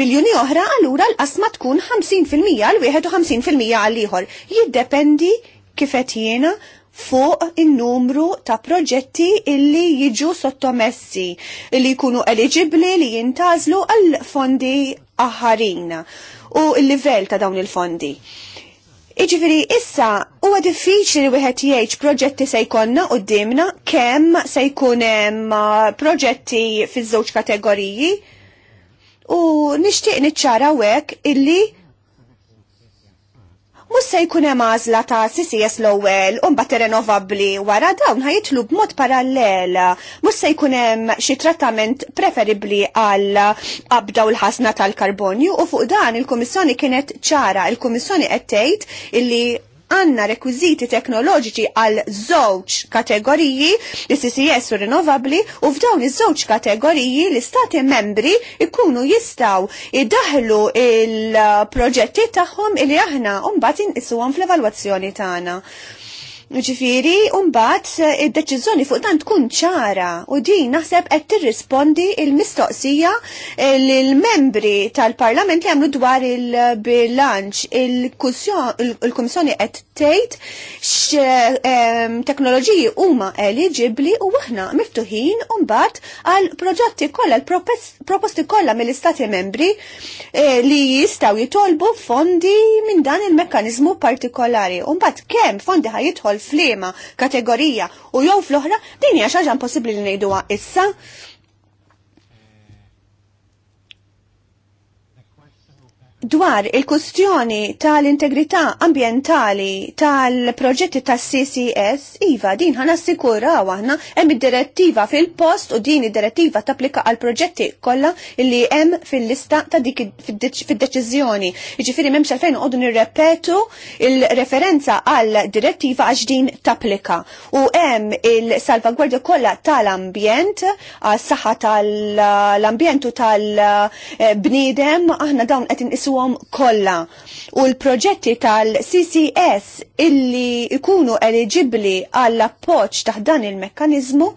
biljuni oħra, allura l-qasma tkun 50% għal wieħed u 50% għal ieħor. Jiddependi kifet jiena fuq il-numru ta' proġetti illi jiġu sottomessi, illi jkunu eligibli li jintazlu għal fondi aħarin u il-livell ta' dawn il-fondi. Iġifiri, issa, huwa diffiċli li wieħed jgħid proġetti se jkollna qudiemna kemm se jkun hemm uh, proġetti fiż-żewġ kategoriji u nixtieq niċċaraw hekk illi Mus se jkun hemm għażla ta' CCS l-ewwel u mbagħad renovabbli wara dawn ħajitlu b'mod parallel. Mhux se jkun hemm xi trattament preferibbli għal abda u l-ħasna tal-karbonju u fuq dan il-Kummissjoni kienet ċara, il-Kummissjoni qed tgħid illi għanna rekwiziti teknoloġiċi għal żewġ kategoriji l-CCS u rinnovabli u f'dawn iż-żewġ kategoriji l-istati membri ikunu jistaw idaħlu il-proġetti tagħhom li aħna mbagħad inqisuhom fl-evalwazzjoni tagħna. Ġifiri, umbat, eh, id-deċizjoni fuq dan tkun ċara u di naħseb qed tirrispondi il-mistoqsija eh, l-membri tal-Parlament li għamlu dwar il-bilanċ. Il-Kummissjoni qed tgħid x'teknoloġiji eh, huma eligibbli u aħna miftuħin umbat għal proġetti kollha l-proposti kollha mill-Istati membri li jistgħu jitolbu fondi minn dan il-mekkaniżmu partikolari. Umbat kemm fondi ħajitħol flema kategorija u jew fl-oħra din hija xi ħaġa impossibbli li ngħiduha issa. dwar il-kustjoni tal-integrità ambientali tal-proġetti tas-CCS, iva din ħana sikura aħna hemm id-direttiva fil-post u din id-direttiva tapplika għal proġetti kollha li hemm fil-lista ta' dik fid-deċiżjoni. Jiġifieri m'hemmx għalfejn qogħdu nirrepetu il-referenza għal direttiva għax din tapplika. U hemm il-salvagwardja kollha tal-ambjent, għas-saħħa tal-ambjentu tal-bniedem, eh, aħna dawn qed inqisu naqsuhom kolla. U l-proġetti tal-CCS illi ikunu eligibbli għall appoġġ taħdan dan il-mekkaniżmu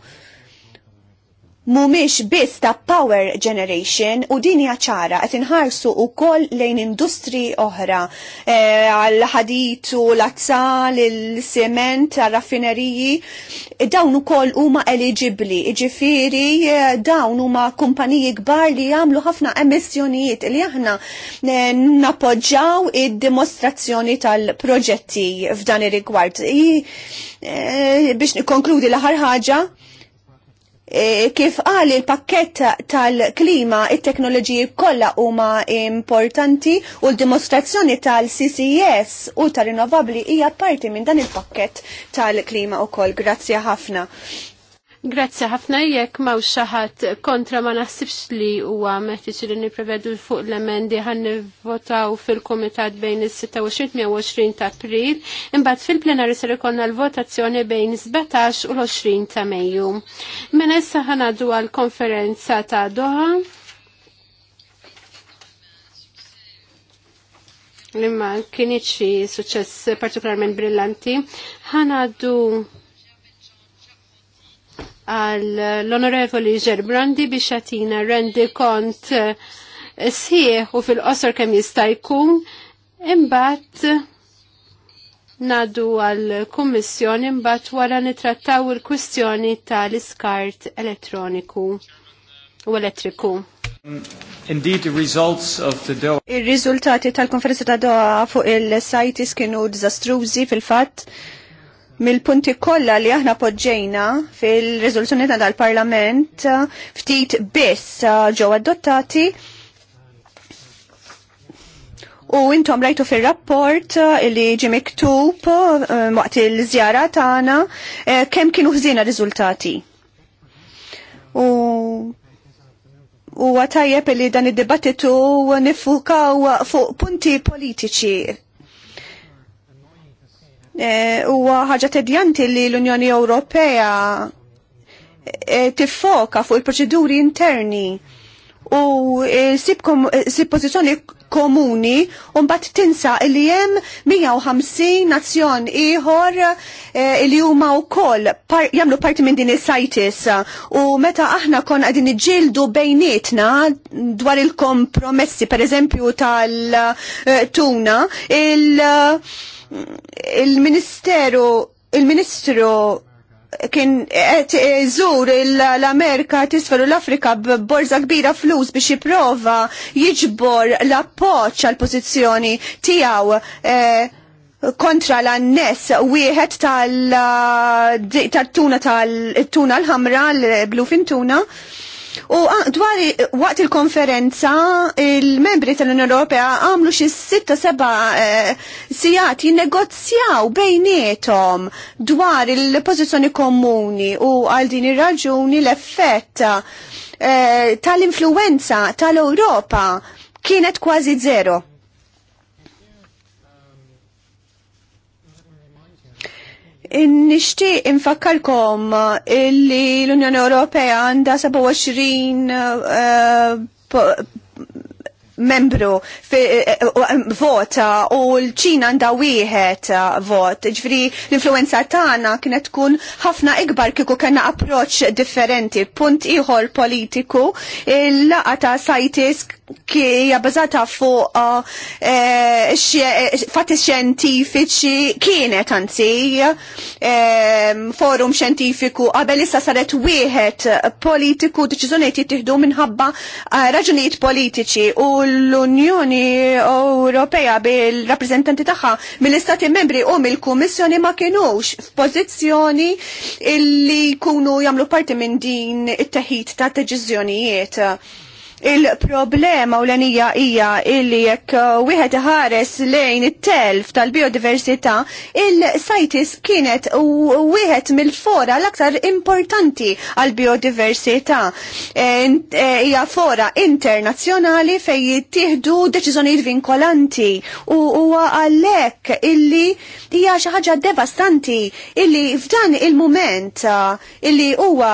mumiex biss ta' power generation u din hija ċara qed inħarsu wkoll lejn industri oħra e, għal e, ħadit u l-azzal, il-sement, raffineriji dawn ukoll huma eligibbli, jiġifieri dawn huma kumpaniji kbar li jagħmlu ħafna emissjonijiet li aħna e, nappoġġaw id-dimostrazzjoni tal-proġetti f'dan ir-rigward. E, biex nikkonkludi l-aħħar ħaġa, E, kif qal il-pakket tal-klima it-teknoloġiji kollha huma importanti u l-dimostrazzjoni tal-CCS u tal-rinnovabbli hija parti minn dan il-pakket tal-klima ukoll. Grazzi ħafna. Grazzi ħafna jekk ma' xaħat kontra ma' naħsibx li huwa meħtieġ li niprevedu fuq l-emendi ħan votaw fil-Kumitat bejn is-26 ta' April, imbagħad fil-plenari ser ikollna l-votazzjoni bejn 17 u l-20 ta' Mejju. Mela issa ħanadu għall-konferenza ta' Doha. Imma kienieċ suċċess partikolarment brillanti. Ħanadu għall-Onorevoli Ġerbrandi biex għatina rendi kont eh, sieħ u fil-qosor kemm jista' jkun imbagħad nadu għall-Kummissjoni imbagħad wara nitrattaw il-kwistjoni tal-iskart elettroniku u elettriku. Indeed, the results of the Doha. Il-riżultati tal-konferenza ta' Doha fuq il-sajtis kienu dizastrużi fil-fatt mill-punti kollha li aħna poġġejna fil-riżoluzzjoni ta' dal-Parlament uh, ftit biss uh, ġew adottati u intom rajtu fil-rapport uh, li ġi miktub waqt il-żjara tagħna kemm kienu ħżiena riżultati. U u għatajjeb li dan id-dibattitu nifukaw fuq punti politiċi Eh, huwa ħaġa tedjanti li l-Unjoni Ewropea eh, tiffoka fuq il-proċeduri interni u sib pożizzjoni komuni u mbagħad tinsa li hemm 150 nazzjon ieħor eh, li huma wkoll jagħmlu parti minn din is-sajtis u meta aħna kon qegħdin iġġieldu bejnietna dwar il-kompromessi pereżempju tal-tuna il- il-Ministeru il-Ministru kien qed eh, iżur eh, l-Amerika tisfel u l-Afrika b'borza kbira flus biex jipprova jiġbor l-appoġġ għal pożizzjoni tiegħu eh, kontra l-annes wieħed tal-tuna tal-tuna l-ħamra l-bluefin tuna. tal tuna l ħamra l blufin tuna U dwar waqt il-konferenza, il-membri tal-Unjoni Ewropea għamlu xi sitta seba eh, sigħat jinnegozjaw bejnietom dwar il-pożizzjoni komuni u għal din ir-raġuni l-effett eh, tal-influenza tal-Ewropa kienet kważi zero. Nishti infakkarkom uh, illi l-Unjoni Ewropea għanda 27 uh, membru uh, vota u l-ċina għanda wieħed vot. Ġifri l-influenza tagħna kienet tkun ħafna ikbar kieku kena approċ differenti. Punt ieħor politiku il-laqa ta' sajtisk hija bażata fuq uh, eh, eh, fatti xjentifiċi kienet anzi eh, forum xjentifiku qabel issa saret wieħed politiku deċiżjonijiet jittieħdu minħabba raġunijiet politiċi u l-Unjoni Ewropea bil-rappreżentanti tagħha mill-Istati Membri u mill-Kummissjoni ma kinux f'pożizzjoni illi jkunu jagħmlu parti minn din it-teħid ta' deċiżjonijiet Il-problema u l-anija hija illi jekk uh, wieħed ħares lejn it-telf tal-biodiversità, il-sajtis kienet wieħed mill-fora l-aktar importanti għal-biodiversità. E, e, hija fora internazzjonali fej jittieħdu deċiżjonijiet vinkolanti u huwa għalhekk illi hija xi ħaġa devastanti illi f'dan il-mument uh, illi huwa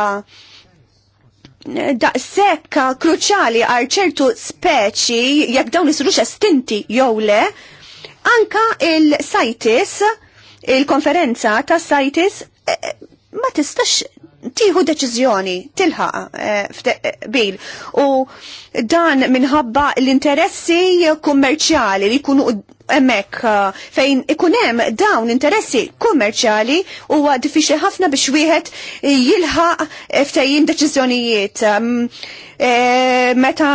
sekka kruċali għal ċertu speċi jekk dawn isirux estinti jew le, anka il-sajtis, il-konferenza ta' sajtis, eh, eh, ma tistax tiħu deċiżjoni tilħaq eh, eh, bil u dan minħabba l-interessi kummerċjali li jkunu emmek eh, fejn ikun hemm dawn interessi kummerċjali huwa diffiċli ħafna biex wieħed jilħaq ftehim deċiżjonijiet mm, meta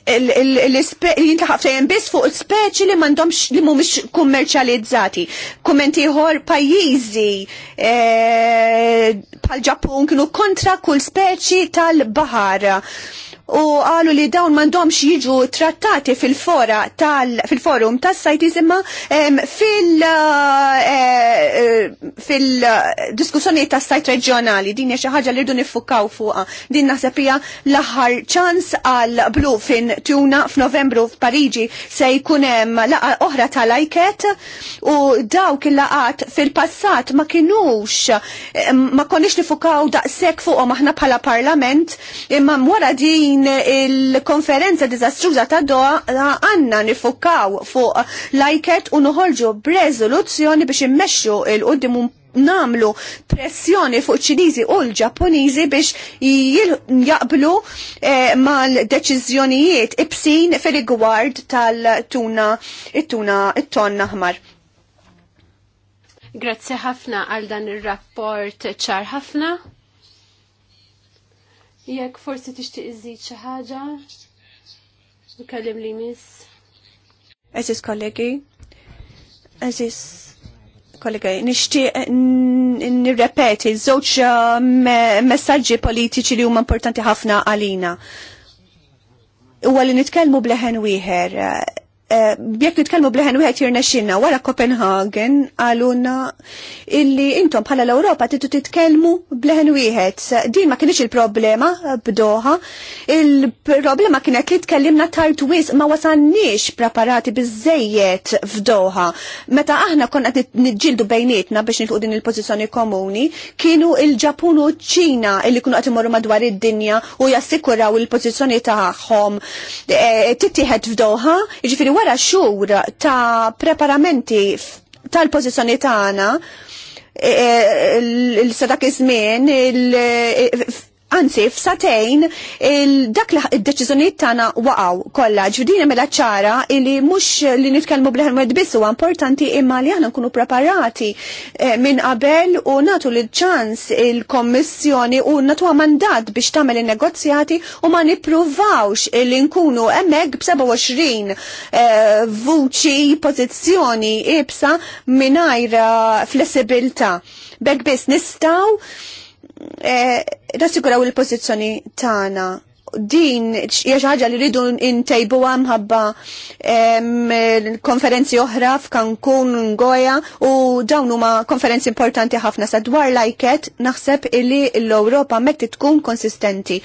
jintlaħab fejn biss fuq speċi li mandomx li mhumiex kummerċjalizzati. Kummenti ieħor pajjiżi eh, bħal ġappun kienu kontra kull speċi tal-baħar u għalu li dawn mandomx jiġu trattati fil-fora tal fil-forum tas sajtis imma fil eh, eh, fil diskussjoni tas sajt reġjonali din hija xi ħaġa li rridu niffukaw fuqha din naħseb hija l-aħħar ċans għal Bluefin tuna f'Novembru f'Pariġi se jkun hemm laqa oħra tal-ajket u dawk il-laqat fil-passat ma kinux ma konniex nifukaw daqshekk fuqhom aħna bħala parlament imma mwara din din il-konferenza dizastruza ta' doa għanna nifukaw fuq lajket u noħolġu b'rezoluzzjoni biex immexxu il-qoddim namlu pressjoni fuq ċinizi u l-Ġapponiżi biex jaqblu eh, mal-deċiżjonijiet ibsin fil gward tal-tuna it-tuna it-ton naħmar. Grazzi ħafna għal dan ir rapport ċar ħafna. Jekk forsi tixtieq iżid xi ħaġa, ikellim li miss. Eżis kollegi, eżis kollega, nishtiq nirrepeti żewġ uh, messaġġi politiċi li huma importanti ħafna għalina. Huwa li nitkellmu bleħen wieħed jekk nitkellmu bleħen wieħed jirnexxinna wara Copenhagen għaluna illi intom bħala l-Ewropa titu titkellmu bleħen wieħed. Din ma kienx il-problema b'doħa, il-problema kienet li tkellimna tard wis ma wasanniex preparati biżejjed f'doħa. Meta aħna konna qed niġġieldu bejnietna biex nilqu din il-pożizzjoni komuni, kienu il-Ġapun u ċina illi kienu qed madwar id-dinja u jassikuraw il-pożizzjoni tagħhom eh, tittieħed f'doħa, jiġifieri Wara xhur ta' preparamenti tal-pożizzjoni tagħna il-sadak e, e, iż-żmien anzi f'satejn dak li id-deċiżjonijiet tagħna waqgħu kollha ġudina mela ċara li mhux li nitkellmu bl-ħelmed biss huwa importanti imma li aħna nkunu preparati eh, minn qabel u natu l ċans il-Kommissjoni u natu mandat biex tagħmel in-negozjati u ma nippruvawx li nkunu hemmhekk b'27 eh, vuċi pożizzjoni ibsa mingħajr eh, flessibilità. Bek biss nistgħu rassiguraw eh, il-pozizjoni tagħna din hija ħaġa li rridu ntejbuha mħabba konferenzi oħra f'Cancun, Goja u dawn huma konferenzi importanti ħafna sa dwar lajket naħseb illi l-Ewropa mek tkun konsistenti.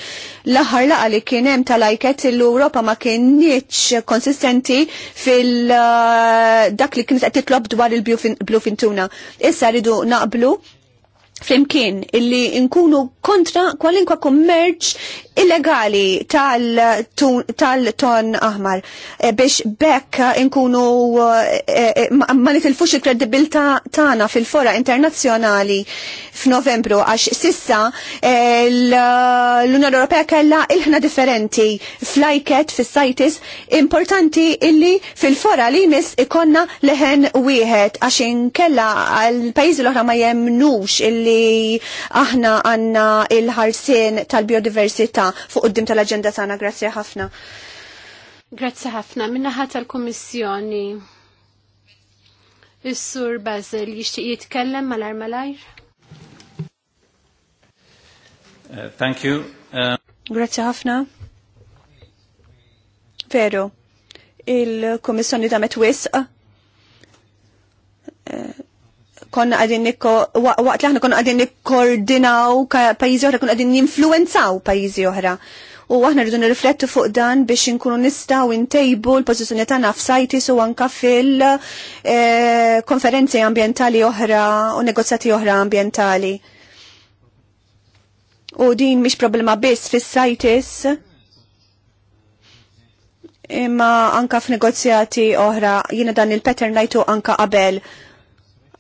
L-aħħar laqa li kien hemm ta' lajket l-Ewropa ma kienx konsistenti fil eh, dak li kienet qed titlob dwar il-blufintuna. Issa rridu naqblu flimkien illi nkunu kontra kwalinkwa kummerċ illegali tal-ton aħmar eh, biex bekk nkunu eh, eh, ma nitilfux il-kredibilta tagħna fil-fora internazzjonali f'Novembru għax sissa l-Unjoni Ewropea kellha ilħna differenti flajket fis-sajtis importanti illi fil-fora li jmiss ikonna leħen wieħed għax inkella għal pajjiżi l-oħra ma jemnux illi li aħna għanna il-ħarsien tal-biodiversità fuq qoddim tal-agenda tagħna. Grazzi ħafna. Grazzi ħafna. Minnaħa tal-Kummissjoni. Is-Sur Basil jixtieq jitkellem mal-armalajr? Uh, thank you. Uh, Grazzi ħafna. Veru, il-Komissjoni damet wisq uh, konna għadin waqt li aħna konna għadin nikkoordinaw pajjiżi oħra konna għadin ninfluenzaw pajjiżi oħra. U aħna rridu nirriflettu fuq dan biex inkunu nistgħu intejbu l-pożizzjoni tagħna f'sajtis u anka fil-konferenzi eh, ambjentali oħra u negozjati oħra ambjentali. U din mhix problema biss fis-sajtis imma anka f'negozjati oħra jiena dan il-pattern najtu anka qabel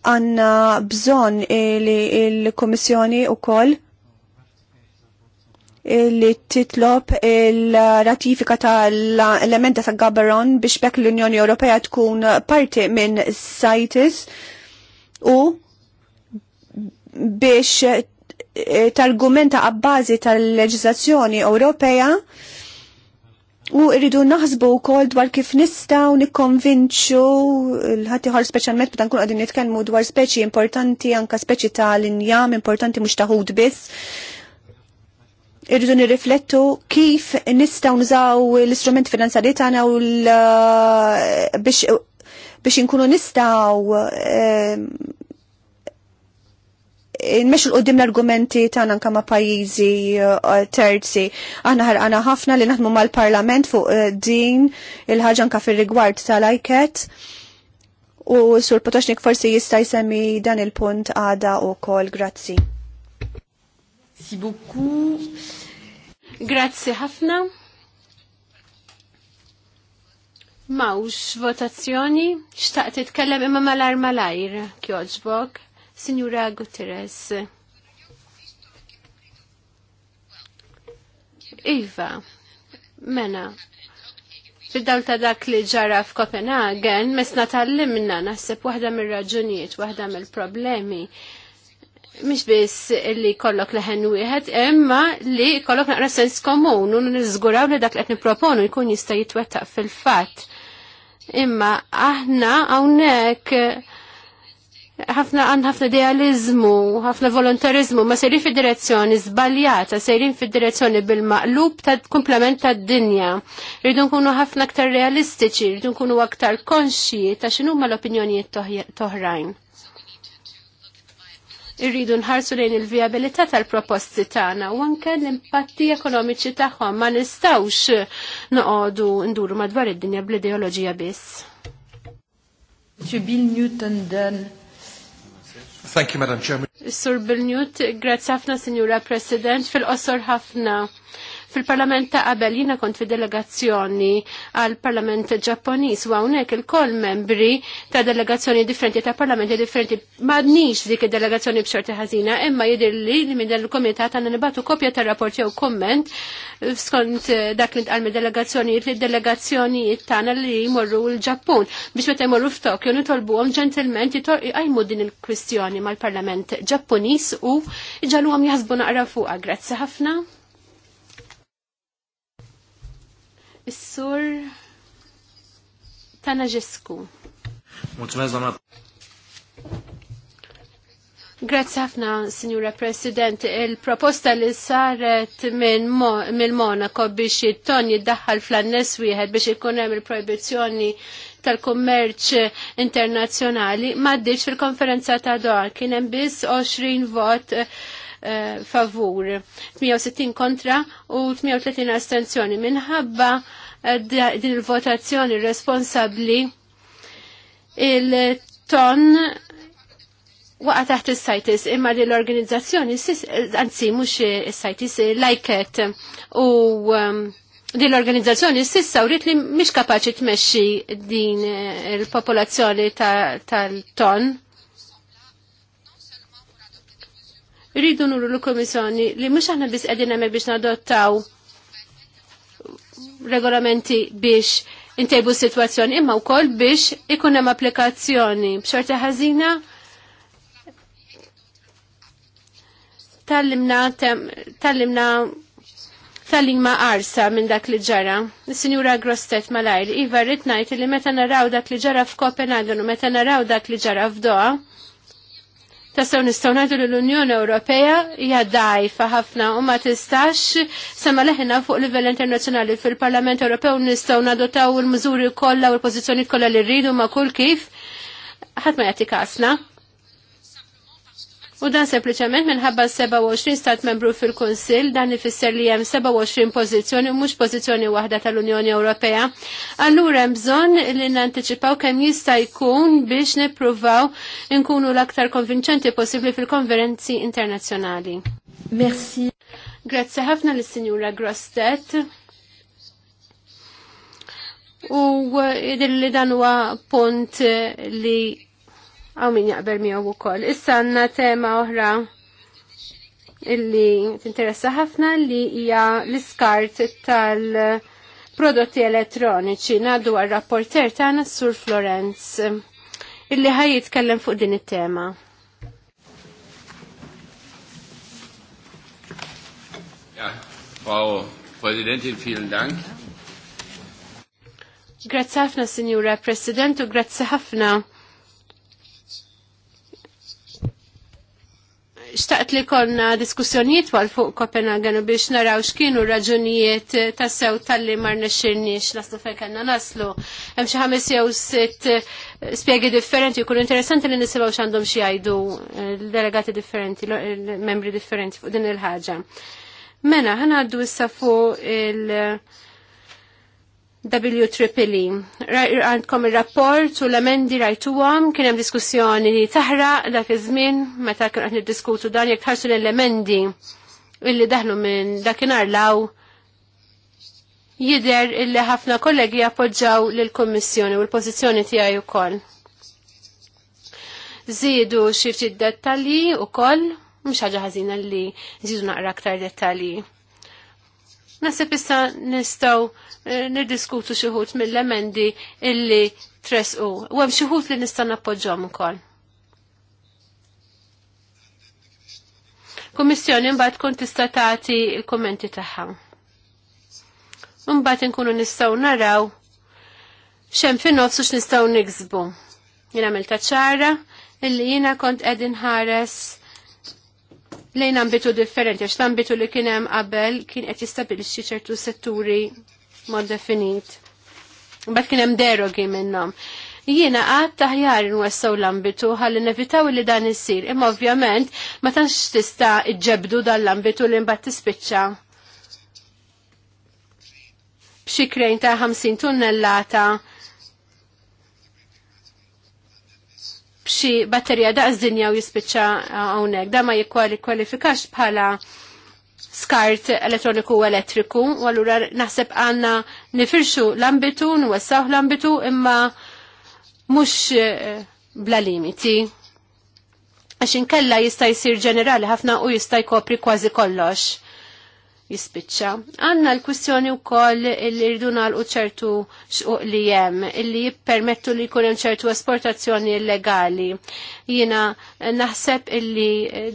għanna bżon li il-Komissjoni u koll li titlob il-ratifika tal-elementa ta' Gabaron biex bekk l-Unjoni Ewropea tkun parti minn CITES u biex targumenta għabbażi tal-leġizazzjoni Ewropea U irridu naħsbu wkoll dwar kif nistgħu nikkonvinċu l ħar speċjalment meta kun għadin nitkellmu dwar speċi importanti anka speċi ta' linjam importanti mhux taħud biss. Irridu nirriflettu kif nistgħu nużaw l-istrument finanzjari tagħna u biex biex inkunu nistgħu eh, nmexxu l qoddim l-argumenti tagħna anke ma' pajjiżi uh, terzi. Aħna ħarqana ħafna li naħdmu mal-Parlament fuq uh, din il-ħaġa anke fir-rigward tal-ajket. U sur Potoxnik forsi jista' jsemmi dan il-punt għada u kol. Grazzi. Si buku. Grazzi ħafna. Mawx votazzjoni, xtaqt titkellem imma malar malajr, kjoġbok. Signora Guterres. Iva, mena, fil dawl ta' dak li ġara f'Kopenhagen, mesna tal-limna naħseb waħda mir-raġunijiet, waħda mill-problemi. Mhix biss li kollok leħen wieħed, imma li kollok naqra sens komun u niżguraw li dak li qed nipproponu jkun jista' jitwettaq fil-fatt. Imma aħna hawnhekk ħafna għan ħafna idealizmu, ħafna volontarizmu, ma sejrin fi direzzjoni zbaljata, sejrin fi direzzjoni bil-maqlub ta' komplement ta' dinja. Rridu nkunu ħafna aktar realistiċi, rridu nkunu aktar konxi ta' xinu ma l-opinjonijiet toħrajn. Irridu nħarsu lejn il-viabilità tal-proposti tagħna u anke l-impatti ekonomiċi tagħhom ma nistgħux noqogħdu nduru madwar id-dinja bl-ideoloġija biss. Bill Newton dan Thank you, Madam Chairman. Sur Bilnut, grazie ħafna, Signora President, fil-qosor ħafna. Fil-parlament ta' qabel jina kont fi delegazzjoni għal parlament ġapponiż u hawnhekk il-koll membri ta' delegazzjoni differenti ta' parlamenti differenti m'għadniex dik id-delegazzjoni b'xorti ħażina, imma jidhirli li minn dan il komitat għandna nibatu kopja tar-rapport jew komment skont eh, dak li tqal delegazzjoni li delegazzjonijiet tagħna li jmorru l-Ġappun biex meta jmorru f'Tokyo nitolbuhom ġentilment jqajmu din il-kwistjoni mal-Parlament Ġappuniż u ġalhom jaħsbu naqra fuqha. Grazzi ħafna. Is-sur Tanaġesku. Mulțumesc, doamna. Grazie ħafna, Signora President. Il-proposta li saret minn min Monaco biex it-ton fl-annes wieħed biex ikun hemm il-proibizzjoni tal-kummerċ internazzjonali ma fil-konferenza ta' Doha kien hemm biss 20 vot Eh, favur, 68 kontra u 38 astenzjoni. Minħabba eh, din il-votazzjoni responsabli il-ton waqa taħt il-sajtis imma li l-organizzazzjoni, anzi mux il-sajtis, lajket u din l-organizzazzjoni sissa u ehm, li mhix kapaċi tmexxi din eh, il-popolazzjoni tal-ton. Ta Rridu nuru l-Komissjoni li mhux aħna biss qegħdin hemmhekk biex nadottaw regolamenti biex intejbu s-sitwazzjoni imma wkoll biex ikun hemm applikazzjoni b'xorta ħażina tal-limna tal-limna tal limna arsa minn dak li ġara. Sinjura Grostet malajr, Iva rritnajt li meta naraw dak li ġara f'Kopenhagen u meta naraw dak li ġara f'Doha, tassaw nistgħu najdu l-Unjoni Ewropea hija dajfa ħafna u ma tistax sema leħna fuq livell internazzjonali fil-Parlament Ewropew nistgħu nadotaw il-miżuri kollha u l-pożizzjoni kollha li rridu ma' kull kif ħadd ma jagħti kasna. U dan sempliċement minħabba 27 stat membru fil-Konsil dan ifisser li hemm 27 u mhux pozizjoni waħda tal-Unjoni Ewropea. Allura hemm bżonn li nanticipaw kemm jista' jkun biex nippruvaw nkunu l-aktar konvinċenti possibbli fil-konferenzi internazzjonali. Merci. Grazzi ħafna lis-Sinjura Grostet. U eh, li dan huwa punt li għaw min jaqbel miegħu wkoll. Issa għandna tema oħra illi tinteressa ħafna li hija l-iskart tal-prodotti elettroniċi naddu għal rapporter tagħna Sur Florence illi ħaj jitkellem fuq din it-tema. Ja, Frau Präsidentin, vielen Dank. Grazie ħafna, Signora President, u grazie ħafna xtaqt li konna diskussjonijiet għal fuq Kopenhagen u biex naraw x'kienu raġunijiet ta' sew tal-li mar nexxirniex naslu fejn kanna naslu. Hemm xi ħames jew sitt eh, spjegi differenti jkunu interessanti li nisimgħu x'għandhom xi jgħidu eh, delegati differenti, membri differenti fuq din il-ħaġa. Mena, ħanaddu issa fuq il-, -il WTRIPLE. E. Għandkom il-rapport u l-emendi rajtu kien hemm diskussjoni li taħra dak iż-żmien meta kien qed niddiskutu dan jekk tħarsu l-elementi illi daħlu minn dakinhar law jider illi ħafna kollegi appoġġaw lill-Kummissjoni u l-pożizzjoni tiegħi wkoll. Zidu xi ftit dettalji wkoll mhux ħaġa ħażina li żidu naqra aktar dettalji. Nasib issa nistaw eh, nirdiskutu xuħut mill-emendi illi tres U hemm xuħut li nista' nappoġġom ukoll. kol. mbagħad mbaħt tista' tagħti l-kummenti tagħha. Mbaħt inkunu nistgħu naraw xem fin nofsu nistaw niksbu. Jien għamilta ċara illi jiena kont Edin ħares lejn ambitu differenti, għax l-ambitu li kien hemm qabel kien qed jistabilixxi ċertu setturi mod definit. Mbagħad kien hemm derogi minnhom. Jiena għad taħjar nwessaw l-ambitu ħalli nevitaw li dan isir, imma ovvjament ma tantx tista' iġġebdu dan l-ambitu li mbagħad tispiċċa b'xi krejn ta' 50 tunnellata b'xi batterija daqs dinja u jispiċċa uh, hawnhekk. Da ma jikkwalifikax bħala skart elettroniku u elettriku, u allura naħseb għanna nifirxu l-ambitu, nwessaw l-ambitu, imma mux uh, bla limiti. Għaxin inkella jista' jsir ġenerali ħafna u jista' jkopri kważi kollox jispiċċa. Għanna l-kwistjoni u koll li rridu nalqu ċertu xquq li jem, illi jippermettu li kunem ċertu esportazzjoni illegali. Jina naħseb illi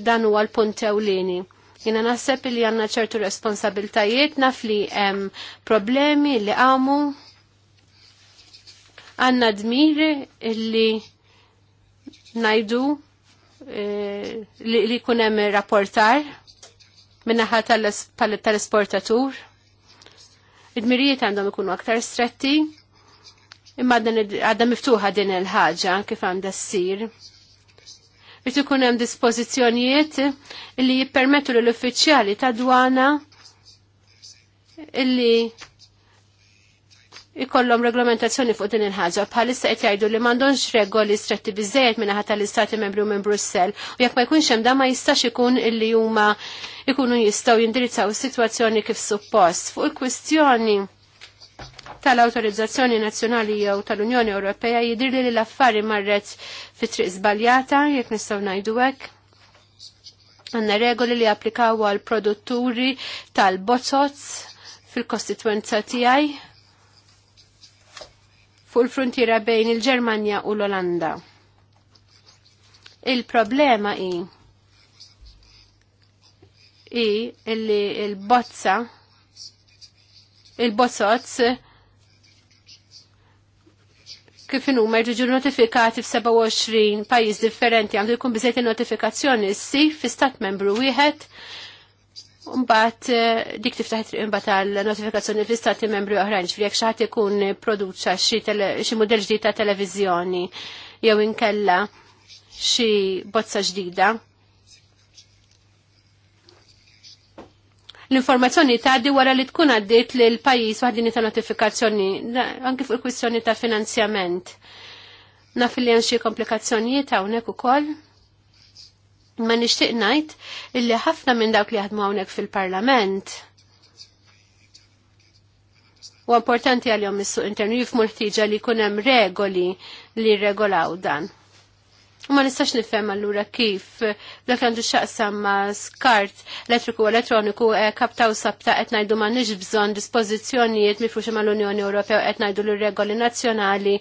dan huwa l-punt ewlieni. Jina naħseb illi għanna ċertu responsabiltajiet, naf li jem problemi li għamu. Għanna dmiri illi najdu eh, li, li kunem rapportar minnaħa tal-esportatur. Id-mirijiet għandhom ikunu aktar stretti, imma għadda miftuħa din il-ħaġa kif għandha ssir. Bit ikun hemm dispożizzjonijiet li jippermettu lill uffiċjali ta' dwana illi ikollhom reglamentazzjoni fuq din il-ħaġa bħalissa qed jgħidu li m'għandhomx regoli stretti biżejjed minn ħadd tal-istati membri u minn Brussell. U jekk ma jkunx hemm dan ma jistax ikun illi huma ikunu jistgħu jindirizzaw is-sitwazzjoni kif suppost. Fuq il-kwistjoni tal-autorizzazzjoni nazzjonali jew tal-Unjoni Ewropea jidirli li l-affari marret fi triq żbaljata jekk nistgħu ngħidu hekk għanna regoli li applikaw għal produtturi tal-bozzot fil-kostituenza tijaj fuq il-frontiera bejn il-Ġermanja u l-Olanda. Il-problema hi i illi il-bozza il-bozzozz kif huma jiġu notifikati f'27 pajjiż differenti għandu jkun biżejt notifikazzjoni issi fi stat membru wieħed Mbagħad eh, dik tiftaħ imbagħad għal notifikazzjoni fl-istati membri oħrajn, ġifieri jekk ikun produċa xi mudell ġdid ta' televiżjoni jew inkella xi bozza ġdida. L-informazzjoni tgħaddi wara li tkun għaddiet l pajjiż waħdini ta' notifikazzjoni anke fuq il-kwistjoni ta' finanzjament. Naf li hemm xi komplikazzjonijiet hawnhekk ukoll. Ma nixtieq ngħid illi ħafna minn dawk li ħadmu hawnhekk fil-Parlament u importanti għalihom is-suq internu jifmu l-ħtieġa li jkun hemm regoli li regolaw dan. U ma nistax nifhem allura kif dak għandu xaqsam ma' skart elettriku elettroniku eh, kaptaw sabta qed ngħidu ma bżonn dispożizzjonijiet mifruxi mal-Unjoni Ewropea qed ngħidu l-regoli nazzjonali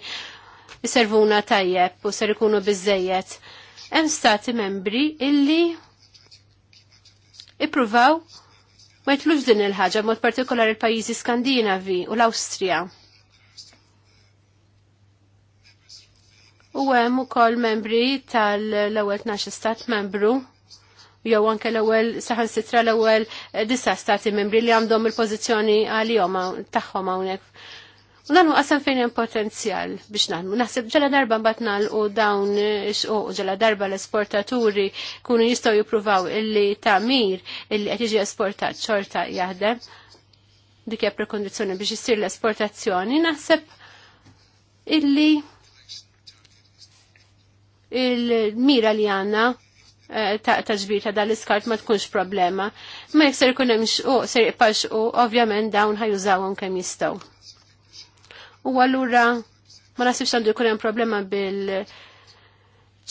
jiservuna tajjeb u ser ikunu biżejjed. Hemm stati membri illi ippruvaw ma jitlux din il-ħaġa mod partikolari il-pajjiżi Skandinavi u l-Awstrija. U hemm ukoll membri tal-ewwel tnax stat membru jew anke l-ewwel saħan sitra l-ewwel disa stati membri li għandhom il-pożizzjoni għalihom tagħhom hawnhekk U dan qasam fejn hemm potenzjal biex nagħmlu. Naħseb ġala darba mbagħad nagħlqu dawn xquq ġala darba l-esportaturi kunu jistgħu jippruvaw illi tamir illi qed jiġi esportat xorta jaħdem. Dik hija prekondizzjoni biex issir l-esportazzjoni, naħseb illi il-mira li għanna eh, ta' taġbir ta' dal-iskart ma tkunx problema. Ma jek ser hemm xquq, ser iqpa xquq, ovvjament dawn ħajużawhom kemm jistgħu u allura ma nasibx għandu jkun hemm problema bil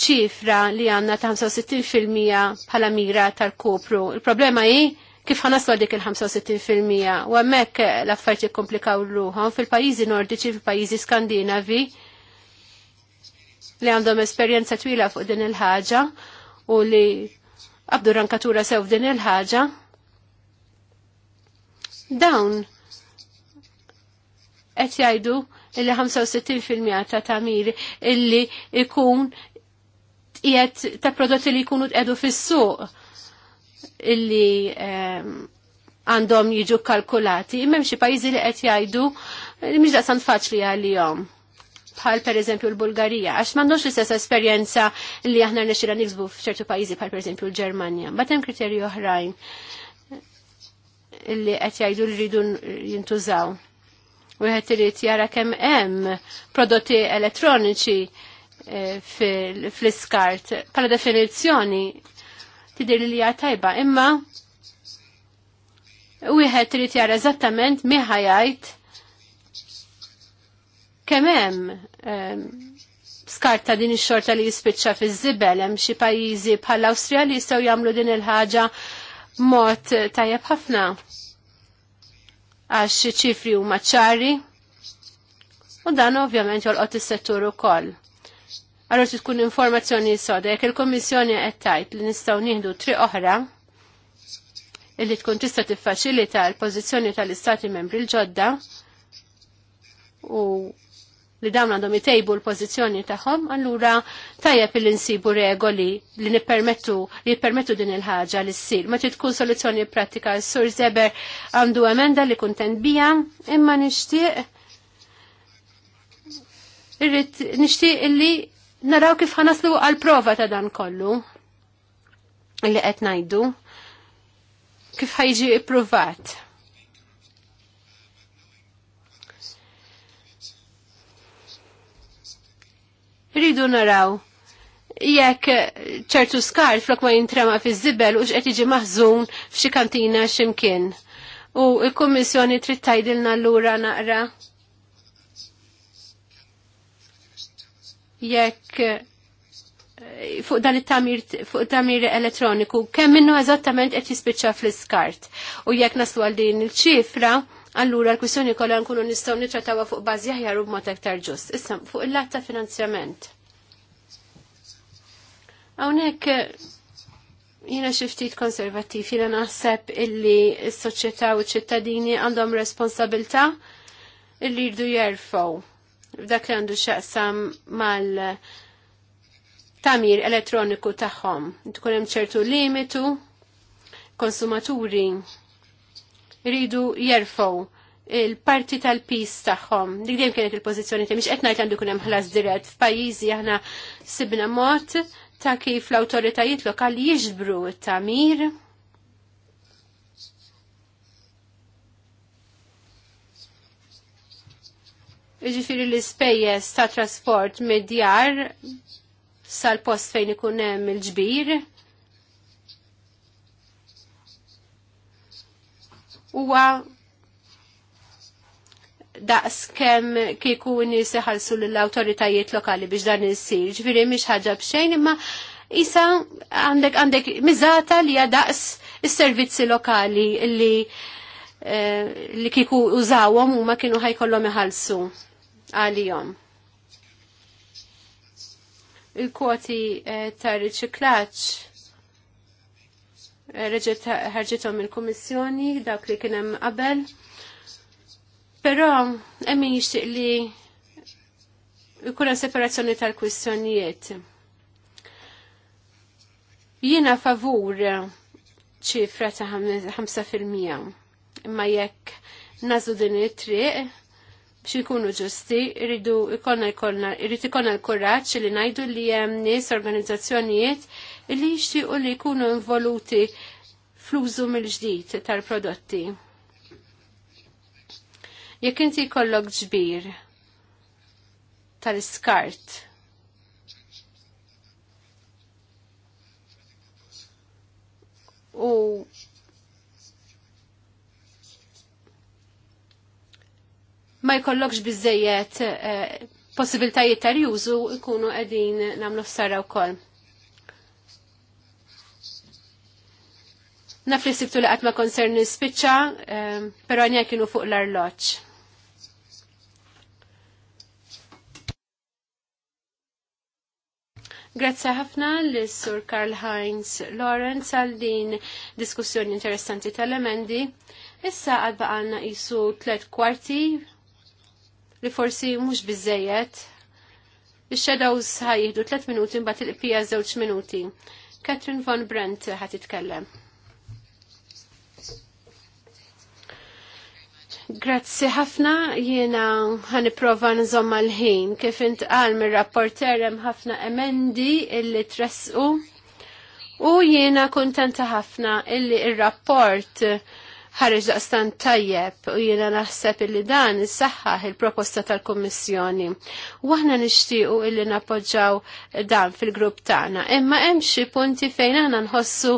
ċifra li għanna ta' 65% bħala mira tal-kopru. Il-problema hi kif ħanaslu dik il-65% u għemmek l-affarijiet komplikaw ruħom fil-pajjiżi nordiċi, fil-pajjiżi skandinavi li għandhom esperjenza twila fuq din il-ħaġa u li għabdu rankatura sew din il-ħaġa. Dawn qed jgħidu illi 65% ta' tamir illi ikun qiegħed ta' prodotti li jkunu tqedu fis-suq illi ehm, għandhom jiġu kalkulati. Imma xi pajjiżi li qed jgħidu li mhix daqsan faċli għalihom bħal per eżempju l-Bulgarija, għax m'għandux l-istess esperjenza li aħna nixira niksbu f'ċertu pajjiżi bħal per eżempju l-Ġermanja. Batem kriterji oħrajn li qed jgħidu li rridu jintużaw wieħed irid jara kemm hemm prodotti elettroniċi eh, fl-iskart. Pala definizzjoni tidir li hija tajba, imma wieħed irid jara eżattament miħa jgħid kemm hemm ehm, skarta din ix-xorta li jispiċċa fiż-żibel hemm xi pajjiżi bħall-Awstrija li jistgħu jagħmlu din il-ħaġa mod tajjeb ħafna għax ċifri huma ċari u dan ovvjament jolqot is-settur ukoll. Allora tkun informazzjoni soda, jekk il-Kommissjoni qed tajt li nistgħu nieħdu tri oħra illi tkun tista' tiffaċilita l-pożizzjoni tal-Istati Membri l-ġodda u li dawn għandhom jitejbu l-pozizjoni tagħhom, allura tajjeb li nsibu regoli li nippermettu li jippermettu din il-ħaġa li ssir. Ma trid tkun soluzzjoni pratika s-sur Zeber għandu emenda li kuntent bija, imma nixtieq irrid nixtieq illi naraw kif ħanaslu għal prova ta' dan kollu li qed ngħidu kif ħajġi ippruvat. Ridu naraw jekk ċertu skart flok ma jintrema fi zibel u xqed jiġi maħżun f'xi kantina x'imkien. U l-Kummissjoni trid tgħidilna lura naqra. Jekk eh, fuq dan it-tamir fuq tamir elettroniku kemm minnu eżattament qed jispiċċa fl-iskart. U jekk naslu għal din il-ċifra, Allura l kwissjoni kollha nkunu nistgħu nitratawa fuq bażi aħjar u b'mod aktar ġust. Issa fuq il-lat ta' finanzjament. Hawnhekk eh, jiena xi ftit konservattiv, naħseb illi s-soċjetà u ċ-ċittadini għandhom responsabilità illi jirdu jerfgħu f'dak li għandu x'aqsam mal eh, tamir elettroniku tagħhom. Tkun ċertu limitu konsumaturi iridu jerfow il-parti tal-pis tagħhom. Dik dejjem kienet il-pożizzjoni tiegħi mhix qed ngħid għandu jkun hemm ħlas dirett f'pajjiżi aħna sibna mod ta' kif l-awtoritajiet lokali jiġbru t-tamir Jiġifieri l-spejjes ta' trasport mid-djar sal-post fejn ikun hemm il-ġbir huwa daqs kem kieku nisi iħalsu l-autoritajiet lokali biex dan il-sir, ġviri miex ħagġa bxejn, imma jisa għandek għandek mizata li daqs il-servizzi lokali li eh, li kiku użawom u ma kienu ħajkollom iħalsu għalijom. Il-kwoti tar eh, ta' riċiklaċ reġet ħarġithom il-Kummissjoni dak li kien hemm qabel. Però hemm jixtieq li jkun separazzjoni tal-kwistjonijiet. Jiena favur ċifra ta' 5% imma jekk nażu din it-triq biex ikunu ġusti, irridu ikonna ikonna, irrid ikonna l-kuraġġ li ngħidu li hemm nies organizzazzjonijiet li jixtiequ li jkunu involuti fl-użu mill-ġdid tal-prodotti. Jekk inti jkollok ġbir tal-iskart, u ma jkollokx bizzejiet eh, possibiltajiet ta' jużu ikunu qegħdin nagħmlu s-sara wkoll. Naf li sibtu li għatma konserni spiċċa, eh, pero għanja kienu fuq l-arloċ. Grazzi ħafna l-Sur Karl Heinz Lorenz għal din diskussjoni interessanti tal-emendi. Issa għadba għanna jisu tlet kwarti li forsi mhux biżejjed. Ix-shadows ħajjieħdu 3 minuti mbagħad il-qpija żewġ minuti. Katrin von Brent ħat titkellem. Grazzi ħafna, jiena ħaniprova nżomma l-ħin. Kif intqal mir rapporter hemm ħafna emendi illi tressqu U jiena kuntenta ħafna illi ir-rapport il ħarġ daqstan tajjeb u jiena naħseb illi dan is-saħħaħ il-proposta tal-Kummissjoni. U aħna nixtiequ illi nappoġġaw dan fil-grupp tagħna. Imma hemm xi punti fejn aħna nħossu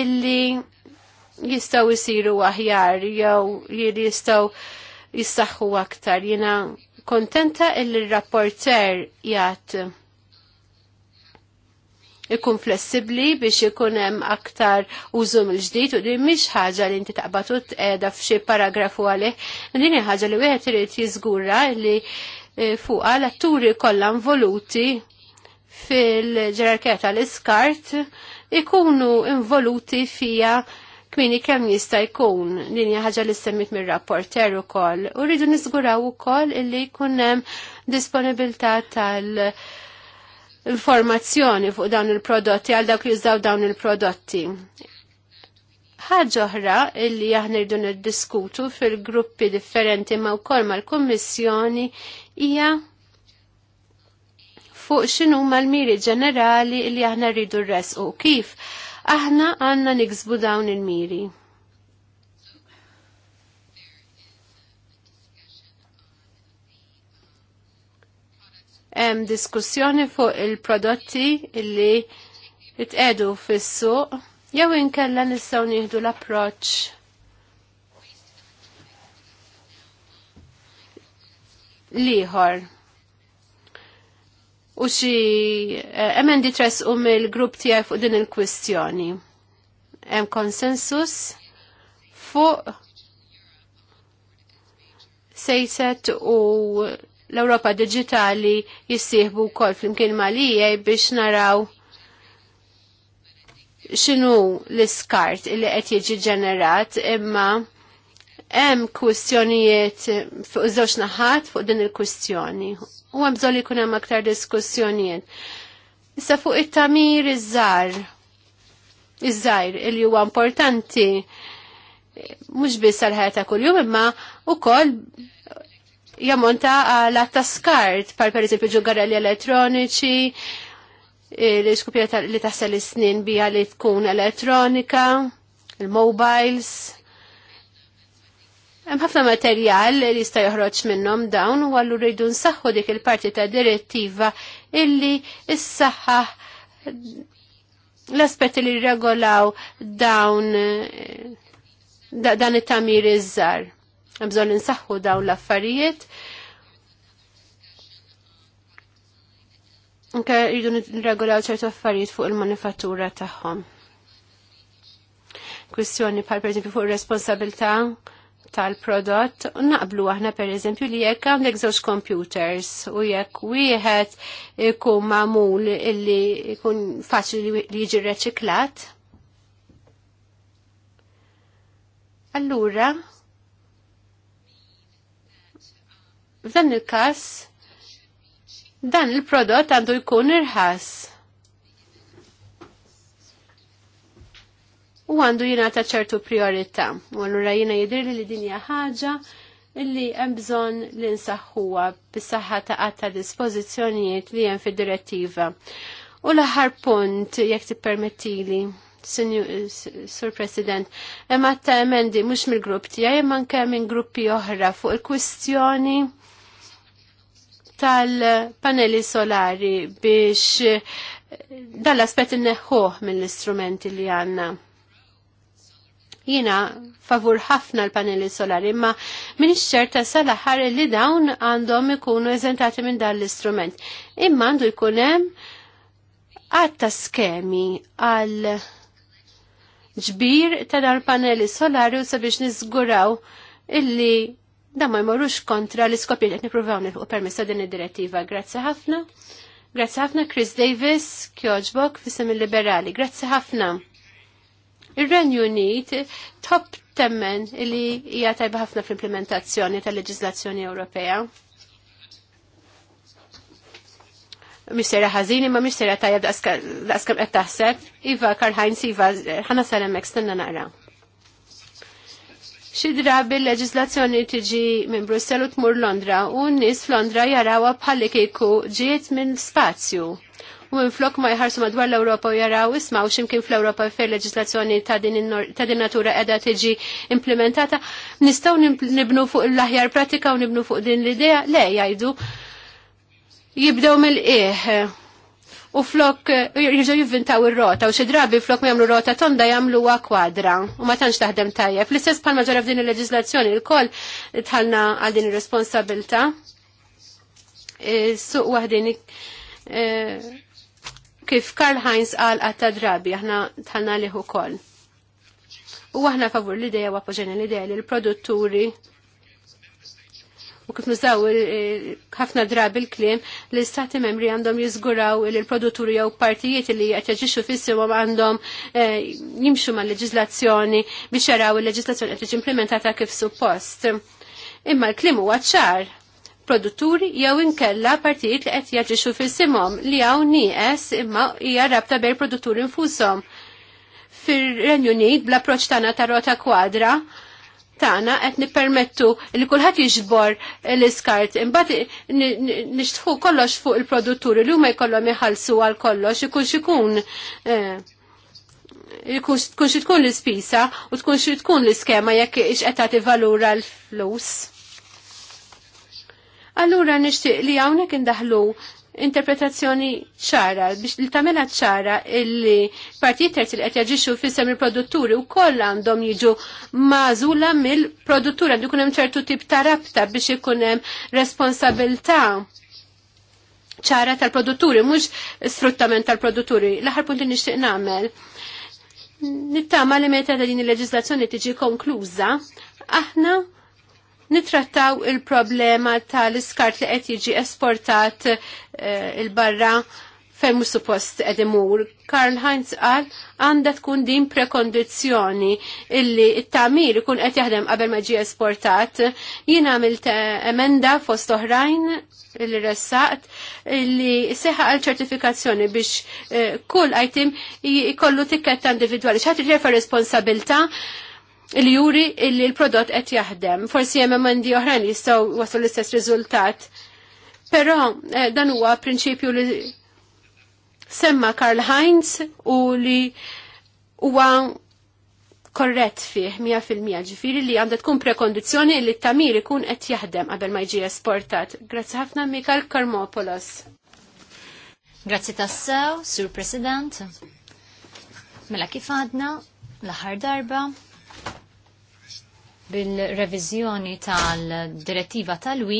illi jistgħu jsiru aħjar jew jiri jistgħu jissaħħu aktar. Jiena kontenta illi r-rapporter jgħat ikun flessibli biex ikun hemm aktar użum il-ġdid u din mhix ħaġa li inti taqbad qiegħda tqiegħda f'xi paragrafu għalih. Din hija ħaġa li wieħed irid jiżgura li eh, fuqha l-atturi kollha involuti fil-ġerarkija tal-iskart ikunu involuti fija kmini kemm jista' jkun din hija ħaġa li semmit mir-rapporter ukoll. U rridu niżguraw ukoll illi jkun hemm disponibilità tal- informazzjoni fuq dawn il-prodotti għal dawk jużaw dawn il-prodotti. Ħaġa oħra li aħna rridu niddiskutu fil-gruppi differenti ma' wkoll mal-Kummissjoni hija fuq x'inhu mal-miri ġenerali li aħna rridu rresqu kif aħna għandna niksbu dawn il-miri. hemm diskussjoni fuq il-prodotti illi itqedu fis-suq jew inkella nistgħu nieħdu l-approċċ liħor. U xi eh, emendi tres u mill-grupp tiegħi fuq din il-kwistjoni. Hemm konsensus fuq sejset u l-Europa Digitali jissieħbu kol flimkien Malija biex naraw xinu l-iskart li qed jiġi ġenerat imma hemm kwistjonijiet fuq żewġ naħat fuq din il-kwistjoni. U hemm bżonn jkun hemm aktar diskussjonijiet. Issa fuq it-tamir iż-żar, iż-żajr li huwa importanti mhux biss għal ħajja ta' kuljum imma wkoll jammonta għal taskart, par per eżempju ġugarelli elettroniċi, e, l-iskupja li taħsel is-snin bija li tkun elettronika, il-mobiles. Hemm ħafna materjal li jista' joħroġ minnhom dawn u għallu rridu nsaħħu dik il-parti ta' direttiva illi issaħħaħ l-aspetti li regolaw dawn e, dan it-tamir iż-żar. Bżon insaħħu dawn l-affarijiet. Anke jridu nirregolaw ċertu affarijiet fuq il-manifattura tagħhom. Kwistjoni bħal pereżempju fuq ir-responsabilità tal-prodott, naqblu aħna per eżempju li jekk għandek żewġ computers u jekk wieħed ikun mamul illi ikun faċli li jiġi reċiklat. Allura, F'dan il-każ dan il-prodott għandu jkun irħas. U għandu jina ta' ċertu priorità. U għallura jina jidir li dinja ħaġa illi hemm bżonn li nsaħħuha bis-saħħa ta' qatta dispożizzjonijiet li hemm fid-direttiva. U l-aħħar punt jekk tippermettili. Sur President, imma ta' emendi mhux mill-grupp tiegħi imma anke minn gruppi oħra fuq il-kwistjoni tal-paneli solari biex eh, dal-aspet inneħħuh mill-istrumenti li għanna jina favur ħafna l-paneli solari, imma min ċerta sal-aħħar li dawn għandhom ikunu eżentati minn dan l-istrument. Imma għandu jkunem għatta skemi għal ġbir ta' dal paneli solari u sabiex nizguraw illi da ma jmorrux kontra l iskopi li qed nippruvaw nilħu permessa din id-direttiva. Grazzi ħafna. Grazzi ħafna Chris Davis, Kjoġbok, fissem il-liberali. Grazzi ħafna. Ir-Renju Unit top temmen li hija tajba ħafna fl-implementazzjoni tal-leġiżlazzjoni Ewropea. mistera ħażini ma mistera tajab daqskam qed taħseb. Iva Karl Heinz Iva ħana sal hemmhekk stenna naqra. Xi drabi l-leġislazzjoni tiġi minn Brussel u tmur Londra u n-nies Londra jarawha bħalli kieku ġiet minn spazju. U minflok ma jħarsu madwar l-Ewropa u jaraw ismaw x'imkien fl-Ewropa fer leġislazzjoni ta' din natura qiegħda tiġi implementata, nistgħu nibnu fuq l-aħjar pratika u nibnu fuq din l-idea? Le jgħidu jibdew mill eħ u flok eh, jirġu jivvintaw ir-rota u xi drabi flok ma jagħmlu rota tonda jagħmluha kwadra u ma tantx taħdem tajjeb. fl istess bħal maġara f'din il-leġiżlazzjoni il koll tħallna għal din ir-responsabilta. E, suq wahdin e, kif Karl Heinz għal għatta drabi aħna tħalna liħu ukoll. U aħna favur l ideja u l-idea li l-produtturi u kif nużaw ħafna drabi l-klim li istati membri għandhom jizguraw il-produtturi jew partijiet li jgħatjaġiċu fissimum għandhom eh, jimxu ma' leġizlazzjoni biex jaraw il-leġizlazzjoni għatjaġ implementata kif suppost. Imma l-klim huwa ċar produtturi jew inkella partijiet li qed jaġixxu fissimhom li hawn nieqes imma hija rabta bejn produtturi infushom. Fir-Renju Unit bl-approċċ tagħna ta' rota kwadra Tana qed nippermettu li kulħadd jiġbor l-iskart imbagħad nixtħu kollox fuq il-produtturi li huma jkollhom iħallsu għal kollox ikun xikun tkun eh, xi tkun l-ispisa u tkun xi tkun l-iskema jekk qed tagħti valura l-flus. Allura nixtieq li hawnhekk indaħlu interpretazzjoni ċara, biex li tamela ċara illi partijiet terzi li qed jaġixxu fissem il-produtturi u koll għandhom jiġu mażula mill-produttura għandu jkun hemm ċertu tip ta' rabta biex ikun hemm responsabilità ċara tal-produtturi, mhux sfruttament tal-produtturi. L-aħħar punti nixtieq nagħmel. Nittama li meta din il-leġislazzjoni tiġi konkluża, aħna nitrattaw il-problema tal-iskart li qed jiġi esportat eh, il-barra fejn mhux suppost qed imur. Karl Heinz qal għandha tkun din prekondizzjoni illi it-tamir ikun qed jaħdem qabel ma ġie esportat. Jien għamilt eh, emenda fost oħrajn li ressaqt li seħa għal ċertifikazzjoni biex eh, kull item jkollu tikketta individwali. ċaħt refa responsabilta' il-juri illi l-prodott qed jaħdem. Forsi hemm emendi oħrajn li jistgħu waslu l-istess riżultat. Però eh, dan huwa prinċipju li semma Karl Heinz u li huwa korrett fih 100% ġifiri li għandha tkun prekondizzjoni li t-tamir ikun qed jaħdem qabel ma jiġi esportat. Grazzi ħafna Mikal Karmopolos. Grazzi tassew, Sur President. Mela kif għadna l-aħħar darba bil-reviżjoni tal-direttiva tal-wi,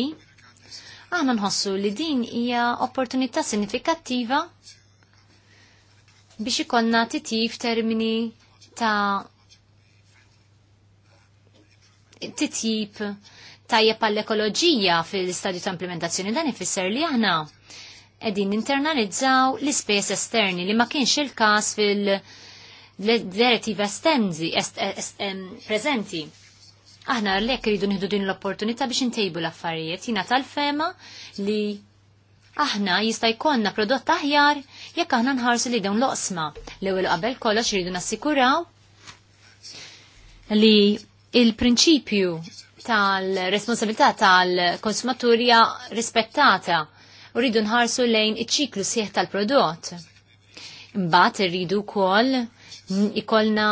għana nħossu li din hija opportunità sinifikattiva biex ikonna titjib termini ta' titjib tajjeb għall-ekoloġija fil-stadju ta' implementazzjoni dan ifisser li aħna edin internalizzaw l-ispejs esterni li ma kienx il-kas fil-direttiva estenzi est, est, est, prezenti. Aħna l-lek rridu nħidu din l-opportunità biex intejbu l-affarijiet, jina tal-fema li aħna jista' jkollna prodott aħjar jekk aħna nħarsu li dawn l osma l ewel qabel kollox rridu nassikuraw li il-prinċipju tal-responsabilità tal-konsumaturja rispettata u rridu nħarsu lejn iċ-ċiklu sieħ tal-prodott. Mbagħad irridu wkoll ikollna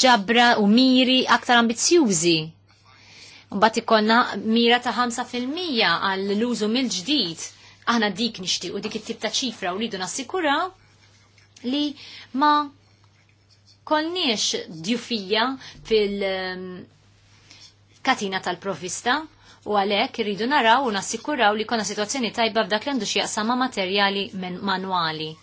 ġabra u miri aktar ambizjużi. Mbagħad ikollna mira ta' 5% għal l-użu mill-ġdid. Aħna dik nixti u dik it-tip ta' ċifra u lidu nassikuraw li ma konniex djufija fil-katina ehm, tal-provista u għalhekk irridu naraw u nassikuraw li konna sitwazzjoni tajba f'dak li għandu xieqsama materjali manwali. Man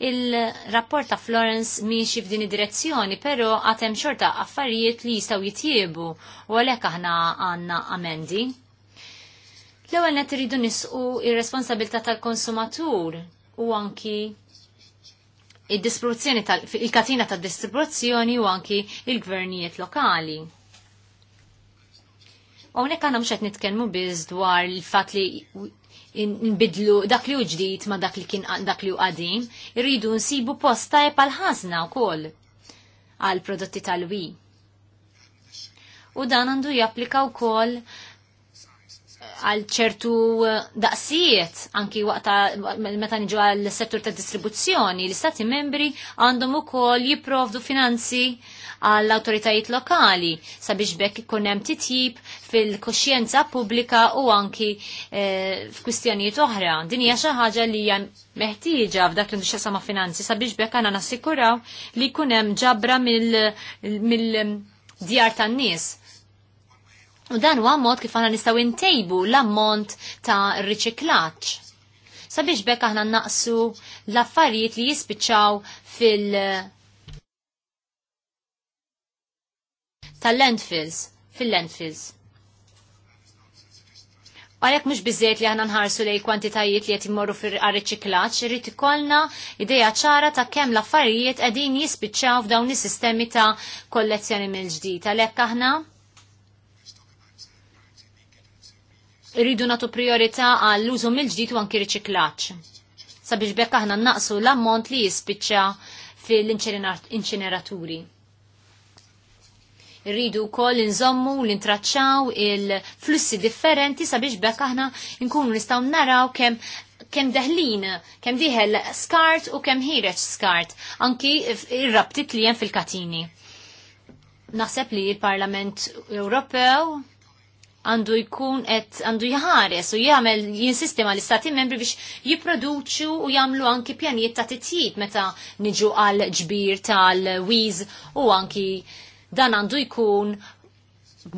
Il-rapport ta' Florence miexi f'din id-direzzjoni, pero għatem xorta affarijiet li jistaw jitjiebu u għalek aħna għanna amendi. L-ewwel net irridu nisqu il responsabilità tal-konsumatur u anki id-distribuzzjoni tal-katina tad-distribuzzjoni u anki il-gvernijiet lokali Għonek għana mxet nitkelmu biz dwar il-fat li nbidlu dak li uġdijt ma dak li kien dak li u għadim, irridu nsibu posta e pal-ħazna u koll għal prodotti tal-wi. U dan għandu japplika u koll għal ċertu eh, daqsijiet anki waqta meta niġu għal settur ta' distribuzzjoni, l-istati membri għandhom ukoll jipprovdu finanzi għall autoritajiet lokali sabiex bekk ikun hemm titjib fil-koxjenza pubblika u anki e, f'kwistjonijiet oħra. Din hija xi ħaġa li hija meħtieġa f'dak li sama' finanzi sabiex bekk għandna nassikuraw li jkun hemm ġabra mill-djar tan-nies. U dan huwa mod kif aħna nistgħu intejbu l-ammont ta' riċiklaġġ. Sabiex bekk aħna naqsu l-affarijiet li jispiċċaw fil- tal-landfills, fil-landfills. Għalek mux bizzejt li għana nħarsu lej kwantitajiet li għet imorru fil-għarriċiklaċ, irrit ikollna ideja ċara ta' kem l-affarijiet għedin jispiċċaw f'dawn is-sistemi ta' kollezzjoni mill-ġdid. Għalek aħna irridu natu priorità għall-użu mill-ġdid u anki riċiklaċ. Sabiex bekk aħna naqsu l-ammont li jispiċċa fil-inċineraturi rridu wkoll inżommu l intraċċaw il-flussi differenti sabiex bekk aħna nkunu nistgħu naraw kemm kem deħlin, kem diħel skart u kem ħireċ skart, anki ir-rabtit li jen fil-katini. Naħseb li il-Parlament Ewropew għandu jkun et għandu jħares u jgħamil jinsistema l-istati membri biex jiproduċu u jgħamlu anki pjanijiet ta' titjib meta niġu għal ġbir tal-wiz u anki dan għandu jkun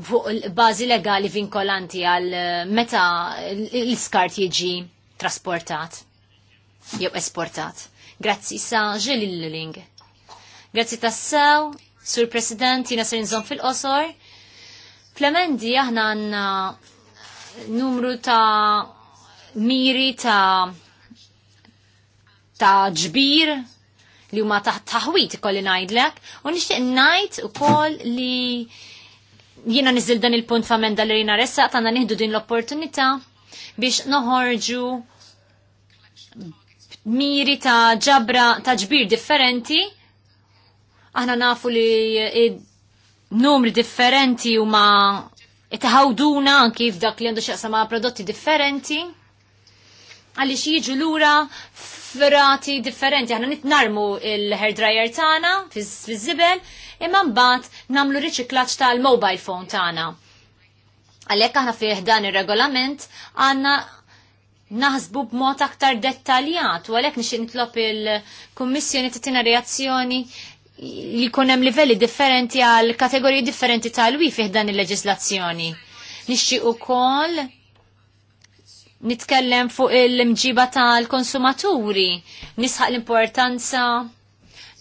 fuq bażi legali vinkolanti għal eh, meta l-iskart jiġi trasportat jew esportat. Grazzi sa ġililling. Grazzi tassew, Sur President, jina ser nżom fil-qosor. Flemendi aħna għanna numru ta' miri ta' ta' ġbir li huma taħt taħwit ikolli ngħidlek u nixtieq ngħid ukoll li jiena niżil dan il-punt famenda li rina ressa tagħna nieħdu din l-opportunità biex noħorġu miri ta' ġabra ta' ġbir differenti. Aħna nafu li numri differenti u ma itħawduna kif dak li għandu xaqsa ma' prodotti differenti għalli xieġu l-ura frati differenti. Aħna nitnarmu il-hair dryer tagħna fiż-żibel imma mbagħad nagħmlu riċiklaġġ tal-mobile phone tagħna. Għalhekk aħna fih dan ir-regolament għandna naħsbu b'mod aktar dettaljat u għalhekk nixtieq nitlob il-Kummissjoni tina reazzjoni li kunem livelli differenti għal kategoriji differenti tal-wi fih dan il-leġislazzjoni. u koll nitkellem fuq il-mġiba tal-konsumaturi, nisħaq l-importanza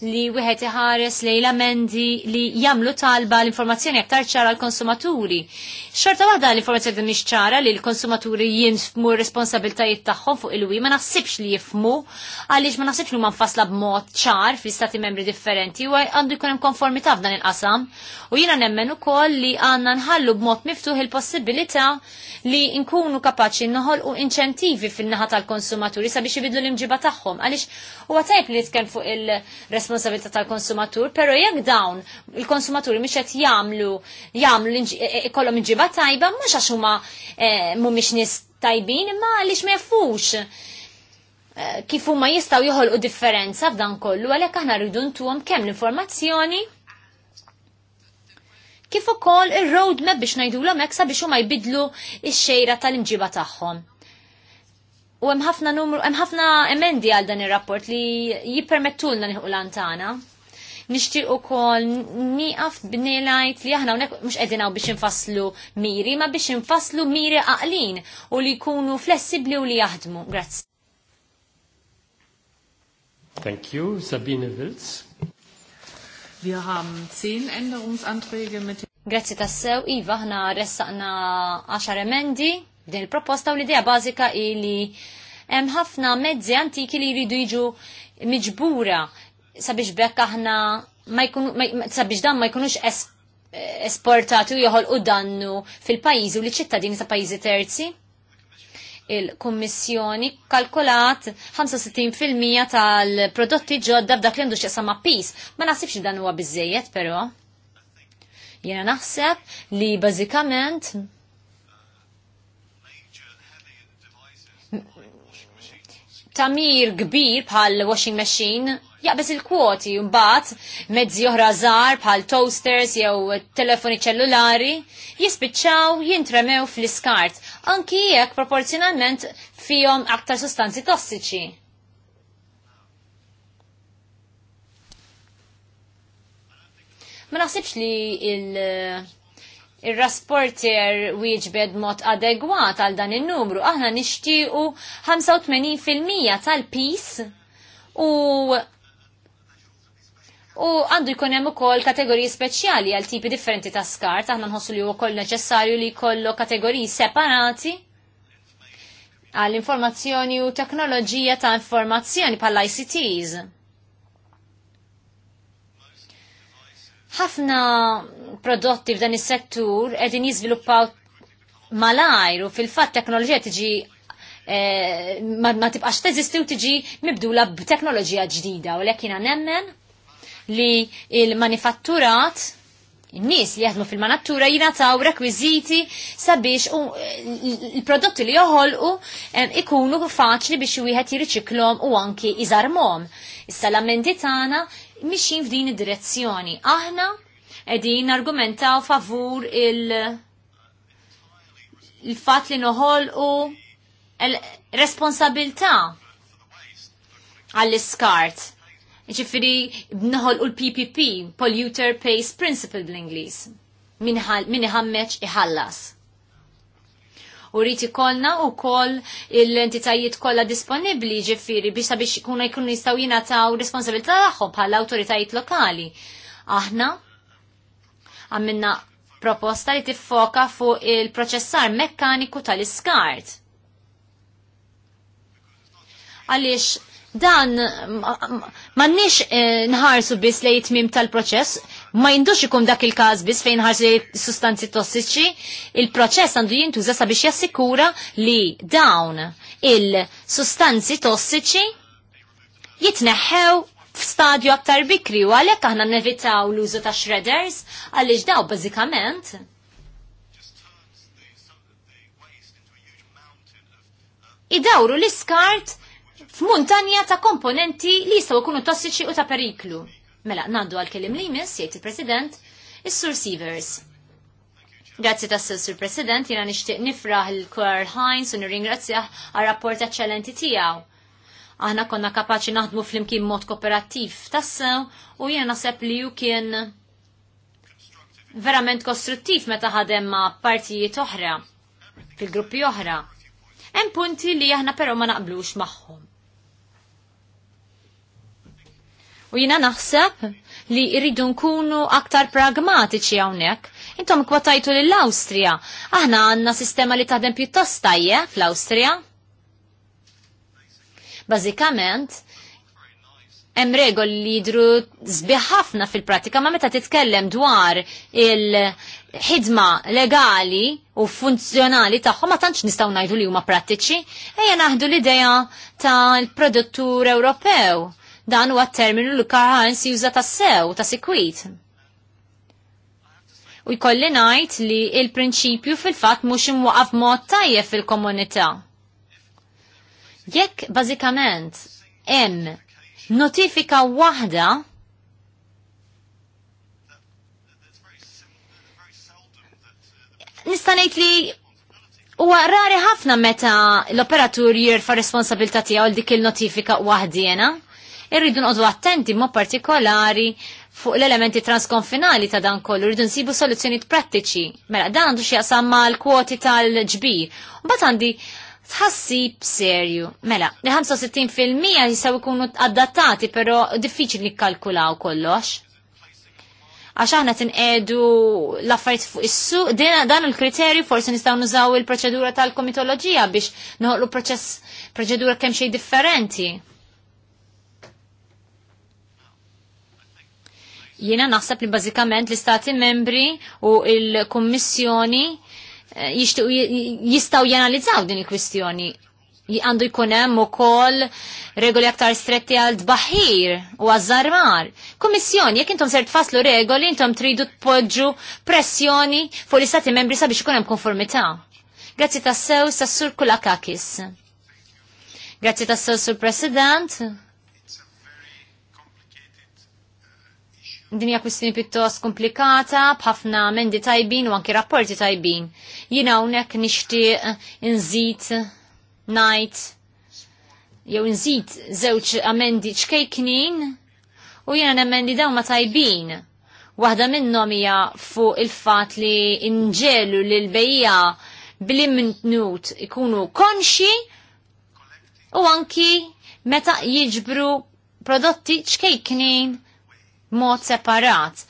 li wieħed iħares lejn l-amendi li jagħmlu talba l-informazzjoni aktar ċara l-konsumaturi. Xorta waħda l-informazzjoni mhix ċara li l-konsumaturi jinfmu r-responsabiltajiet tagħhom fuq il-wi ma naħsibx li jifmu għaliex ma naħsibx li huma nfassla b'mod ċar fl-istati membri differenti u għandu jkun hemm konformità f'dan il-qasam u jiena nemmen ukoll li għandna nħallu b'mod miftuħ il-possibilità li nkunu kapaċi u inċentivi fin-naħa tal-konsumaturi sabiex ibidlu l-imġiba tagħhom għaliex huwa tajb li tkellem fuq il-responsabilità responsabilità tal-konsumatur, pero jekk dawn il-konsumaturi mhux qed jagħmlu jagħmlu ikollhom e-, e-, inġiba tajba mhux għax huma e, mhumiex nies tajbin imma għaliex ma jafux kif huma jistgħu joħolqu differenza f'dan kollu għalhekk aħna rridu ntuhom kemm l-informazzjoni kif ukoll ir map biex ngħidulhom hekk sabiex huma jbidlu x-xejra tal-imġiba tagħhom. U hemm ħafna numru hemm ħafna emendi għal dan ir-rapport li jippermettulna nieħu lantana. Nixtieq ukoll nieqaf b'nejlajt li aħna hawnhekk mhux qegħdin hawn biex infasslu miri, ma biex infasslu miri aqlin u li jkunu flessibbli u li jaħdmu. Grazzi. Thank you, Sabine Wilz. Wir haben zehn Änderungsanträge mit Grazzi tassew, Iva, ħna ressaqna 10 emendi din il-proposta u l-idea bażika hi li hemm ħafna mezzi antiki li jridu jiġu miġbura sabiex bekk aħna ma sabiex dan ma jkunux esportati u joħolqu dannu fil-pajjiżi u li ċittadini ta' pajjiżi terzi. Il-Kummissjoni kalkulat 65% tal-prodotti ġodda b'dak li għandu x'jaqsam ma' pis. Ma naħsibx dan huwa biżejjed però. Jena naħseb li bażikament tamir kbir bħal washing machine jaqbeż il-kwoti mbagħad mezzi oħra żgħar bħal toasters jew telefoni ċellulari jispiċċaw jintremew fl-iskart anki jekk proporzjonalment fihom aktar sostanzi tossiċi. ma naħsibx li il- ir-rasportier wieġbed mod adegwat għal dan il-numru. Aħna nixtiequ 85% tal-pis u U għandu jkun hemm ukoll kategoriji speċjali għal tipi differenti ta' skart, aħna nħossu li wkoll neċessarju li jkollu kategoriji separati għall informazzjoni u teknoloġija ta' informazzjoni pal ICTs. ħafna prodotti f'dan is-settur qegħdin jiżviluppaw malajr u fil-fatt teknoloġija tiġi eh, ma, ma tibqax teżisti u tiġi mibdula b'teknoloġija ġdida u lekin nemmen li il-manifatturat n-nies li jaħdmu fil-manattura jingħataw rekwiżiti sabiex il-prodotti eh, li joħolqu ikunu faċli biex wieħed jirriċiklhom u anki iżarmhom. Issa l-ammendi tagħna mixin f'din id-direzzjoni. Aħna qegħdin argumentaw favur il- il-fat li noħolqu eh, responsabilta għall-iskart. Ġifiri, b'noħol u l-PPP, Polluter Pays Principle bl-Inglis. Min ħammeċ iħallas. U rrit ikolna u koll l-entitajiet kollha disponibli ġifiri biex sabiex kuna jkunu jistaw jinataw responsabilità tagħhom bħal awtoritajiet lokali. Aħna għamilna proposta li tiffoka fuq il-proċessar mekkaniku tal-iskart. Għaliex dan m'għandniex eh, nħarsu biss li jitmim tal-proċess, ma jindux ikun dak il-każ biss fejn ħarsu sustanzi tossiċi, il-proċess għandu jintuża sabiex jassikura li dawn il-sustanzi tossiċi jitneħħew f'stadju aktar bikri u għalhekk aħna nevitaw l-użu ta' shredders għaliex daw bażikament idawru l-iskart f'muntanja ta' komponenti li jistgħu jkunu tossiċi u ta' periklu. Mela, nandu għal-kelim li jmiss, jgħid il-President, is-Sur Sievers. Grazzi ta' sur President, jina nishtiq nifraħ il-Kwer Heinz u nirringrazzjaħ għal rapport eccellenti tijaw. Aħna konna kapaċi naħdmu fl-imkien mod kooperattiv tassa, u jena naħseb li ju kien verament kostruttiv meta ħadem ma' partijiet oħra, fil-gruppi oħra. Hemm punti li aħna però ma naqblux magħhom. U jina naħseb li irridu nkunu aktar pragmatiċi hawnhekk. Intom kwatajtu lill-Awstrija. Aħna għandna sistema li taħdem pjuttost tajje fl-Awstrija. Bażikament, hemm regol li jidru sbieħ ħafna fil-pratika ma meta titkellem dwar il-ħidma legali u funzjonali tagħhom ma tantx nistgħu ngħidu li huma prattiċi, ejja naħdu l-idea tal-produttur Ewropew Dan huwa terminu li Karhans juża tas-sew, ta' sikwit. U jkolli ngħid li il-prinċipju fil-fatt mhux imwaqaf mod tajjeb fil-komunità. Jekk bażikament hemm notifika waħda ngħid li u rari ħafna meta l-operatur jirfa responsabilta tiegħu għal dik il-notifika waħdiena irridu nqodu attenti ma' partikolari fuq l-elementi transkonfinali ta' dan kollu, rridu nsibu soluzzjonijiet prattiċi. Mela, dan għandu x'jaqsam l kwoti tal-ġbir. U bat għandi tħassib serju. Mela, li 65% jisaw ikunu adattati, pero diffiċli nikkalkulaw kollox. Għax aħna tinqedu l-affarijiet fuq is-suq, dan il-kriterju forsi nistgħu nużaw il-proċedura tal-komitoloġija biex noħlu proċess proċedura kemm xejn differenti. Jiena naħseb li bażikament l-Istati membri u l-Kummissjoni eh, jistgħu janalizzaw din il-kwistjoni għandu jkun hemm ukoll regoli aktar stretti għal tbaħħir u għażarmar. żarmar Kummissjoni, jekk intom ser tfasslu regoli, intom tridu tpoġġu pressjoni fuq l-istati membri sabiex ikun hemm konformità. Grazzi tassew sassur kulakakis. Grazzi tassew sur President. dinja kwistjoni pittos komplikata b'ħafna mendi tajbin u anki rapporti tajbin. Jina hawnhekk nixtieq inżid ngħid jew inżid żewġ amendi ċkejknin u jiena nemmendi dawn ma tajbin. Waħda minnhom hija fuq il-fatt li nġelu lil bejja bl-imnut ikunu konxi u anki meta jiġbru prodotti ċkejknin mod separat.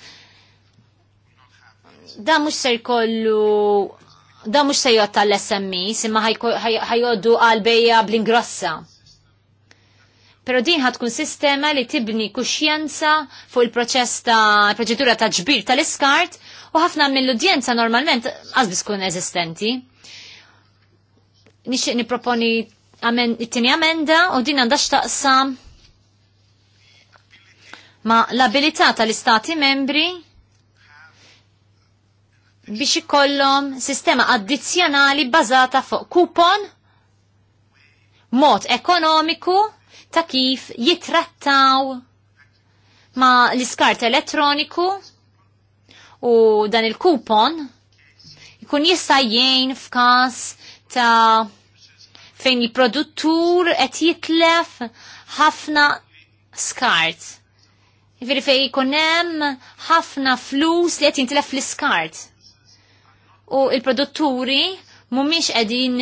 Da mux ser kollu da mux se jotta l-SMI, simma ħajoddu għal-beja bl-ingrossa. Pero din ħatkun sistema li tibni kuxjenza fuq il-proċess ta' proċedura ta' ġbir tal-iskart u ħafna mill-udjenza normalment għazbis kun eżistenti. Nixtieq niproponi it-tini amenda u din għandax taqsam ma l-abilità tal-istati membri biex ikollhom sistema addizzjonali bazata fuq kupon mod ekonomiku ta' kif jitrattaw ma l-iskart elettroniku u dan il-kupon jkun jista' jgħin f'każ ta' fejn il-produttur qed jitlef ħafna skart Veri fej jkunem ħafna flus li qed jintilef l skart U il-produtturi mhumiex qegħdin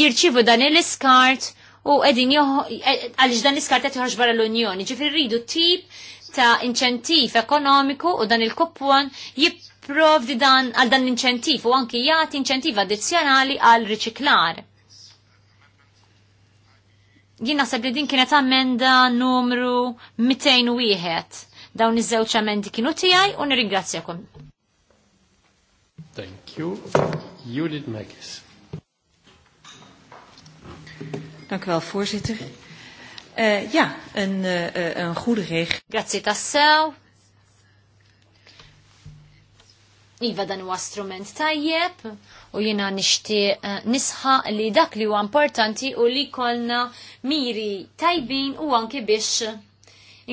jirċivu dan l skart u qegħdin għaliex dan l-iskart qed joħroġ barra l-Unjoni. Ġifier rridu tip ta' inċentiv ekonomiku u dan il-kupwan jipprovdi dan għal dan l-inċentiv u anki jagħti inċentiv addizzjonali għal riċiklar jien naħseb li din kienet ammenda numru 201. Dawn iż-żewġ amendi kienu tiegħi u nirringrazzjakom. Thank you. Judith Magis. Dank u wel, voorzitter. Uh, ja, een, uh, een goede regeling. Grazie tassew. Iva dan huwa strument tajjeb u jina uh, nisħa li dak li huwa importanti u li kolna miri tajbin u anke biex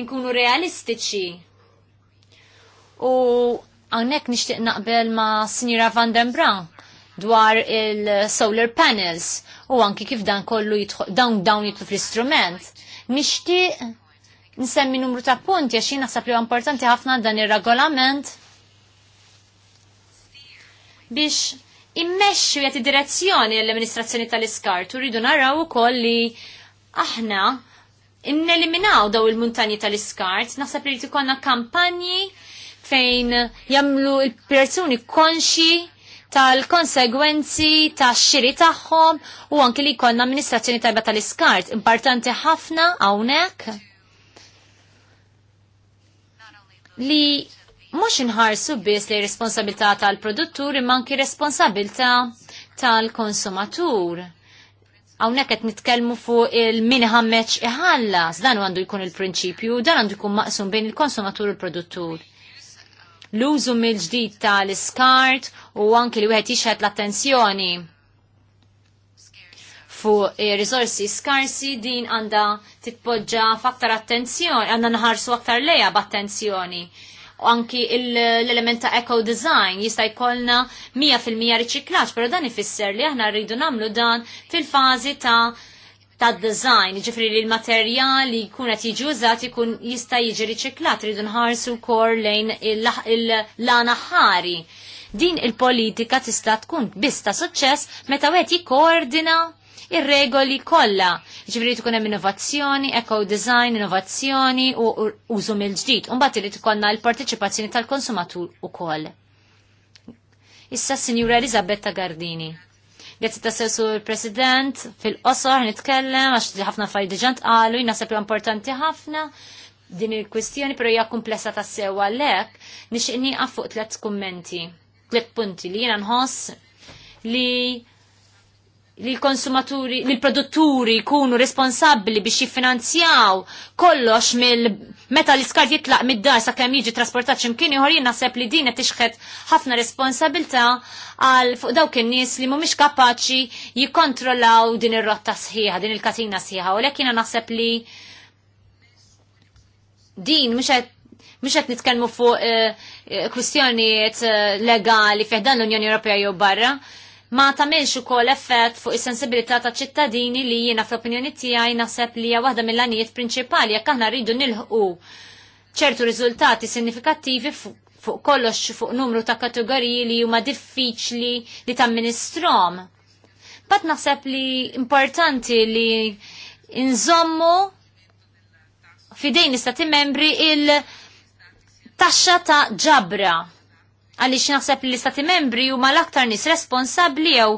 inkunu realistiċi. U għannek nishtiq naqbel ma' Sinjira Van den Brown dwar il-solar panels u anki kif dan kollu dawn dawn jitħu fl-istrument. Nishtiq nsemmi numru ta' punti għax naħseb li importanti ħafna dan ir regolament biex immexxu jgħati direzzjoni l-amministrazzjoni tal-iskart u rridu naraw ukoll li aħna inneliminaw daw il-muntanji tal-iskart, naħseb li ikollna kampanji fejn jagħmlu il persuni konxi tal-konsegwenzi tax-xiri tagħhom u anke li jkollna amministrazzjoni tajba tal-iskart. Importanti ħafna hawnhekk li mhux inħarsu biss li responsabilità tal-produttur imma anki responsabilità tal-konsumatur. Hawnhekk qed nitkellmu fuq il-min ħammeċ iħallas, dan għandu jkun il-prinċipju, dan għandu jkun maqsum bejn il-konsumatur u l-produttur. L-użu mill-ġdid tal-iskart u anki li wieħed jixħet l-attenzjoni fuq risorsi skarsi din għanda titpoġġa f'aktar attenzjoni, għanna nħarsu aktar leja b'attenzjoni. attenzjoni u anki l-element ta' eco design jista' jkollna 100% riċiklaġġ, però dan ifisser li aħna rridu nagħmlu dan fil-fażi ta' ta' design, ġifri li l-materjal li jkun qed jiġi użat jkun jista' jiġi riċiklat, rridu nħarsu kor lejn il-lana ħari. Din il-politika tista' tkun biss ta' suċċess meta wieħed jikkoordina ir-regoli kollha. Ġifieri tkun hemm innovazzjoni, eco design, innovazzjoni u użu mill-ġdid. U mbagħad irid ikollna l-partiċipazzjoni tal-konsumatur ukoll. Issa Sinjura Elizabetta Gardini. Grazzi ta' sur President, fil-qosor nitkellem għax ħafna għalu, qalu sepp importanti ħafna din il-kwistjoni, pero hija komplessa ta' sew għalhekk, nixtieq nieqaf fuq tliet kummenti, tliet punti li jiena nħoss li li l-konsumaturi, li l-produtturi jkunu responsabbli biex jiffinanzjaw kollox mill meta l-iskart jitlaq mid-dar sa kem jiġi trasportat x'imkien ieħor jina naħseb li din qed tixħed ħafna responsabilità għal fuq dawk in-nies li mhumiex kapaċi jikkontrollaw din ir-rotta sħiħa, din il-katina sħiħa, u lek jiena naħseb li din mhux qed mux għet nitkelmu fuq eh, eh, kwistjoniet eh, legali dan l-Unjoni Ewropea jew barra, ma u ukoll effett fuq is-sensibilità ta' ċittadini li jiena fl-opinjoni tiegħi naħseb li hija waħda mill-għanijiet prinċipali jekk aħna rridu nilħqu ċertu riżultati sinifikattivi fuq kollox fuq numru ta' kategoriji li huma diffiċli li tamministrom. Bat naħseb li importanti li nżommu fidejn istati membri il- taxxa ta' ġabra Għaliex naħseb li l-istati membri huma l-aktar nies responsabbli jew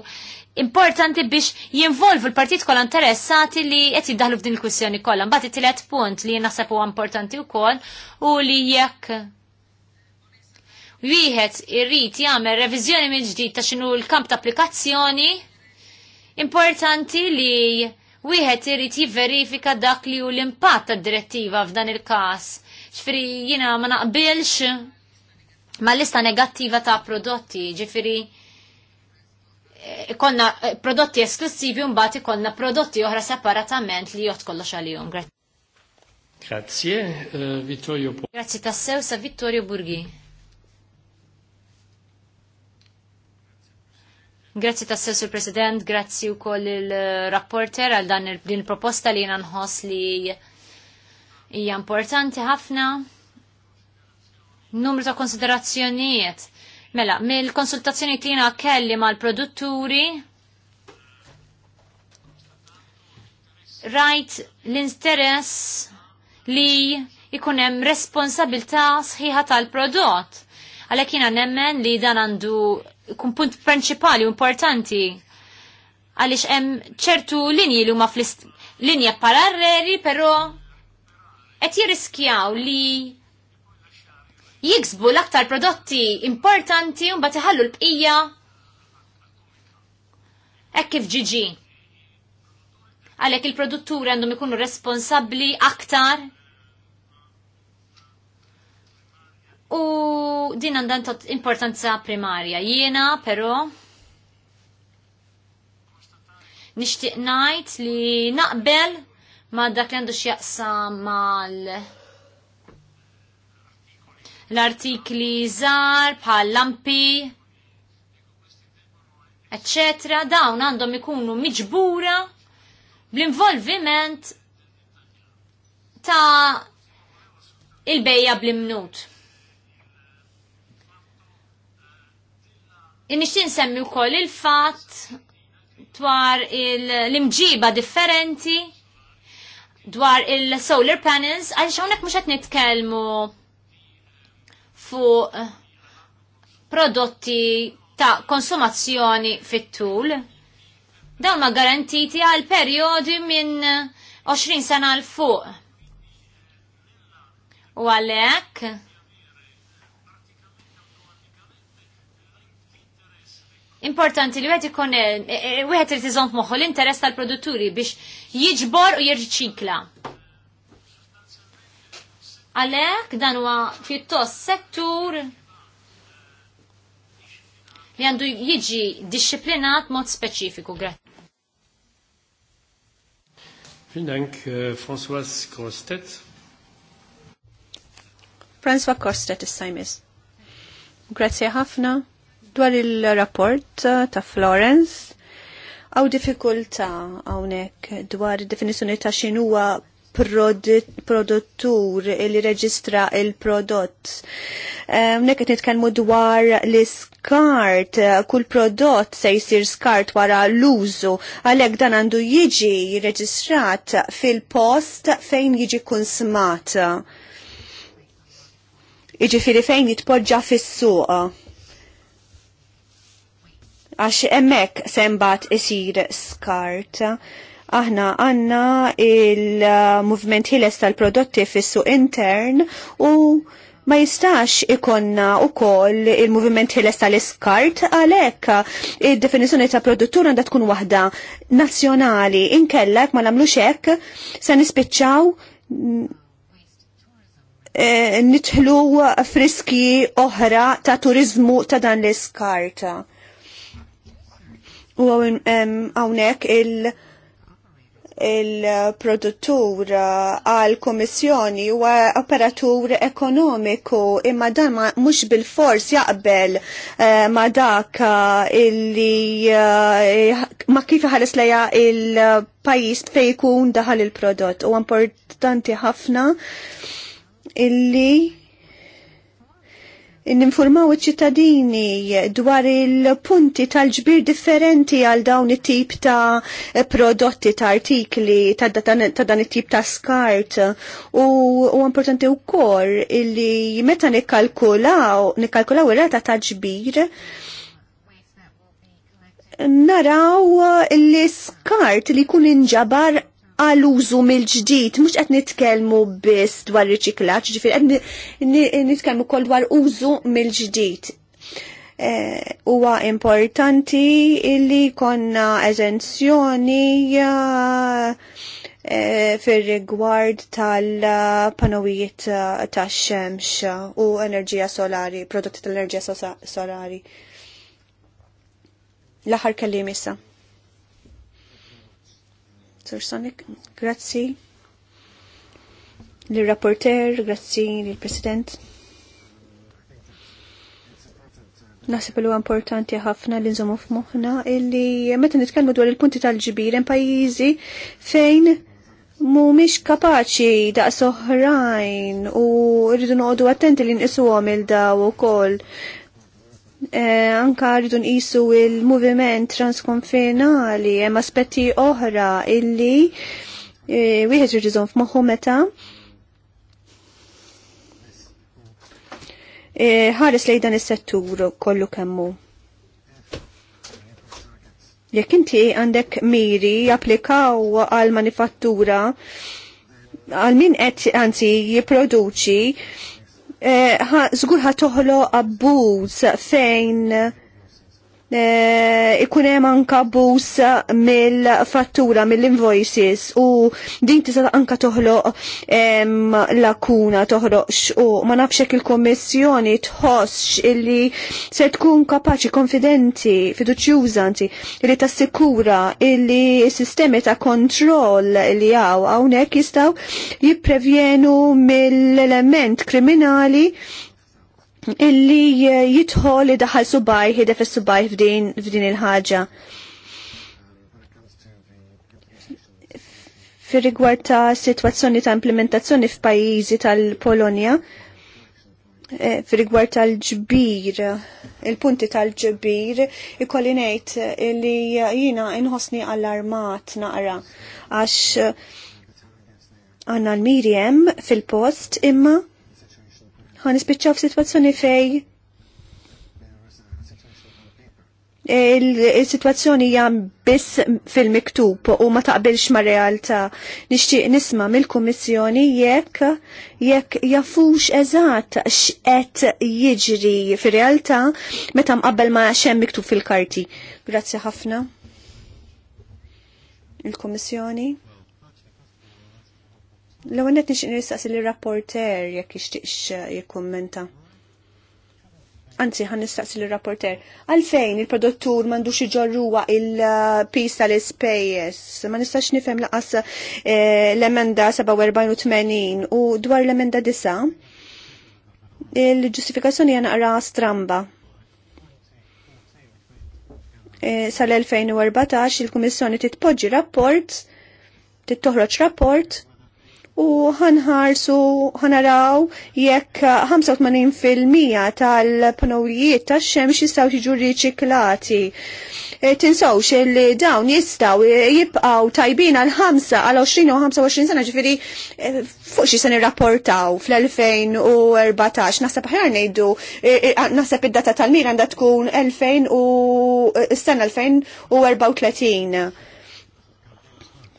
importanti biex jinvolvu l-partit kolla interessati li qed jiddaħlu f'din il-kwissjoni kollha. Mbagħad it-tielet punt li naħseb huwa importanti wkoll u li jekk wieħed irrid jagħmel reviżjoni minn ġdid ta' x'inhu l-kamp ta' applikazzjoni, importanti li wieħed irrid jivverifika dak li hu l-impatt tad-direttiva f'dan il-każ. Ġifieri jiena ma naqbilx ma lista negattiva ta' prodotti, ġifiri eh, konna eh, prodotti esklusivi un bati konna prodotti oħra separatament li jott kollox għalihom. Grazie, eh, Vittorio Borghi. Grazie tassew sa Vittorio Burghi. Grazie tassew sur President, grazie u koll il-rapporter għal dan il-proposta li jena nħos li hija importanti ħafna numru ta' konsiderazzjonijiet. Mela, mill-konsultazzjoni tina kelli mal-produtturi, rajt l-interess li ikunem responsabilta sħiħa tal-prodott. Għalek jina nemmen li dan għandu kun punt principali u importanti għalix hemm ċertu linji li huma fl linja paralleli, però qed jiriskjaw li jiksbu l-aktar prodotti importanti un iħallu l-bqija. Ek kif ġiġi. Għalek il-produtturi għandhom ikunu responsabli aktar. U din għandan tot importanza primarja. Jiena, pero, nishtiq najt li naqbel ma dak li għandu xjaqsa mal l-artikli żgħar bħal lampi, eccetera, dawn għandhom ikunu miġbura bl-involviment ta' il-bejja bl-imnut. Nixtin semmi u koll il-fat dwar il l-imġiba differenti dwar il-solar panels, għalix għonek mux qed nitkellmu fuq prodotti ta' konsumazzjoni fit-tul. Dawn ma garantiti għal periodi minn 20 sena l fuq. U għalek, importanti li għet ikon, għet e, e, irtizom moħu l-interess tal-produtturi biex jiġbor u jirċikla. Għalhekk dan huwa pjuttost settur li għandu jiġi disciplinat mod speċifiku. Grazie. Vielen Dank, Françoise äh, Kostet. François Kostet is-sajmis. Grazie ħafna dwar il-rapport äh, ta' Florence. Għaw diffikulta għawnek dwar definizjoni ta' xinuwa produttur li reġistra il-prodott. Nek qed nitkellmu dwar l-iskart, kull prodott se jsir skart wara l-użu, għalhekk dan għandu jiġi reġistrat fil-post fejn jiġi kunsmat. Jiġifieri fejn jitpoġġa fis-suq għax emmek sembat isir skart aħna għanna il-movement ħiles tal-prodotti fissu intern u ma jistax ikonna u koll il-movement ħiles tal-iskart għalek il-definizjoni ta' produttura għanda tkun wahda nazjonali inkellek ma namlu xek se nispiċċaw eh, nitħlu friski oħra ta' turizmu ta' dan l-iskart. U għawnek il- il-produttur eh, għal komissjoni u operatur ekonomiku imma dan mux bil-fors jaqbel eh, ma dak eh, illi ma kif ħares leja il-pajis fej jkun daħal il-prodott u importanti ħafna illi ninformaw iċ-ċittadini dwar il-punti tal-ġbir differenti għal dawn it-tip ta' prodotti ta' artikli ta' dan it-tip ta' skart u, u importanti wkoll illi meta nikkalkulaw nikkalkulaw ir-rata ta' ġbir naraw l-skart li kun inġabar għal użu mill-ġdid, mhux qed nitkellmu biss dwar riċiklaġġ, ġifir, għet nitkellmu wkoll dwar użu mill-ġdid eh, huwa importanti illi konna eżenzjoni eh, eh, fir-rigward tal-panowijiet tax-xemx u enerġija solari, prodotti tal-enerġija solari. L-aħħar kellim issa. Dr. Sonic, grazzi. L-rapporter, grazzi l-president. Nasib li importanti ħafna li nżomu f'moħħna illi meta nitkellmu dwar il-punti tal-ġbir hemm pajjiżi fejn mhumiex kapaċi daqs oħrajn u rridu noqogħdu attenti li nqisuhom il daw ukoll eh, anka rridu nqisu il-moviment transkonfinali hemm aspetti oħra illi eh, wieħed irriżon f'moħħu meta eh, ħares lejn dan is-settur kollu kemmu. Jekk inti għandek miri applikaw għal manifattura għal min qed anzi jipproduċi żgur eh, ħa toħlo abbuż fejn Eh, ikun hemm anka bus mill-fattura mill-invoices u din tista' anka toħloq lakuna toħroq u ma nafx hekk il-Kommissjoni tħossx illi se tkun kapaċi konfidenti fiduċjuża anzi, li tassikura illi s-sistemi ta' kontroll li hawn hawnhekk jistgħu jipprevjenu mill-element kriminali illi eh, jidħol li daħal subaj, ħidef subaj f'din il-ħaġa. Fi rigward ta' situazzjoni ta' implementazzjoni f'pajjiżi tal-Polonja, eh, fi rigward tal-ġbir, il-punti tal-ġbir, ikolli ngħid eh, li jiena inħossni allarmat naqra għax għanna l-mirjem fil-post imma Ma nispiċċaw f'sitwazzjoni fej il-situazzjoni hija biss fil-miktub u ma taqbilx ma' realtà. Nixtieq nisma' mill-Kummissjoni jekk jekk jafux eżatt x'qed jiġri fir-realtà meta mqabbel ma' xem miktub fil-karti. Grazzi ħafna. il komissjoni L-għonet nix nistaqsi li rapporter jekk ixtiqx eh, jikkommenta. Anzi, għan nistaqsi li rapporter. Għalfejn il-produttur mandux iġorruwa il pista tal-SPS. Ma nistax nifem laqas eh, l-emenda 47 u dwar l-emenda disa'. Il-ġustifikazzjoni għana għara stramba eh, sal-2014 il-Kummissjoni titpoġġi rapport, tittoħroġ rapport u ħanħarsu ħanaraw jekk 85% tal-panorijiet tax-xemx jistgħu jiġu riċiklati. E, tinsawx li dawn jistgħu jibqgħu tajbin għal 5 għal 20 u 25 sena ġifieri e, fuq xi se nirrapportaw fl-2014. Naħseb ħjar ngħidu e, naħseb id-data tal-mira għandha tkun 2000 u s-sena 2034.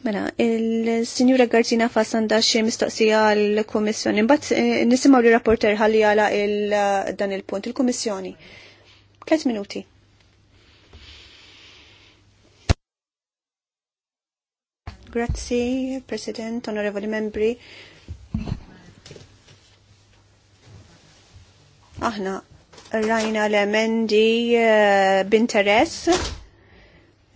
Mela, il-Sinjura Garzina fasanda xie mistoqsija l-Komissjoni. Mbatt eh, nisimaw li rapporter ħalli għala dan il-punt, il-Komissjoni. Tlet minuti. Grazzi, President, onorevoli membri. Aħna rajna l-emendi eh, b'interess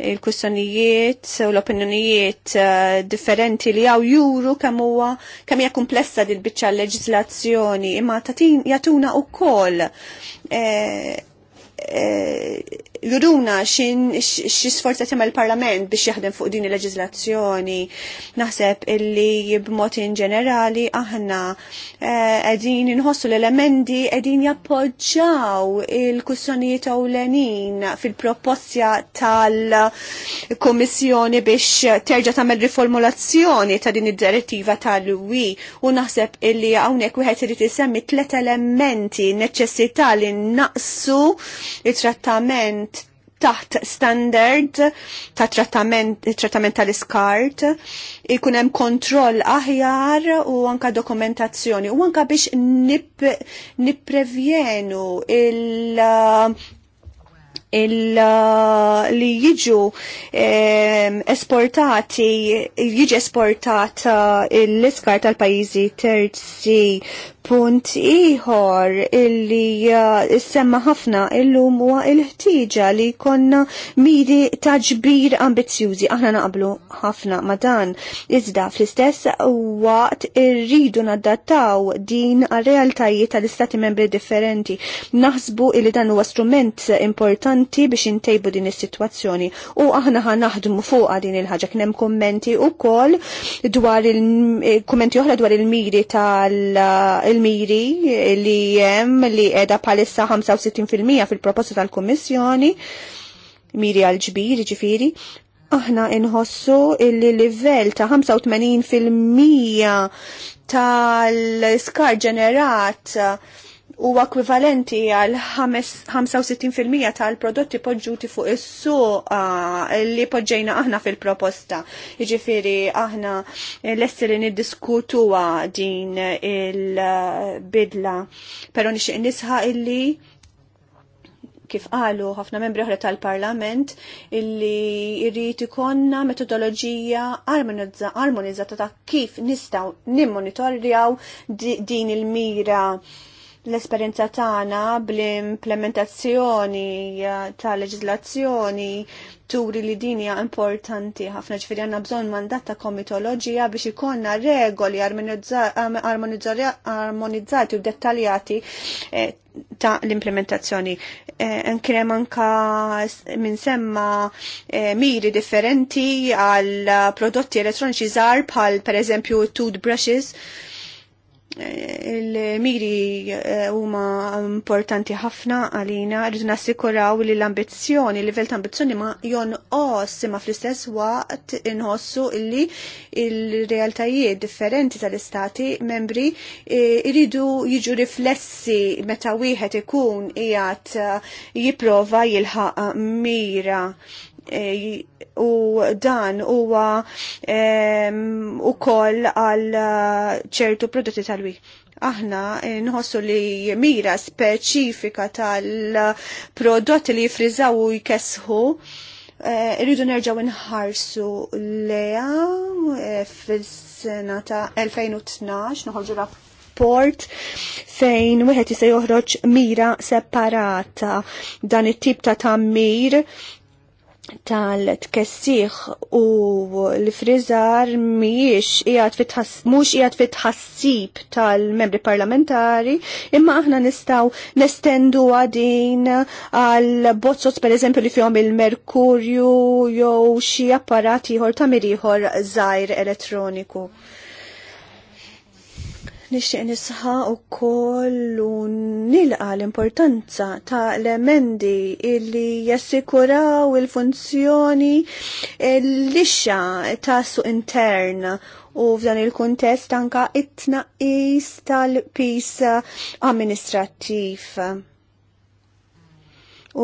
il-kussjonijiet u l-opinjonijiet uh, differenti li għaw juru kemm huwa kemm hija komplessa din biċċa leġislazzjoni imma tatin jatuna wkoll e, eh, e, eh, juruna xi sforza tema l-Parlament biex jaħdem fuq din il-leġizlazzjoni. Naħseb illi b'mod in ġenerali aħna qegħdin eh, inħossu l-elementi qegħdin jappoġġaw il-kussjonijiet ewlenin fil-propostja tal-Komissjoni biex terġa' tagħmel riformulazzjoni ta' din id-direttiva tal-UI u naħseb illi hawnhekk wieħed irid isemmi tliet elementi neċessita li naqsu il trattament taħt standard ta' trattament, trattament tal-iskart, ikun hemm kontroll aħjar u anka dokumentazzjoni u anka biex nipprevjenu il- il li jiġu eh, esportati, jiġi esportat eh, l-iskar tal-pajizi terzi Punt iħor illi uh, semma ħafna illum huwa il-ħtieġa li konna miri ta' ġbir ambizzjużi. Aħna naqblu ħafna ma' dan. Iżda fl-istess waqt irridu nadattaw din għal-realtajiet tal-istati membri differenti. Naħsbu illi dan huwa strument importanti biex intejbu din is-sitwazzjoni u aħna ħa naħdmu fuqha din il-ħaġa kien hemm kummenti wkoll dwar il-kummenti eh, oħra dwar il-miri tal- eh, il-miri li jem li edha palissa 65% fil-proposta tal-Kommissjoni, miri għal-ġbir, ġifiri, aħna inħossu il-livell ta' 85% tal-skar ġenerat u ekwivalenti għal 65% tal-prodotti poġġuti fuq is-suq ah, li poġġejna aħna fil-proposta. Jiġifieri aħna lesti li niddiskutuha din il-bidla. Però nixtieq nisħa illi kif qalu ħafna membri oħra tal-Parlament illi jrid ikonna metodoloġija armonizzata ta' kif nistgħu nimmonitorjaw din il-mira l-esperienza tagħna bl-implementazzjoni eh, ta' leġislazzjoni turi li din hija importanti ħafna ġifieri għandna bżonn mandat ta' komitoloġija biex ikonna regoli armonizzati u dettaljati eh, ta' l-implementazzjoni. Anke eh, anka minn semma miri differenti għal prodotti elettroniċi żgħar bħal pereżempju toothbrushes. brushes il-miri eh, huma importanti ħafna għalina, rridu nassikuraw li l-ambizzjoni, il livell ta' ambizzjoni ma os ma fl-istess waqt inħossu li il-realtajiet differenti tal-istati membri eh, irridu jiġu riflessi meta wieħed ikun qiegħed eh, jipprova jilħaq mira u dan huwa koll għal eh, ċertu prodotti tal-wi aħna eh, nħossu li mira speċifika tal-prodotti li jifrizaw u jkesħu. Eh, rridu nerġaw nħarsu leja fil-sena ta' 2012 noħolġu rapport fejn wieħed jista' joħroġ mira separata dan it-tip ta' tammir tal-tkessiħ u l-frizar miex mux jgħat fitħassib tal-membri parlamentari imma aħna nistaw nestendu għadin għal bozzot per eżempju li fjom il-merkurju jew xi apparati ieħor ta' miriħor zaħir elettroniku nixtieq nisħa u kollu nilqa l-importanza ta' l-emendi illi jassikuraw il-funzjoni l lixa ta' suq intern u f'dan il-kuntest anka it-tnaqqis tal-pis amministrattiv.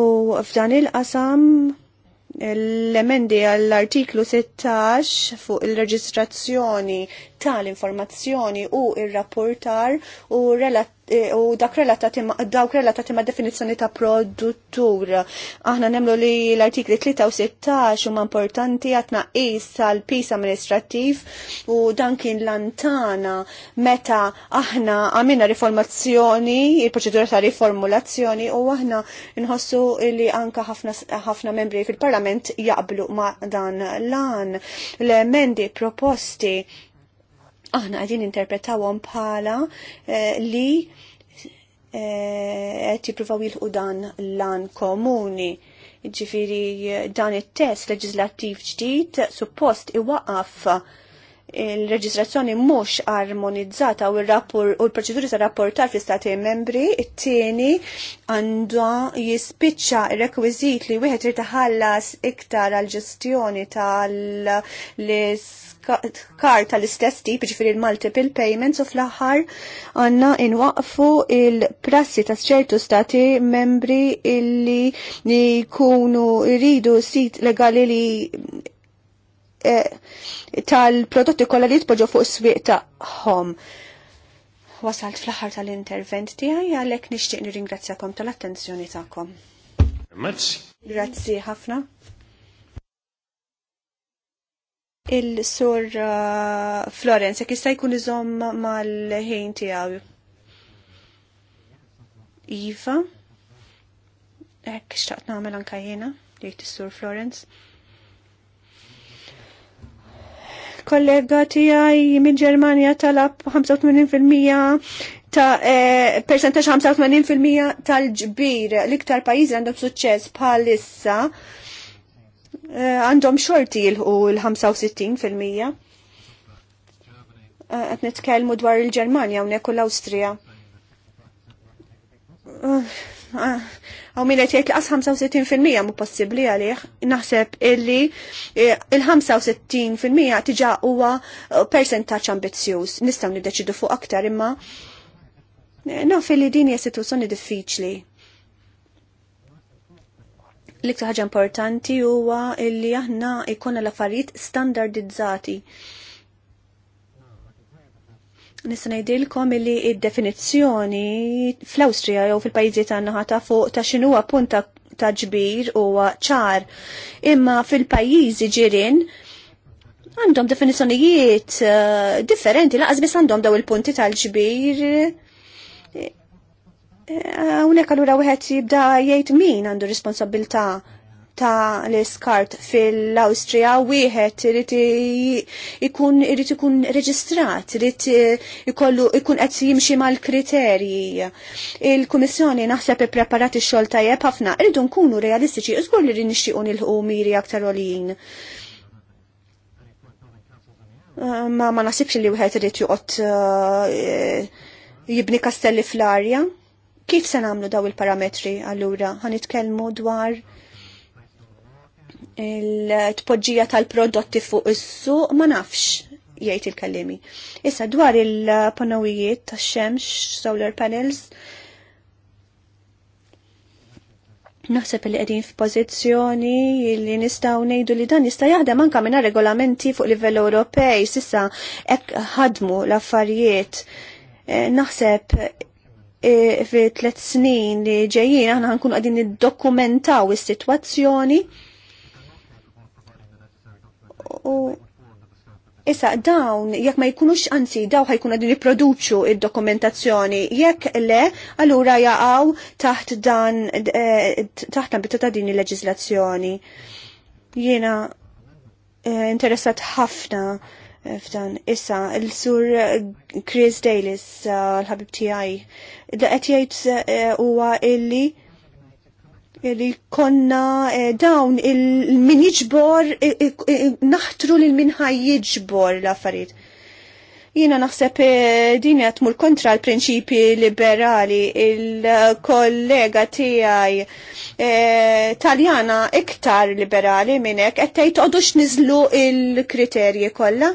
U f'dan il-qasam l-emendi għall-artiklu 16 fuq il-reġistrazzjoni tal-informazzjoni u il-rapportar u relat E, u dak relatati ma' definizzjoni ta' produttur. Aħna nemlu li l-artikli 3 huma importanti għatna is tal-pis amministrativ u dan kien lantana meta aħna għamilna riformazzjoni, il-proċedura ta' riformulazzjoni u aħna nħossu li anka ħafna membri fil-parlament jaqblu ma' dan lan l-emendi proposti aħna għadin interpretawhom bħala eh, li eh, qed jippruvaw jilħu dan lan komuni. Ġifiri dan it-test leġislattiv ġdid suppost iwaqaf il-reġistrazzjoni mhux armonizzata u l-proċeduri ta' rapportar fl-istati membri, it-tieni għandu jispiċċa rekwiżit li wieħed irid iħallas iktar għal ġestjoni tal-isk Kar tal istess tip, ġifiri il-multiple payments, u fl-aħħar għanna inwaqfu il-prassi ta' ċertu stati membri illi jkunu rridu sit legali li e, tal-prodotti kollha li jitpoġġu fuq is-swieq tagħhom. Wasalt fl-aħħar tal-intervent tiegħi għalhekk nixtieq nirringrazzjakom tal-attenzjoni tagħkom. Grazzi ħafna. il-sur uh, Florence, jek jista' jkun iżom mal-ħin tiegħu. Iva, hekk xtaqt nagħmel anke jiena, jgħid is-sur Florence. Kollega tiegħi minn ġermanja talab 85% ta' eh, 85% tal-ġbir l-iktar pajjiżi għandhom suċċess bħalissa. Eh, għandhom xorti l-65%. Eh, Għat nitkellmu dwar il-Ġermanja unek u l-Austria. Eh, ah, għaw min qed jgħid laqas 65% mu possibbli għalih. Naħseb illi il-65% tiġa huwa percentaċ ambizjus, Nistgħu niddeċidu fuq aktar imma fil li din hija sitwazzjoni diffiċli. L-iktar ħaġa importanti huwa illi aħna ikonna l-affarijiet standardizzati. Nista' ngħidilkom li id-definizzjoni fl-Awstrija jew fil-pajjiżi tagħna ħata fuq ta' x'inhuwa punt ta' ġbir huwa ċar. Imma fil-pajjiżi ġirin għandhom definizzjonijiet eh, differenti laqas biss għandhom daw il-punti tal-ġbir Unek allura wieħed jibda jgħid min għandu responsabilità ta' l-iskart fil-Austria wieħed irid ikun irid ikun reġistrat, irid ikollu ikun qed jimxi mal-kriterji. Il-Kummissjoni naħseb ippreparat ix-xogħol tajjeb ħafna, irridu nkunu realistiċi, iżgur li nixtiequ nilħu miri aktar għolin. Ma ma nasibx li wieħed irid joqgħod eh, jibni kastelli fl-arja. Kif se nagħmlu daw il-parametri allura? Ħanitkellmu dwar il-tpoġġija tal-prodotti fuq is-suq ma nafx jgħid il-kallimi. Issa dwar il-panawijiet tax-xemx, solar panels, naħseb li qegħdin f'pożizzjoni li nistgħu ngħidu li dan jista' jaħdem anke minn regolamenti fuq livell Ewropej, sissa hekk ħadmu l-affarijiet. Eh, naħseb E, fi tlet snin li ġejjin aħna ħankun qegħdin niddokumentaw is-sitwazzjoni. U issa dawn jekk ma jkunux anzi daw ħajkun qegħdin jipproduċu id-dokumentazzjoni. Jekk le, allura jaqgħu taħt dan e, taħt ambita ta' din il-leġiżlazzjoni. Jiena e, interessat ħafna f'dan. Issa, il-sur Chris Dalis, uh, l-ħabib tijaj, qed jgħid uh, huwa illi illi konna uh, dawn il-min jġbor, naħtru lil min ħaj jġbor l-affarijiet Jina naħseb eh, din jatmur kontra l-prinċipi liberali il-kollega tijaj eh, taljana iktar liberali minnek, għettajt għodux nizlu il-kriterji kolla.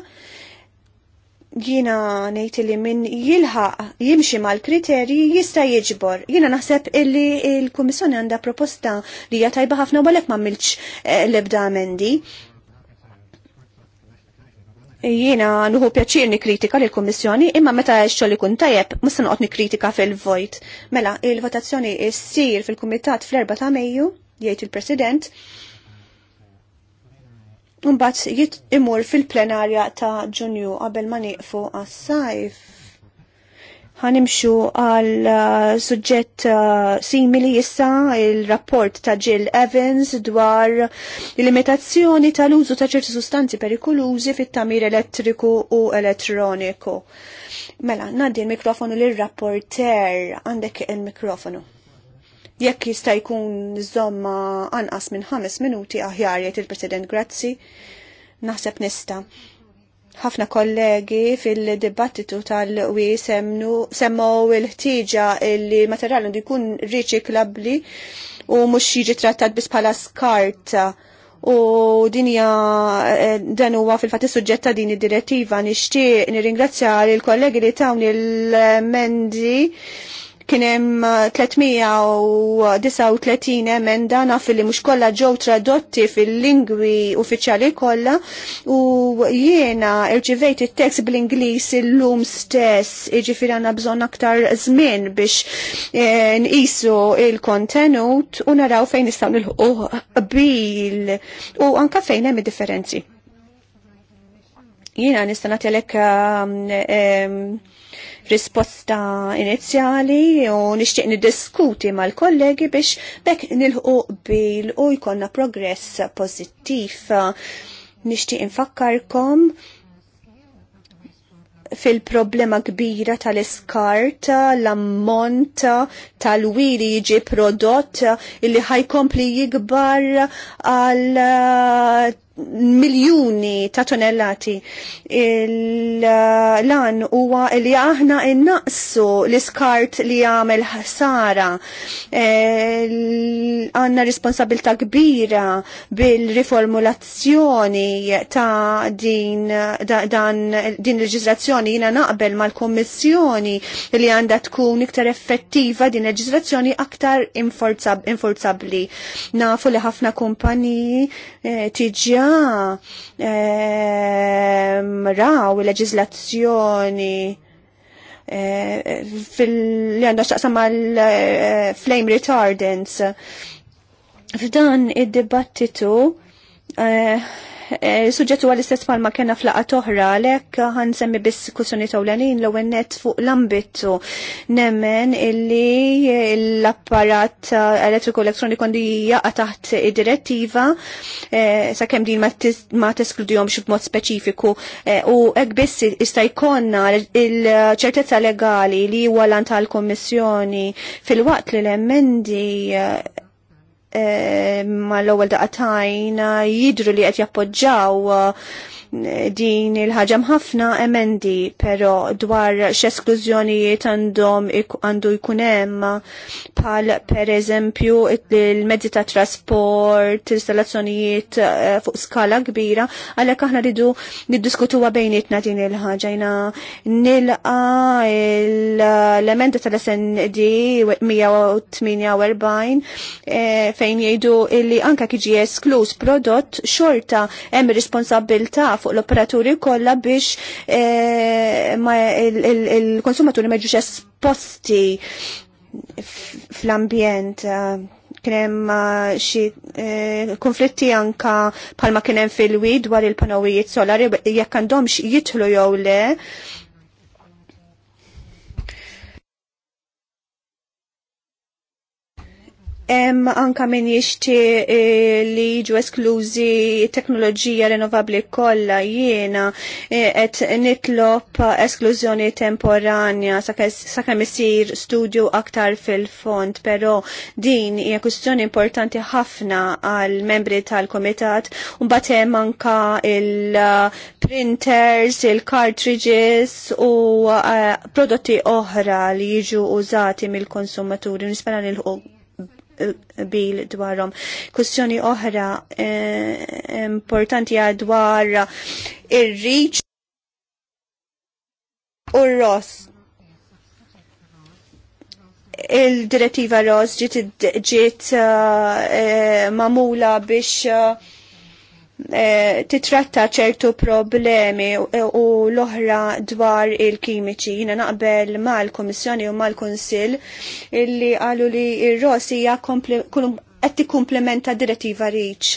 Jina nejt li min jilħaq jimxi mal-kriterji jista jiġbor. Jina naħseb illi il kummissjoni għanda proposta li tajba ħafna u għalek ma eh, l-ebda amendi. Jiena nuhu pjaċir li l kommissjoni imma meta xo li kun tajjeb musta noqgħod kritika fil-vojt. Mela, il-votazzjoni ssir fil-Kumitat fl-4 ta' Mejju, jgħid il-President, Mbagħad jitt imur fil-plenarja ta' Ġunju qabel ma nieqfu għas-sajf ħanimxu għal uh, suġġett uh, simili issa il-rapport ta' Jill Evans dwar il-limitazzjoni tal-użu ta' ċerti sustanzi perikolużi fit-tamir elettriku u elettroniku. Mela, naddi il-mikrofonu l-rapporter, għandek il-mikrofonu. Jekk jista' jkun żomma anqas minn ħames minuti aħjar jgħid il-President Grazzi, naħseb nista' ħafna kollegi fil-dibattitu tal-wi semmu il-ħtiġa li materjal li jkun riċiklabli u mux jiġi trattat bis bħala skarta u dinja eh, dan huwa fil-fatt is-suġġett ta' din id-direttiva nixtieq nirringrazzja lill kollegi li tawni l-mendi kienem 339 uh, emenda fil li mux kolla ġew tradotti fil-lingwi uffiċjali kolla u jiena irċivejt il-tekst bl-Inglis il-lum stess iġifiri għanna bżon aktar zmin biex eh, nqisu il-kontenut u naraw fejn nistaw nilħu bil u anka fejn hemm differenzi. Jiena nista' nagħtilek um, risposta inizjali u nixtieq niddiskuti mal-kollegi biex bekk nilħu bil u jkollna progress pozittif. Nixtieq infakkarkom fil-problema kbira tal-iskart, l-ammont tal-wiri jiġi prodott illi ħajkompli jikbar għal miljuni ta' tonnellati l-lan huwa li aħna innaqsu l-iskart li jagħmel ħsara għandna responsabilità kbira bil-riformulazzjoni ta' din dan din leġiżlazzjoni jiena naqbel mal-Kommissjoni li għandha tkun iktar effettiva din leġiżlazzjoni aktar infurzabbli. Nafu li ħafna kumpaniji eh, tiġi diġa ehm, raw il-leġizlazzjoni eh, li għandha x'aqsam mal-flame eh, retardants. F'dan id-dibattitu eh, Eh, suġġettu għal-istess palma kena flaqa toħra, lek għan semmi biss kussjoni tawlanin l net fuq l-ambitu nemmen illi l-apparat elettriku elektroniku għandu jaqa taħt id-direttiva eh, sa' kem din ma teskludjom b'mod speċifiku eh, u ek biss jista' jkonna il-ċertezza legali li huwa l tal-Kommissjoni fil-waqt li l-emendi Eh, ma l-ewwel daqatajn eh, jidru li qed jappoġġaw eh, din il-ħaġa mħafna emendi, pero dwar x'esklużjonijiet għandhom għandu jkunem hemm bħal per eżempju il-mezzi ta' trasport, installazzjonijiet eh, fuq skala kbira, għalhekk aħna ridu niddiskutu bejnietna din il-ħaġa jina nilqa l-emendi tal-SND 148 eh, fejn jgħidu illi anka kiġi esklus prodott xorta hemm responsabilta fuq l-operaturi kollha biex eh, il-konsumaturi ma jġux esposti fl-ambjent kienem eh, xi eh, konflitti anka palma kienem fil-wid dwar il-panowijiet solari jekk għandhomx jitlu jew le Em anka min jixti eh, li jiġu esklużi teknoloġija rinnovabli kollha jiena eh, qed nitlob esklużjoni temporanja sakemm isir studju aktar fil-fond, pero din hija kwistjoni importanti ħafna għal membri tal-komitat u mbagħad hemm anka il-printers, il-cartridges u eh, prodotti oħra li jiġu użati mill-konsumaturi nispera nilħu bil dwarom. Kwestjoni oħra eh, importanti dwar ir-riċ u r-ross il-direttiva Ross ġiet ġiet uh, mamula biex uh, Eh, titratta ċertu problemi u l-oħra dwar il-kimiċi. Jina naqbel mal-Komissjoni u mal-Konsil illi għallu li il rossi hija qed tikkumplementa direttiva riċ.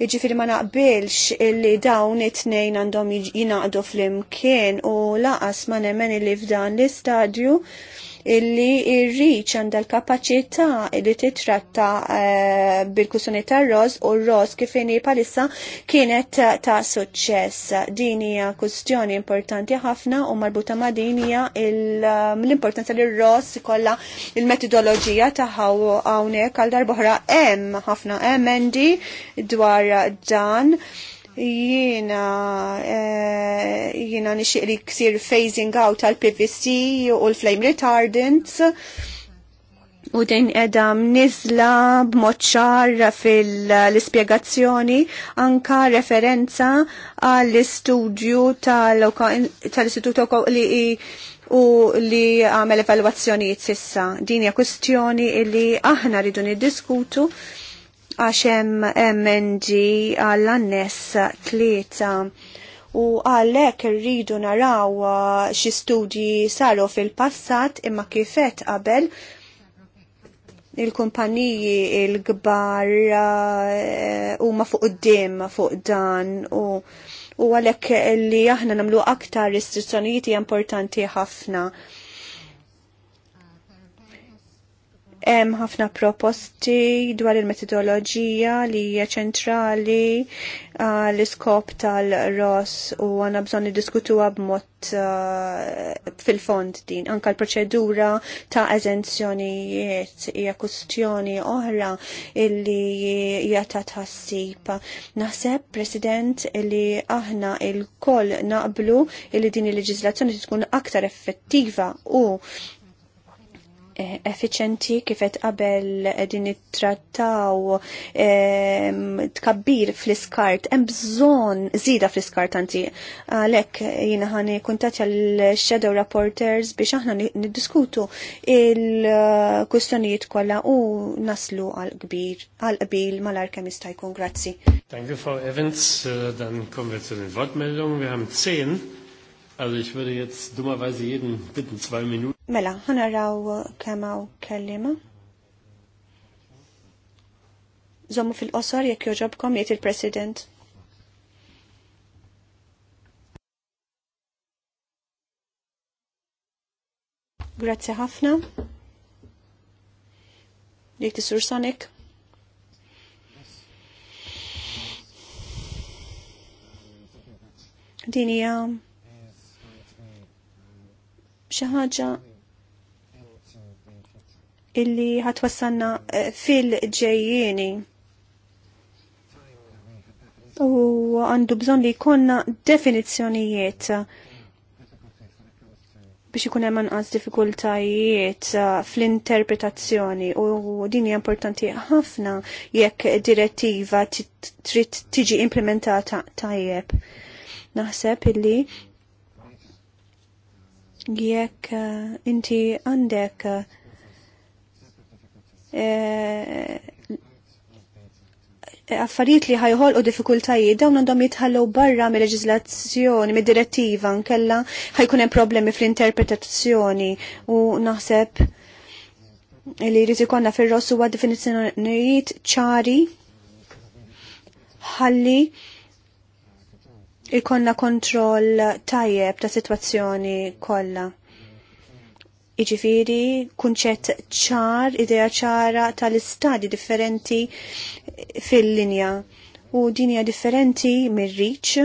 Jiġifieri ma naqbilx illi dawn it-tnejn għandhom jingħaqdu flimkien u laqas ma nemmen illi f'dan l-istadju illi il riċ għandha l-kapaċità li titratta eh, bil kusuni tar roz u r kifini kif palissa kienet ta' suċċess. Din hija importanti ħafna u marbuta ma' din hija um, l-importanza li r kolla il metodologija ta' għaw hawnhekk għal darbohra hemm ħafna emendi dwar dan. Jiena eh, jiena nixtieq li ksir phasing out tal-PVC u l-flame retardants u din edam nizla b'moċċar fil-spiegazzjoni anka referenza għall-istudju tal-istituto tal li u li għamel evalwazzjonijiet sissa. Din hija kwestjoni li aħna rridu niddiskutu. diskutu għaxem MNG għall-annes tlieta u għallek rridu naraw uh, xi studji saru fil-passat imma kifet qabel il-kumpaniji il-gbar u uh, ma fuq d-dim fuq dan u u għalek li aħna namlu aktar restrizzjonijiet importanti ħafna Hemm ħafna proposti dwar il-metodoloġija li hija ċentrali ah, l-iskop tal-Ross u għandna bżonn niddiskutuha b'mod ah, fil-fond din. Anka l-proċedura ta' eżenzjonijiet hija kustjoni oħra illi hija ta' tħassib. Naħseb, President, illi aħna il-koll naqblu illi din il-leġiżlazzjoni tkun aktar effettiva u effiċenti kifet qabel din it-trattaw tkabbir fl-iskart, hemm bżonn żida fl-iskart anti. Għalhekk jiena ħani kuntatja l-shadow rapporters biex aħna niddiskutu il-kustjonijiet kollha u naslu għal kbir għal qbil mal kemm jista' jkun grazzi. Thank you for Evans, dan konverzjoni vot mellum, we haben 10 Also ich würde jetzt dummerweise jeden bitten, zwei Minuten. Mela, ħanaraw kemaw kellima. Zommu fil-qosor jekk joġobkom jgħid il-President. Grazie ħafna. Jek tisur Sonic. Dinija. Um, xi ħaġa illi ħatwassanna eh, fil-ġejjieni. U għandu bżon li jkollna definizzjonijiet biex ikun hemm anqas diffikultajiet eh, fl-interpretazzjoni u din hija importanti ħafna jekk direttiva trid tiġi implementata tajjeb. Naħseb illi jekk eh, inti għandek eh, eh, affarijiet li ħajħolqu diffikultajiet dawn għandhom jitħallu barra mill leġizlazzjoni mid-direttiva nkella ħajkun hemm problemi fl-interpretazzjoni u naħseb li jrid ikollna fir rossu huwa definizzjonijiet ċari ħalli ikonna kontroll tajjeb ta' situazzjoni kollha. Iġifiri, kunċett ċar, idea ċara tal-istadi differenti fil-linja. U dinja differenti mir-riċ,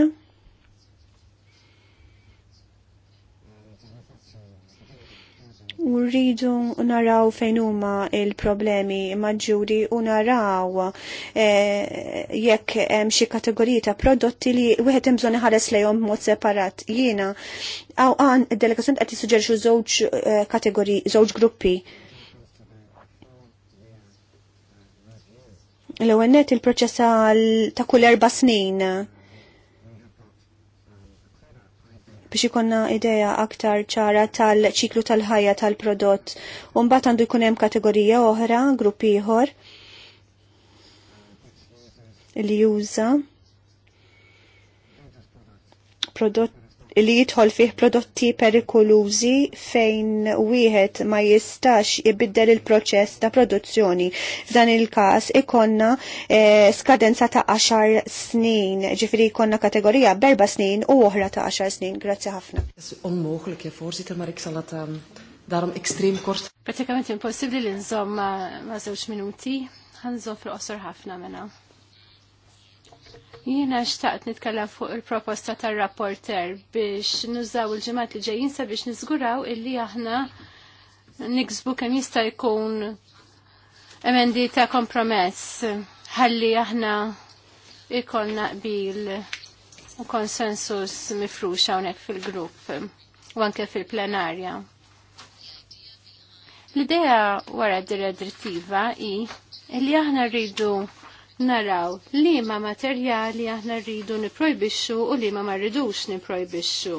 Rridu naraw fejn huma il-problemi maġġuri u naraw eh, jekk hemm xi kategoriji ta' prodotti li wieħed hemm bżonn iħares lejhom b'mod separat. Jiena għaw għan delegazzjoni qed tissuġġerixxu żewġ eh, kategoriji, żewġ gruppi. L-ewwel il-proċess ta' kull erba' snin biex ikonna ideja aktar ċara tal-ċiklu tal-ħajja tal-prodott. U mbagħad għandu jkun hemm kategorija oħra, grupp ieħor li juża prodott li jidħol fih prodotti perikolużi fejn wieħed ma jistax ibiddel il-proċess ta' produzzjoni. F'dan il-każ ikonna eh, skadenza ta' 10 snin, ġifri ikonna kategorija berba snin u oħra ta' 10 snin. Grazzi ħafna. kif forsi eh, ta' marik Salata ehm, darom ekstrem kort. Pratikament impossibli li nżomm ma' żewġ minuti, ħanżomm fil-qosor ħafna mena. Jiena xtaqt nitkellem fuq il-proposta tar-rapporter biex nużaw il-ġimgħat li ġejjin sabiex niżguraw illi aħna niksbu kemm jista' jkun emendi ta' kompromess ħalli aħna ikolna qbil u konsensus mifrux hawnhekk fil-grupp u anke fil-plenarja. L-idea wara d-direttiva i li aħna rridu naraw li ma materjali aħna rridu niprojbixxu u li ma marridux niprojbixxu.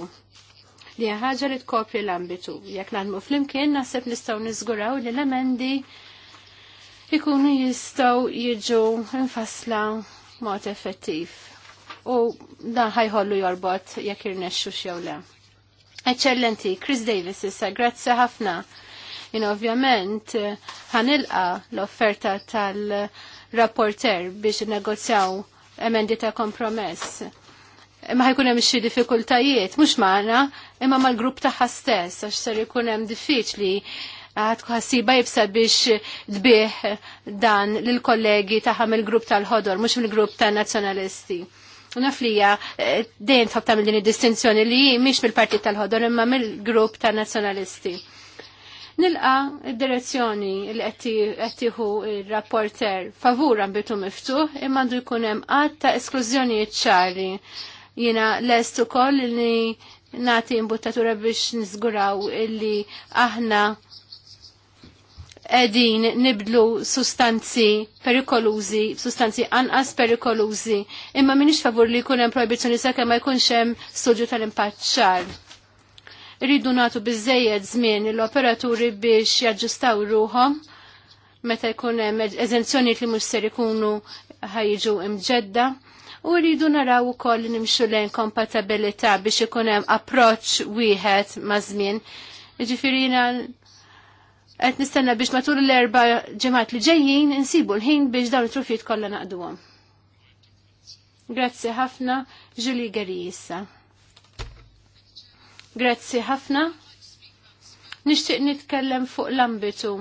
Li ħaġa li tkopri l-ambitu. Jekk naħdmu flimkien naħseb nistgħu niżguraw li l-emendi ikunu jistgħu jiġu infasla mod effettiv. U dan ħajħollu jorbot jekk irnexxu xew le. Eċċellenti, Chris Davis issa, grazzi ħafna. Jien ovvjament ħanilqa l-offerta tal- rapporter biex negozjaw emendi ta' kompromess. Imma ħajkun hemm xi diffikultajiet, mhux magħna, imma mal-grupp tagħha stess għax ser ikun hemm diffiċli għad ħassiba jibsa biex dbieħ dan lill-kollegi tagħha mill-grupp tal-ħodor, mhux mill-grupp tan-nazzjonalisti. Naf li hija eh, dejjem tħobb tagħmel din id-distinzjoni li mhix mill-partit tal-ħodor imma mill-grupp tan-nazzjonalisti. Nilqa direzzjoni li qed tieħu r-rapporter favur ambitu miftuħ imma għandu jkun hemm qatt ta' esklużjonijiet ċari. Jiena lest ukoll li nagħti imbuttatura biex niżguraw illi aħna edin nibdlu sustanzi perikolużi, sustanzi anqas perikolużi. Imma minix favur li jkun hemm proibizzjoni sakemm ma jkunx hemm studju tal-impatt ċar rridu natu bizzejed żmien l-operaturi biex jaġġustaw ruhom meta jkun hemm eżenzjonijiet li mhux ser ikunu ħajġu imġedda. U rridu naraw ukoll nimxu lejn kompatibilità biex ikun hemm approċċ wieħed ma' żmien. Ġifirina qed nistenna biex matul l-erba' ġimgħat li ġejjin insibu l-ħin biex dawn it-trufijiet kollha naqduhom. Grazzi ħafna, Julie Garissa. issa. Grazzi ħafna. Nixtieq nitkellem fuq l-ambitu.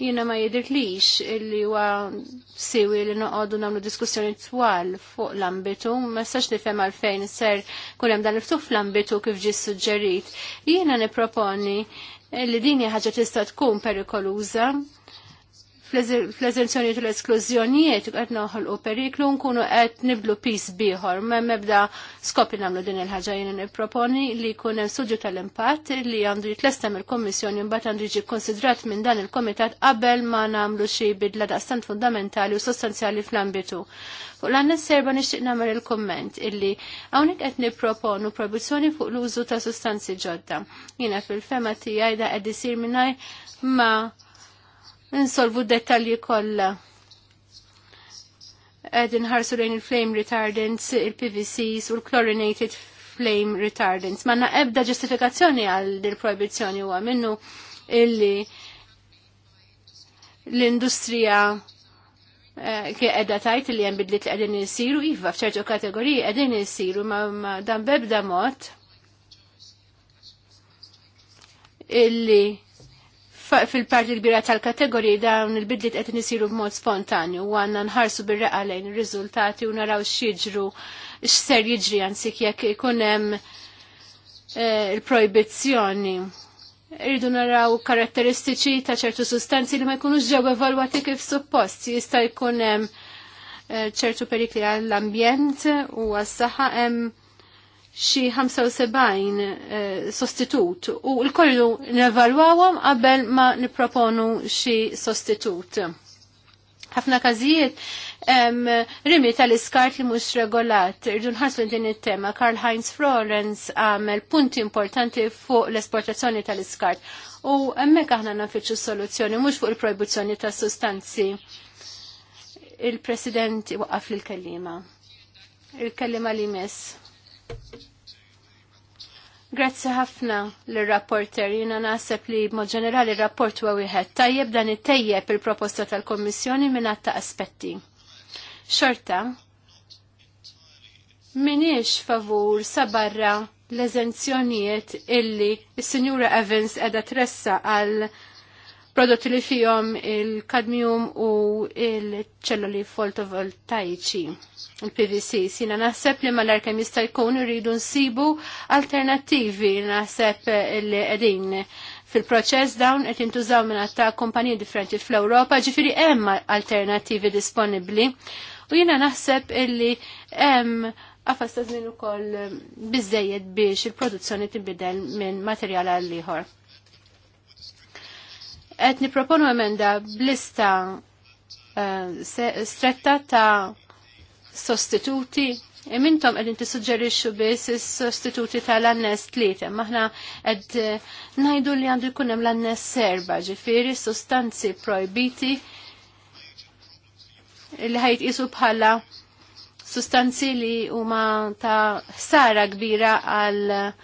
Jiena ma jidirlix illi huwa siwi li noqogħdu nagħmlu diskussjoni twal fuq l-ambitu, ma li nifhem għalfejn ser kunem dan l ftuf l-ambitu kif ġi suġġerit. Jiena nipproponi li dini ħagġa ħaġa tista' tkun perikoluża fl eżenzjoni tal l-esklużjonijiet qed noħolqu periklu nkunu qed niblu pis bieħor ma mebda skopi nagħmlu din il-ħaġa jien nipproponi li jkun hemm studju tal-impatt li għandu jitlestem il-Kommissjoni mbagħad għandu jiġi konsidrat minn dan il-Komitat qabel ma nagħmlu xi bidla daqstant fundamentali u sostanzjali fl-ambitu. Fuq l-għanna serba nixtieq nagħmel il-komment illi hawnhekk qed nipproponu proibizzjoni fuq l-użu ta' sustanzi ġodda. Jiena fil-fema tiegħi da qed ma' insolvu dettalji kollha. Qegħdin ħarsu lejn il-flame retardants, il-PVCs u l-chlorinated flame retardants. Manna ebda ġustifikazzjoni għal dil-proibizzjoni huwa minnu illi l-industrija qiegħda eh, tajt li hemm bidlit li qegħdin isiru iva f'ċertu kategoriji qegħdin isiru ma dan bebda mod illi fil-parti kbira tal-kategoriji dawn il-bidliet qed nisiru b'mod spontanju u għandna nħarsu bir-reqa lejn ir-riżultati u naraw x'jiġru x'ser jiġri ansik jekk ikun hemm eh, il-projbizzjoni. Irridu naraw karatteristiċi ta' ċertu sustanzi li ma jkunux ġew evalwati kif suppost. Jista' jkun hemm eh, ċertu perikli għall-ambjent u għas-saħħa hemm xi 75 eh, sostitut u l-kollu nevalwawhom qabel ma nipproponu xi sostitut. Ħafna każijiet rimi tal-iskart li mhux regolat. Irdu nħarsu din it-tema. Karl Heinz Florence għamel punti importanti fuq l-esportazzjoni tal-iskart. U hemmhekk aħna nafittxu soluzzjoni mhux fuq il-proibizzjoni tas sustanzi. Il-President waqaf lill-kellima. Il-kellima li miss. Grazzi ħafna l-rapporter, jina naħseb li mod ġenerali l-rapport huwa wieħed tajjeb dan it-tejjeb il-proposta tal-Kommissjoni minn ta' aspetti. Xorta, minix favur sabarra l-eżenzjonijiet illi s-Sinjura Evans edha tressa għal prodotti li fihom il-kadmium u il-ċelluli fotovoltaiċi, il-PVC. Sina naħseb li mal kemm jista' jkun irridu nsibu alternattivi naħseb li qegħdin fil-proċess dawn qed jintużaw minn ta' kumpaniji differenti fl-Ewropa, ġifieri hemm alternattivi disponibbli. U jiena naħseb illi hemm għafas ta' żmien ukoll biżejjed biex il-produzzjoni tibidel minn materjal għal ieħor qed niproponu emenda blista eh, stretta ta' sostituti Imintom għedin inti sugġerixu bis sostituti tal-annes tlieta, maħna għed eh, najdu li għandu jkunem l-annes serba, ġifiri sostanzi projbiti li ħajt isu bħala sustanzi li huma ta' sara kbira għal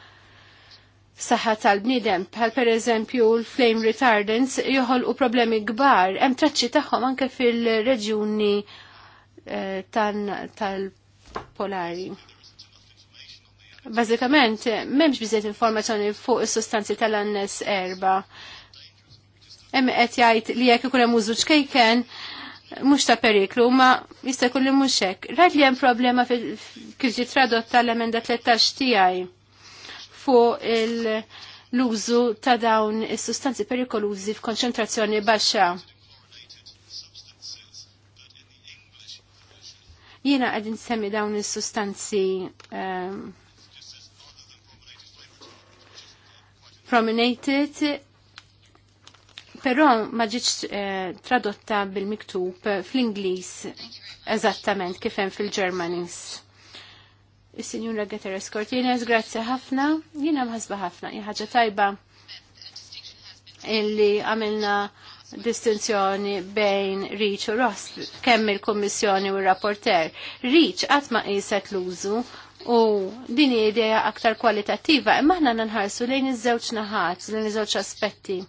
saħħa tal-bniedem, bħal per eżempju l-flame retardants, joħolqu problemi kbar, hemm traċċi tagħhom anke fil-reġjuni eh, tal-polari. Bażikament, m'hemmx biżejt informazzjoni fuq is-sustanzi tal-annes erba. Hemm qed jgħid li jekk ikun hemm użu ċkejken, mhux ta' periklu, ma jista' jkun li mhux hekk. Rajt li hemm problema kif ġiet tradotta l-emenda 13 tiegħi fuq l-użu ta' dawn is-sustanzi perikolużi f'konċentrazzjoni baxxa. Jiena qed semmi dawn is-sustanzi um, ehm, prominated Però ma ġietx eh, tradotta bil-miktub fl-Ingliż eżattament kif hemm fil-Germanis. Is-Sinjura Guterres Cortines, grazzi ħafna, jiena mħasba ħafna, ħaġa tajba illi għamilna distinzjoni bejn Rich u Ross, kemm il-Kommissjoni u r-rapporter. Rich qatt ma qiset l-użu u din idea aktar kwalitattiva, imma aħna nħarsu lejn iż-żewġ naħat, lejn iż-żewġ aspetti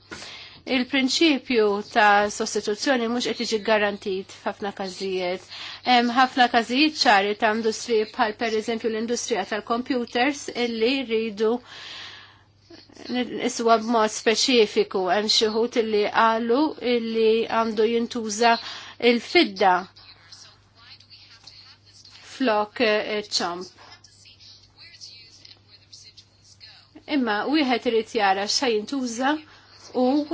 il-prinċipju ta' sostituzzjoni mhux qed jiġi garantit f'ħafna każijiet. Hemm ħafna każijiet ċari ta' industri bħal pereżempju l-industrija tal-computers illi rridu iswa b'mod speċifiku hemm xi illi qalu illi għandu jintuża il-fidda flok eh, ċamp. Imma wieħed irid jara x'ha jintuża u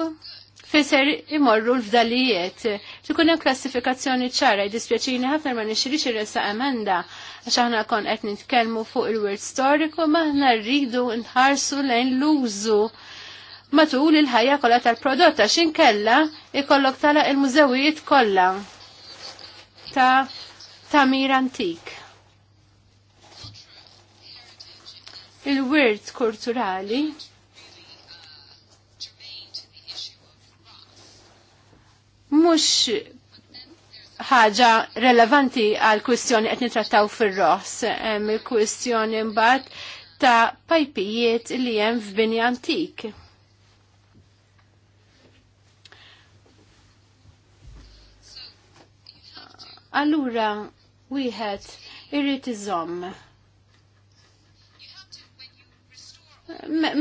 fisser imorru l-fdalijiet. Tikun hemm klassifikazzjoni ċara jdispjaċini ħafna ma nixirix ir-resa emenda għax aħna kon qed nitkellmu fuq il-wirt storiku ma aħna rridu nħarsu lejn l-użu matul il-ħajja kollha tal-prodott għax inkella ikollok tala il-mużewijiet kollha ta' tamir antik. Il-wirt kulturali mhux ħaġa relevanti għal kwistjoni qed trattaw fir-roħs hemm il-kwistjoni mbagħad ta' pajpijiet li hemm f'bini antik. Allura, wieħed irrid iżomm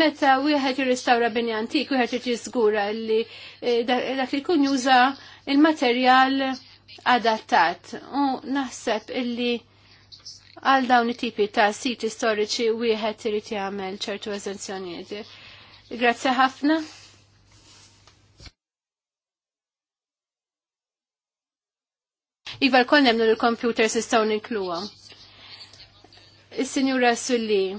meta wieħed jirristawra bini antik, wieħed irid jiżgura li eh, dak li jkun juża il-materjal adattat. U naħseb illi għal dawn it-tipi ta' siti storiċi wieħed irid jagħmel ċertu eżenzjonijiet. Grazzi ħafna. Iva l-koll nemlu l-computers istaw ninkluwa. il sinjura Sulli,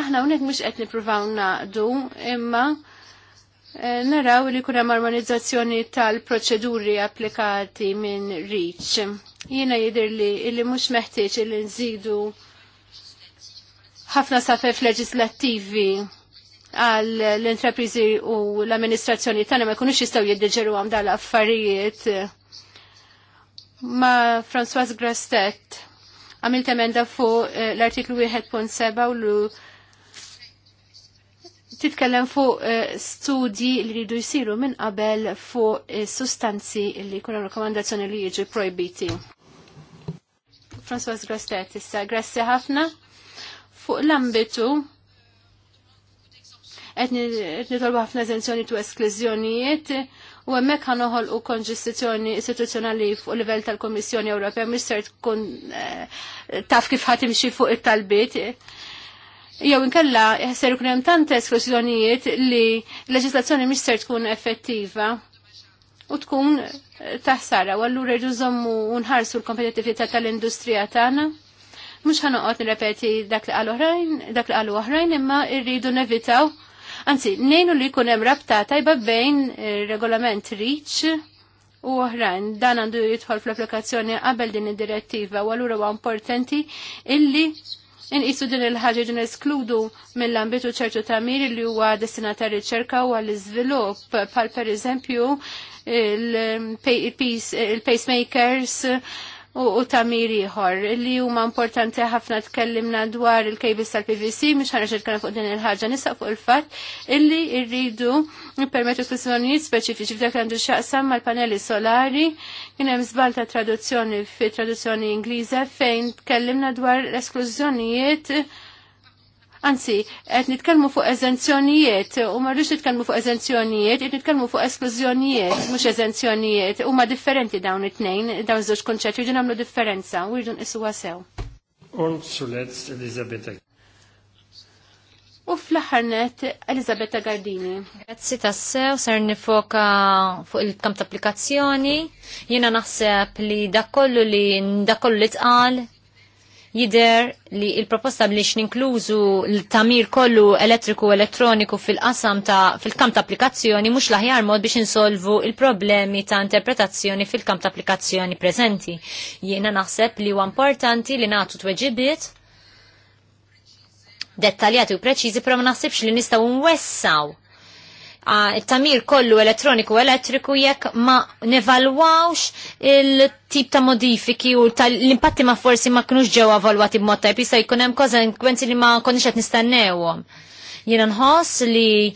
Aħna unek mux qed nipruvaw naqdu, imma eh, naraw li kuna marmonizzazzjoni tal-proċeduri applikati minn REACH. Jiena jidir li illi mux meħtieġ li nżidu ħafna safef leġislattivi għal l-intreprizi u l-amministrazzjoni tagħna ma jkunux jistgħu jiddeġeru għam dal affarijiet ma François Grastet għamilt emenda fuq eh, l-artiklu 1.7 u titkellem fuq eh, studji li rridu jisiru minn qabel fuq eh, sustanzi li kuna rekomandazzjoni li jiġu projbiti. François Grostet, issa grassi ħafna fuq l-ambitu etni tolbu ħafna eżenzjoni tu esklużjonijiet u hemmhekk ħanoħol u konġestizjoni istituzzjonali fuq livell tal kummissjoni Ewropea mhix tkun eh, taf kif ħatimxi fuq it-talbiet jew inkella ser ikun hemm tant esklużjonijiet li l-leġislazzjoni mhix tkun effettiva u tkun taħsara u allura rridu żommu nħarsu l-kompetittività tal-industrija tagħna. Mhux ħanoqgħod nirrepeti dak li qalu oħrajn, dak li qalu oħrajn imma rridu nevitaw Anzi, nejnu li jkun hemm rabta tajba bejn eh, regolament REACH u oħrajn dan għandu jidħol fl-applikazzjoni qabel din id-direttiva u allura huwa importanti illi inqisu din il-ħaġa ġin eskludu mill-ambitu ċertu tamir li huwa destinat għal riċerka u għall iżvilupp bħal pereżempju il-pacemakers il u tamir ieħor li huma importanti ħafna tkellimna dwar il-kejbis tal-PVC mhux ħareġ nitkellem fuq din il-ħaġa nisaq fuq il-fatt illi rridu nippermettu soluzzjonijiet speċifiċi f'dak għandu x'aqsam mal-paneli solari kien hemm żball ta' traduzzjoni fi traduzzjoni Ingliża fejn tkellimna dwar l-esklużjonijiet Anzi, qed nitkellmu fuq eżenzjonijiet u ma rridx nitkellmu fuq eżenzjonijiet, għed nitkelmu fuq esklużjonijiet, mhux eżenzjonijiet, huma differenti dawn it-tnejn, dawn żewġ kunċetti u nagħmlu differenza u jridu nqisuha sew. Elisabetta. U fl-aħħar Elisabetta Gardini. Grazzi tassew, ser nifoka fuq il-kamp applikazzjoni. Jiena naħseb li dakollu li dakollu li tqal jider li il-proposta biex ninkluzu l-tamir kollu elettriku elettroniku fil-qasam ta' fil-kamp ta' applikazzjoni mhux l-aħjar mod biex insolvu il-problemi ta' interpretazzjoni fil-kamp ta' applikazzjoni preżenti. Jiena naħseb li huwa importanti li nagħtu tweġibiet dettaljati u preċiżi, però ma naħsibx li nistgħu nwessaw it-tamir kollu elettroniku elettriku jekk ma nevalwawx il-tip ta' modifiki u l-impatti ma forsi ma knux ġew avalwati b'mod ta' jista' jkun hemm kwenzi li ma konniex qed nistennewhom. Jiena nħoss li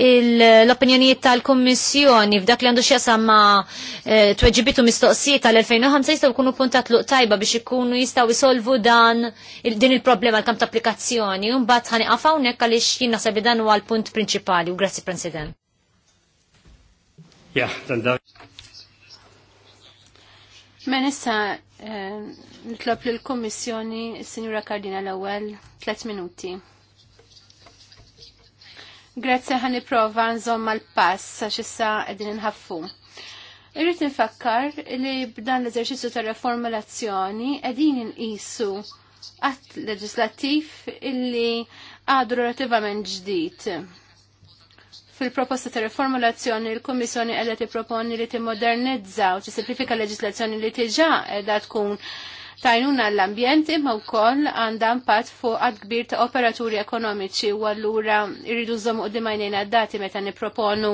l-opinjonijiet tal-Kommissjoni f'dak li għandu xjasa ma e, tweġibitu mistoqsijiet tal-2005 jistaw kunu puntat luq tajba biex ikunu jistaw jisolvu dan din il-problema l-kamp ta' applikazzjoni. Umbat ħani nekka li jina sabi dan huwa l-punt prinċipali. U grazzi, President. Ja, dan da. Men mela issa eh, nitlob l-Kommissjoni, il-Sinjura Kardina l-ewel, 3 minuti. Grazzi għan niprofa nżomm mal-pass għax għedin qegħdin Irrit Irrid nifakkar li b'dan l-eżerċizzju ta' reformulazzjoni qegħdin inqisu għat leġislattiv illi għadu relativament ġdid. Fil-proposta ta' reformulazzjoni l komissjoni qiegħda tipproponi li timmodernizza u tisimplifika l leġislazzjoni li tiġa qiegħda tkun tajnuna l-ambjent imma wkoll għandha impatt fuq għad kbir ta' operaturi ekonomiċi u allura irridu żomm qudiem għajnejna dati meta nipproponu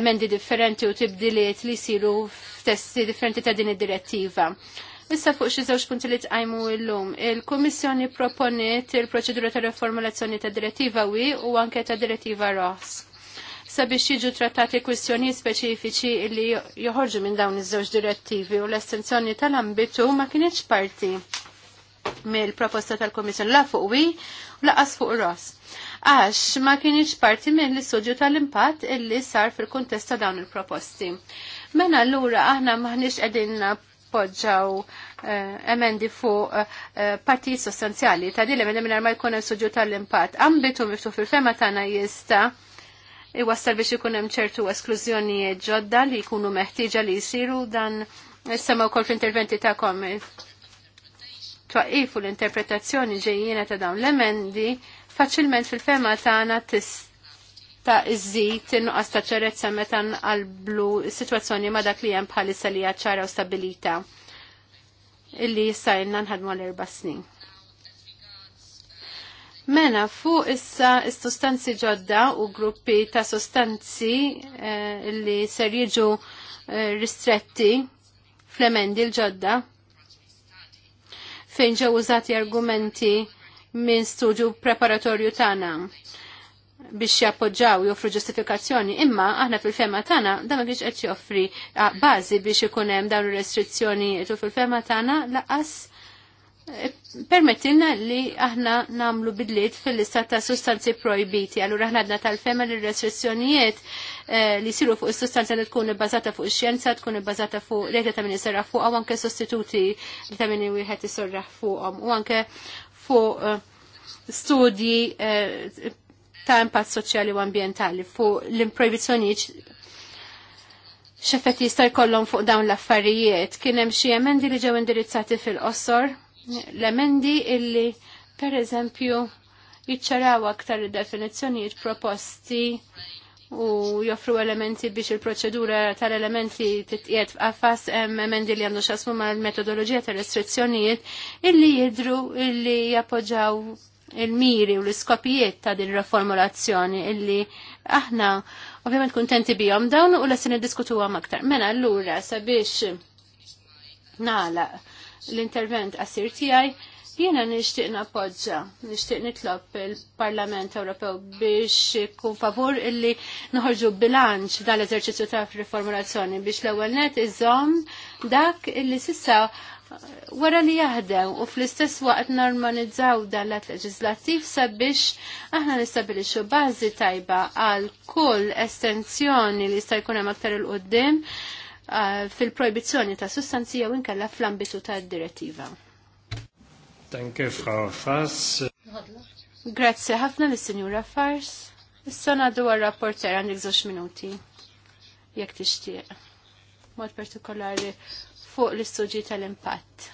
emendi differenti u tibdiliet li siru f'testi differenti ta' din id-direttiva. Issa fuq xi żewġ punti li tqajmu llum. Il-Kummissjoni proponiet il-proċedura ta' riformulazzjoni ta' direttiva wi u anke ta' direttiva Rohs sabiex jiġu trattati kwistjoni speċifiċi li joħorġu minn dawn iż-żewġ direttivi u l-estenzjoni tal-ambitu ma kienieċ parti mill-proposta tal-Komissjoni la fuq wi u laqas fuq ros. Għax ma kienieċ parti mill-istudju tal-impatt illi sar fil-kontest ta' dawn il-proposti. Mena allura aħna maħniex qegħdin poġġaw eh, emendi fuq eh, parti sostanzjali ta' dil emendi minna ma jkun il-sudju tal-impatt. Ambitu miftu fil-fema tagħna jista' iwassal biex ikun hemm ċertu esklużjonijiet ġodda li jkunu meħtieġa li jsiru dan issema wkoll f'interventi interventi tagħkom twaqifu l-interpretazzjoni ġejjiena ta' dawn l-emendi faċilment fil-fema tagħna ta' iżid inqas nuqqas ta' ċerezza meta nqalblu s-sitwazzjoni ma' dak li hemm bħalissa li ċara u stabilita illi jissajna nħadmu għal erba' snin. Mena, fuq issa s-sostanzi ġodda u gruppi ta' sostanzi eh, li ser jiġu eh, ristretti fl-emendi l-ġodda fejn ġew użati argumenti minn studju preparatorju tagħna biex jappoġġaw joffru ġustifikazzjoni, imma aħna fil-fema tagħna dan ma kienx qed joffri bażi biex ikun hemm dawn ir-restrizzjoni fil-fema tagħna laqas permettilna li aħna namlu bidliet fil-lista ta' sustanzi projbiti. Allura aħna għadna tal-fema li restrizzjonijiet eh, li siru fuq sustanza li tkun bazata fuq xjenza, tkun bazata fuq li ta' s jisarraħ fuq, u anke sostituti li ta' minn wieħed jisarraħ fuqhom, u anke fuq eh, studji eh, ta' impatt soċjali u ambientali fuq l-improjbizzjonijiet xefet jista' jkollhom fuq dawn l-affarijiet. Kien hemm xi emendi li ġew indirizzati fil-qossor l-emendi illi per eżempju jiċċaraw aktar definizzjonijiet proposti u joffru elementi biex il-proċedura tal-elementi titqiet f'qafas emendi li għandu xasmu ma' l-metodologija tal-restrizzjonijiet illi jidru illi jappoġġaw il-miri u l-iskopijiet ta' din reformulazzjoni illi aħna ovvjament kuntenti bihom dawn u l-essin diskutu għam aktar. Mena l-lura sabiex nala l-intervent għasir tiegħi jiena nixtieq nappoġġa, nixtieq nitlob il-Parlament Ewropew biex kun favur illi nħorġu bilanċ dal eżerċizzju ta' riformulazzjoni biex l-ewwel net iżomm dak illi sissa wara li jaħdem u fl-istess waqt normalizzaw dal-att leġislattiv sabiex aħna nistabilixu bażi tajba għal kull estensjoni li jista' jkun hemm aktar il-qudiem Eh, fil-proibizzjoni ta' sustanzi jew inkella fl-ambitu ta' direttiva. Danke, Frau Fass. Grazie ħafna lis-Sinjura Fars. Issa ngħaddu għar-rapporter għandek żewġ minuti jekk tixtieq. Mod partikolari fuq l-istudji tal-impatt.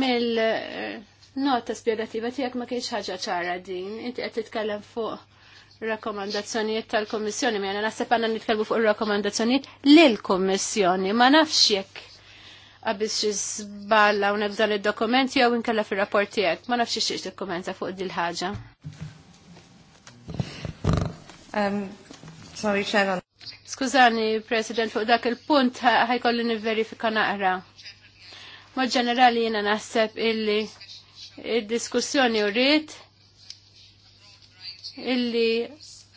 Mill-nota spjegativa tiegħek ma kienx ħaġa ċara din, inti qed titkellem fuq rakkomandazzjonijiet tal-Kommissjoni, ma jena nasib għanna nitkelbu fuq rakkomandazzjonijiet l-Kommissjoni, ma nafx jekk għabis xizballa u dan il-dokumenti jew inkella fil-rapporti għek, ma nafx xiex dokumenta fuq dil ħaġa um, sorry, Sharon. Skużani, President, fuq dak il-punt ħajkolli niverifika naqra. Mod ġenerali jena naħseb illi il diskussjoni u rrit illi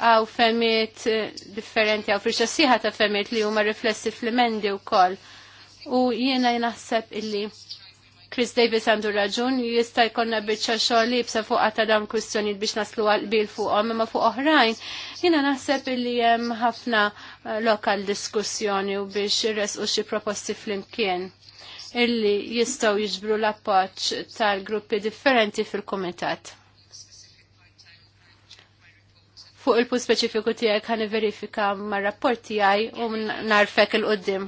għaw femiet eh, differenti għaw firxa siħa ta' femiet li huma riflessi fl-mendi u kol. U jiena jnaħseb illi Chris Davis għandu raġun jista' jkollna biċċa xogħol bsa fuq ta' dawn kwistjonijiet biex naslu bil fuqhom imma fuq oħrajn. Jiena naħseb illi hemm ħafna eh, lokal diskussjoni u biex irresqu xi proposti flimkien illi jistgħu jiġbru l-appoġġ tal-gruppi differenti fil-kumitat fuq il-punt speċifiku tiegħek ħani verifika mar-rapport tiegħi u narfek il-qoddim.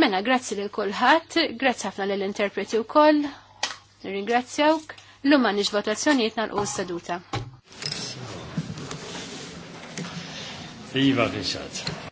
Mena, grazzi li kulħadd, grazzi ħafna lill interpreti wkoll, nirringrazzjawk, l-umma nix votazzjonijiet nagħlqu s-seduta. Iva Richard.